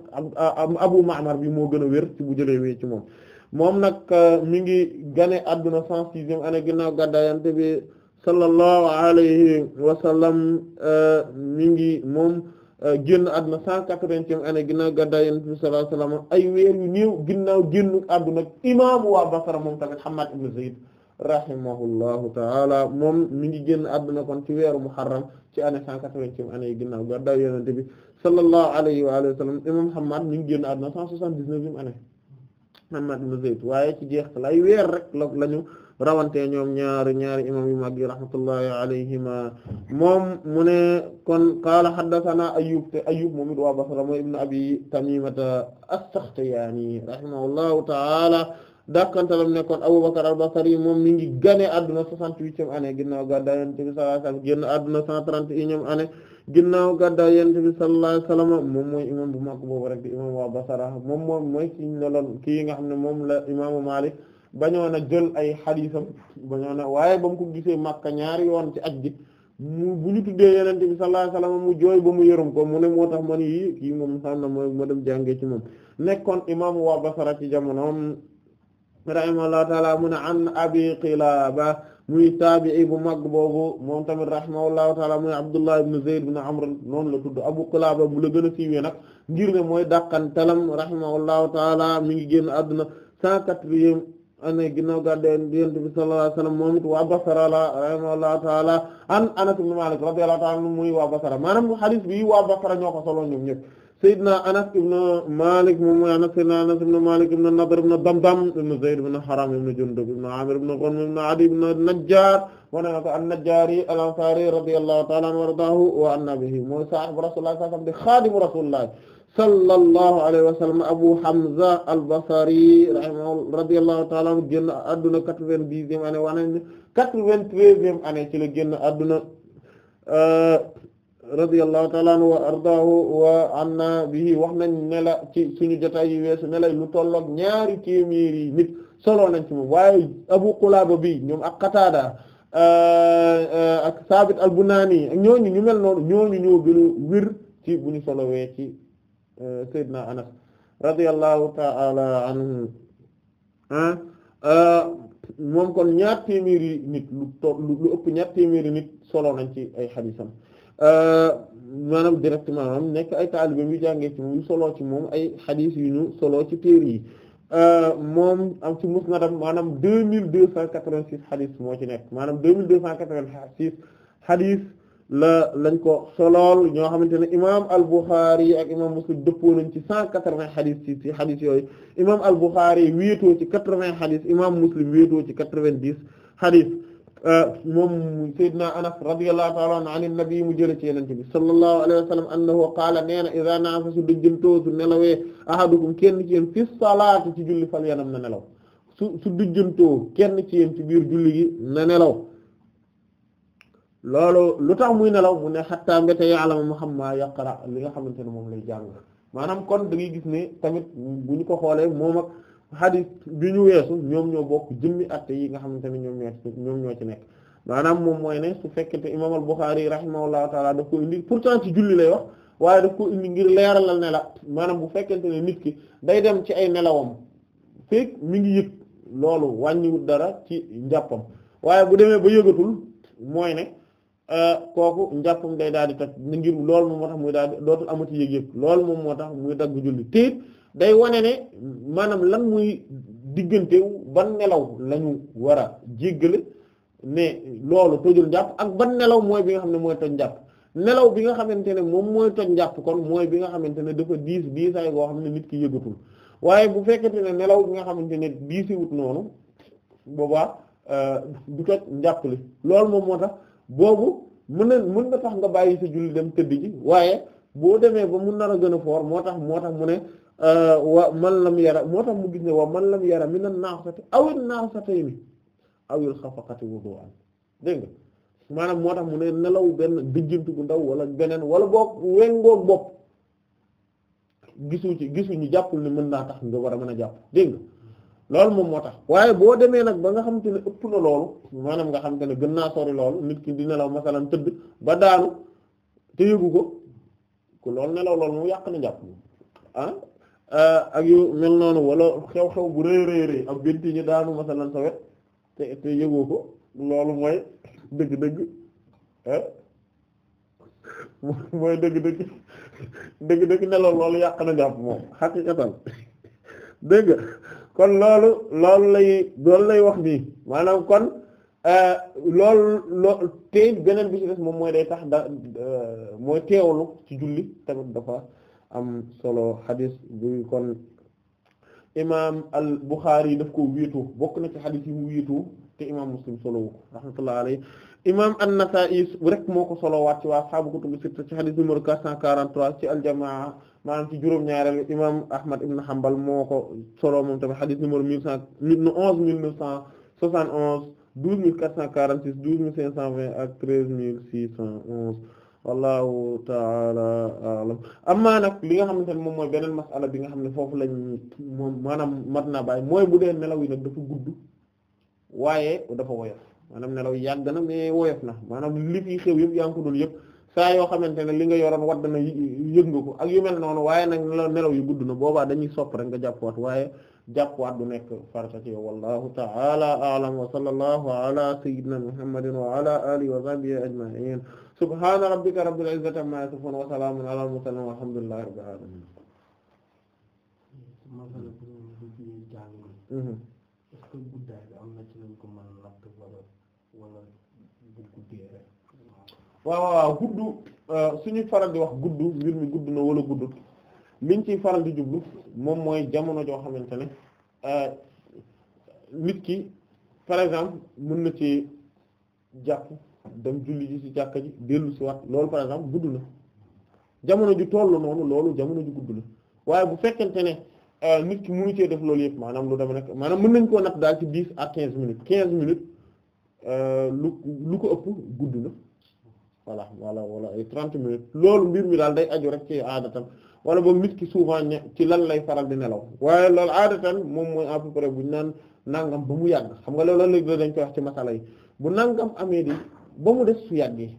Abu Ma'mar bi moo gën a wér ci bu jëlee wee ci moom moom nag euh, mi ngi gane adduna cent sixième a ginnaaw gàddaay bi sallallahu alayhi wa sallam euh, mi ngi moom euh, génn àdduna cent quatre-vingtième année ginnaaw gàddaay Yonent bi sallallahu alayhi wa sallam ay weer yu néew ginnaaw génnu àdduna imaamu waa Basra moom tamit Hammaad ibn Zayd rahimahullahu taala moom mi ngi génn àdduna kon ci weeru muharram ci année cent quatre-vingtième année yi ginnaaw gàddaay Yonent bi sallallahu alayhi wa alihi wa waaye ci jeex lay weer rek la lañu rawante ñoom ñaari ñaari imam yu mag yi rahmatullahi alayhima moom mu ne kon qaala haddathana Ayyub te Ayyub moom it waa Basra mooy ibn Abi Tamimata as-Sakhtiyani rahimahullahu ta'ala dakkantalam ne kon Abubakar al-Basri moom mi ngi gane adduna soixante-huitième année ginnaaw gàddaay Yonent bi sallallahu alayhi wasallam génn adduna ginnaaw gàddaay Yonent bi sallallahu alayhi wasallam moom imam bu mag boobu rek imam waa Basra moom moom ki ñu ne nga xam ne moom la imaamu Maalik bañoon a jël ay xadiisam bañoon a waaye ba mu ko gisee Makka ñaari yoon ci aj gi mu bu ñu tuddee yenente bi mu jooy ba mu yërëm ko mu ne moo tax man yi kii moom xam na ma dem jàngee ci moom nekkoon imaamu waa Basra ci jamonoom rahimahullahu taala mu ne an abi Qilaaba muy taabii bu mag boobu moom tamit rahimahullahu taala muy Abdullah ibn Zayd ibn Amr noonu la tudd Abu Qilaaba bu la gën a siiwee nag ngir ne mooy dàqantalam rahimahullahu taala mi ngi génn àdduna cent ane ginnaaw gàdde yonent bi sallallahu alayhi wasallam moom it waa Basra la rahimahullahu ta'ala an Anas ibn Malik radiyallahu ta'ala anhu muy waa Basra maanaam hadith bi waa Basra ñoo ko solo ñoom ñëpp Seydina Anas ibn Malik moom mooy Anas Seydina Anas ibn Malik ibn Nadr ibn Damdam ibn Zayd ibn Haram ibn Jundub ibn Amir ibn Ghanm ibn Adi ibn Najjar moo ne ko an-Najjari al-Ansari radiyallahu ta'ala anhu wa ardaahu wa anna bihi mooy sahib Rasulullah sallallahu alayhi wasallam di xaadimu Rasulullah sallallahu alayhi wa sallam Abu Hamza al-Basri rahimahu radiyallahu ta'ala anhu génn adduna quatre-vingt-dixième année wane quatre-vingt-treizième année ci la génn adduna euh, radiyallahu ta'ala anhu wa ardaahu wa anna bihi wax nañ ne la ci suñu jotaay yi weesu ne la lu tolloog ñaari téeméeri nit solo nañ ci waaye Abu Qulaba bi ñoom ak Qatada euh, euh, ak Sabit al-Bunani ñooñu ñu mel noonu ñooñu ñoo gën a ci bu ñu solowee ci Seydina Anas radiyallahu ta'ala anhu moom kon ñaar téeméeri nit lu toll lu ëpp ñaar téeméeri nit solo nañ ci ay xadiisam maanaam directement maanaam nekk ay taalibe bi jàngee ci moom solo ci moom ay xadiis solo ci téere yi moom am ci musnadam maanaam deux mille deux cent quatre-vingt-six xadiis moo ci nekk maanaam deux mille deux cent quatre-vingt-six xadiis la lañ ko solool ñoo xamante ne imaam al-Bukhari ak imaam Muslim dëppoo nañ ci cent quatre-vingts xadis ci ci xadis yooyu imaam al-Bukhari wéetoo ci quatre-vingts xadis imaam Muslim wéetoo ci quatre-vingt-dix xadis euh, moom Seydina Anas radiyallahu ta'ala anhu an an-nabi mu jële ci yenente bi sallallahu alayhi wa sallam annahu nee na idha naasa su dëjjantoo su nelawee kenn ci yéen fi salaati ci julli fal yanam na nelaw su su dëjjantoo kenn ci yéen ci biir julli gi na nelaw loolu lu tax muy nelaw mu ne xatta mbéte ya'lamu mu xam maa yaqra li nga xamante ne moom lay jàng maanaam kon da ngay gis ne tamit bu ñu ko xoolee moom ak hadith bi ñu weesu ñoom ñoo bokk jëmmi atte yi nga xamante ne ñoom ñoo ñoom ñoo ci nekk maanaam moom mooy ne su fekkente imam al-Bukhari rahimahullahu taala daf ko indi pourtant ci julli lay wax waaye daf ko indi ngir leeralal ne la maanaam bu fekkente ne nit ki day dem ci ay nelawam feek mi ngi yëg loolu wàññiwul dara ci njàppam waaye bu demee ba yëgatul mooy ne Euh, kooku njàppam day daal di tax ngir lool moom moo tax muy daal di dootul amati loolu moom moo tax muy dagg julli téit day wane ne maanaam lan muy diggante ban nelaw lañu ñu war a jéggale ne loolu tojul njàpp ak ban nelaw mooy bi nga xam ne mooy toj njàpp nelaw bi nga xamante ne moom mooy toj kon mooy bi nga xamante ne dafa diis diisaay goo xam ne nit ki yëgatul waaye bu fekkente ne nelaw bi nga xamante ne diisiwut noonu boobaa euh, du toj njàpp li loolu moom moo tax boobu mën na mën na tax nga bàyyi sa julli dem tëdd ji waaye boo demee ba mu nar a gën a foor moo tax moo tax mu ne euh, wa man lam yara moo tax mu gis ne wa man lam yara mi na naafsati awil naafsatay ni awil xafaqati wudu an dégg nga maanaam moo tax mu ne nelaw benn dijjant bu ndaw wala beneen wala boog wengoog bopp gisu ci gisu ñu jàppul ni mën naa tax nga war a mën a jàpp dégg nga loolu moom moo tax waaye boo demee nag ba nga xamante ne ëpp na loolu maanaam nga xam xamante ne gën naa sori loolu nit ki di nelaw masalan tëdd ba daanu te yëgu ko ku loolu nelaw loolu moom yàq na jàpp ah, ah ak wala xew-xew bu rëy rëy rëy ñu daanu masalan sa ko loolu mooy dëgg-dëgg ah, (laughs) mooy dëgg-dëgg dëgg-dëgg nelaw loolu yàq na jàpp moom xaqiqatan (laughs) dëgg kon loolu loolu lay loolu lay wax nii maanaam kon euh, loolu loolu beneen bi moom mooy day tax da euh, mooy teewlu ci julli tamit dafa am solo xadis bu kon imaam al Bukhari daf ko wiitu bokk na ci xadis yi mu wiitu te imaam Muslim solo wu ko rahmatullahi alayhi imaam an-Nasa'i rek moo ko solo waat ci waa ashaabu kutubu sitta ci xadis numéro 443 ci al jamaa. maanaam ci juróom-ñaareelu imam Ahmad ibn Hanbal moo ko solo moom tamit xadis numéro mille cent mille onze mille neuf cent soixante onze douze mille quatre cent quarante six douze mille cinq cent vingt ak treize mille six cent onze wallahu taala alam nag li nga xamante ne moom mooy beneen masala bi nga xam ne foofu lañ moom maanaam mat naa bàyyi mooy bu dee nelaw yi nag dafa gudd waaye dafa woyof maanaam nelaw yàgg na mais woyof na maanaam li fi xew yëpp yaa yëpp saa yoo xamante ne li nga yoroon wadd na yëg nga ko ak yu mel noonu waaye nag nelaw yu gudd na boobaa dañuy sopp rek nga jàppwaat waaye jàppwaat du nekk farata ci yow wallahu ta'ala a'lam wa sallallahu ala sayyidina muhammadin wa ala alihi wa sahbihi ajma'in subhana rabbika rabbil izzati amma wa salamun ala al mursalin walhamdulillahi rabbil alamin waaw waaw gudd euh, suñu faral di wax gudd mbir mi gudd na wala guddut liñ ciy faral di jublu moom mooy jamono joo xamante ne euh, nit ki par exemple mën na ci jàpp dem julli ji ci jàkk ji dellu si waat loolu par exemple gudd na jamono ju tollu noonu loolu jamono ju guddu na waaye bu fekkente ne euh, nit ki mënu cee def loolu yëpp maanaam lu dama nekk maanaam mën nañ koo natt daal ci dix à quinze minutes quinze minutes lu ko ëpp gudd na voilà wala wala ay trent minutes loolu mbir mi daal day aju rek ci aadatan wala boog nit ki souvent ne ci lan lay faral di nelaw waaye loolu aadatan moom mooy à peu bu ñu naan nangam ba mu yàgg xam nga loolu léegi dañ koy wax ci masala yi bu nangam amee di ba mu des su yàggee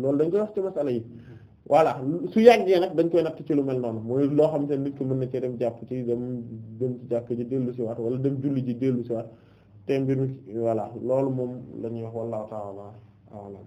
loolu dañ koy wax ci masala yi voilà su yàggee nag dañ koy natt ci lu mel noonu mooy loo xam ne nit ki mën na cee dem jàpp ci dem dem ci dellu si wala dem julli ci dellu si waat te mbir mi voilà loolu moom la ñuy wax wallahu ta'ala a'lam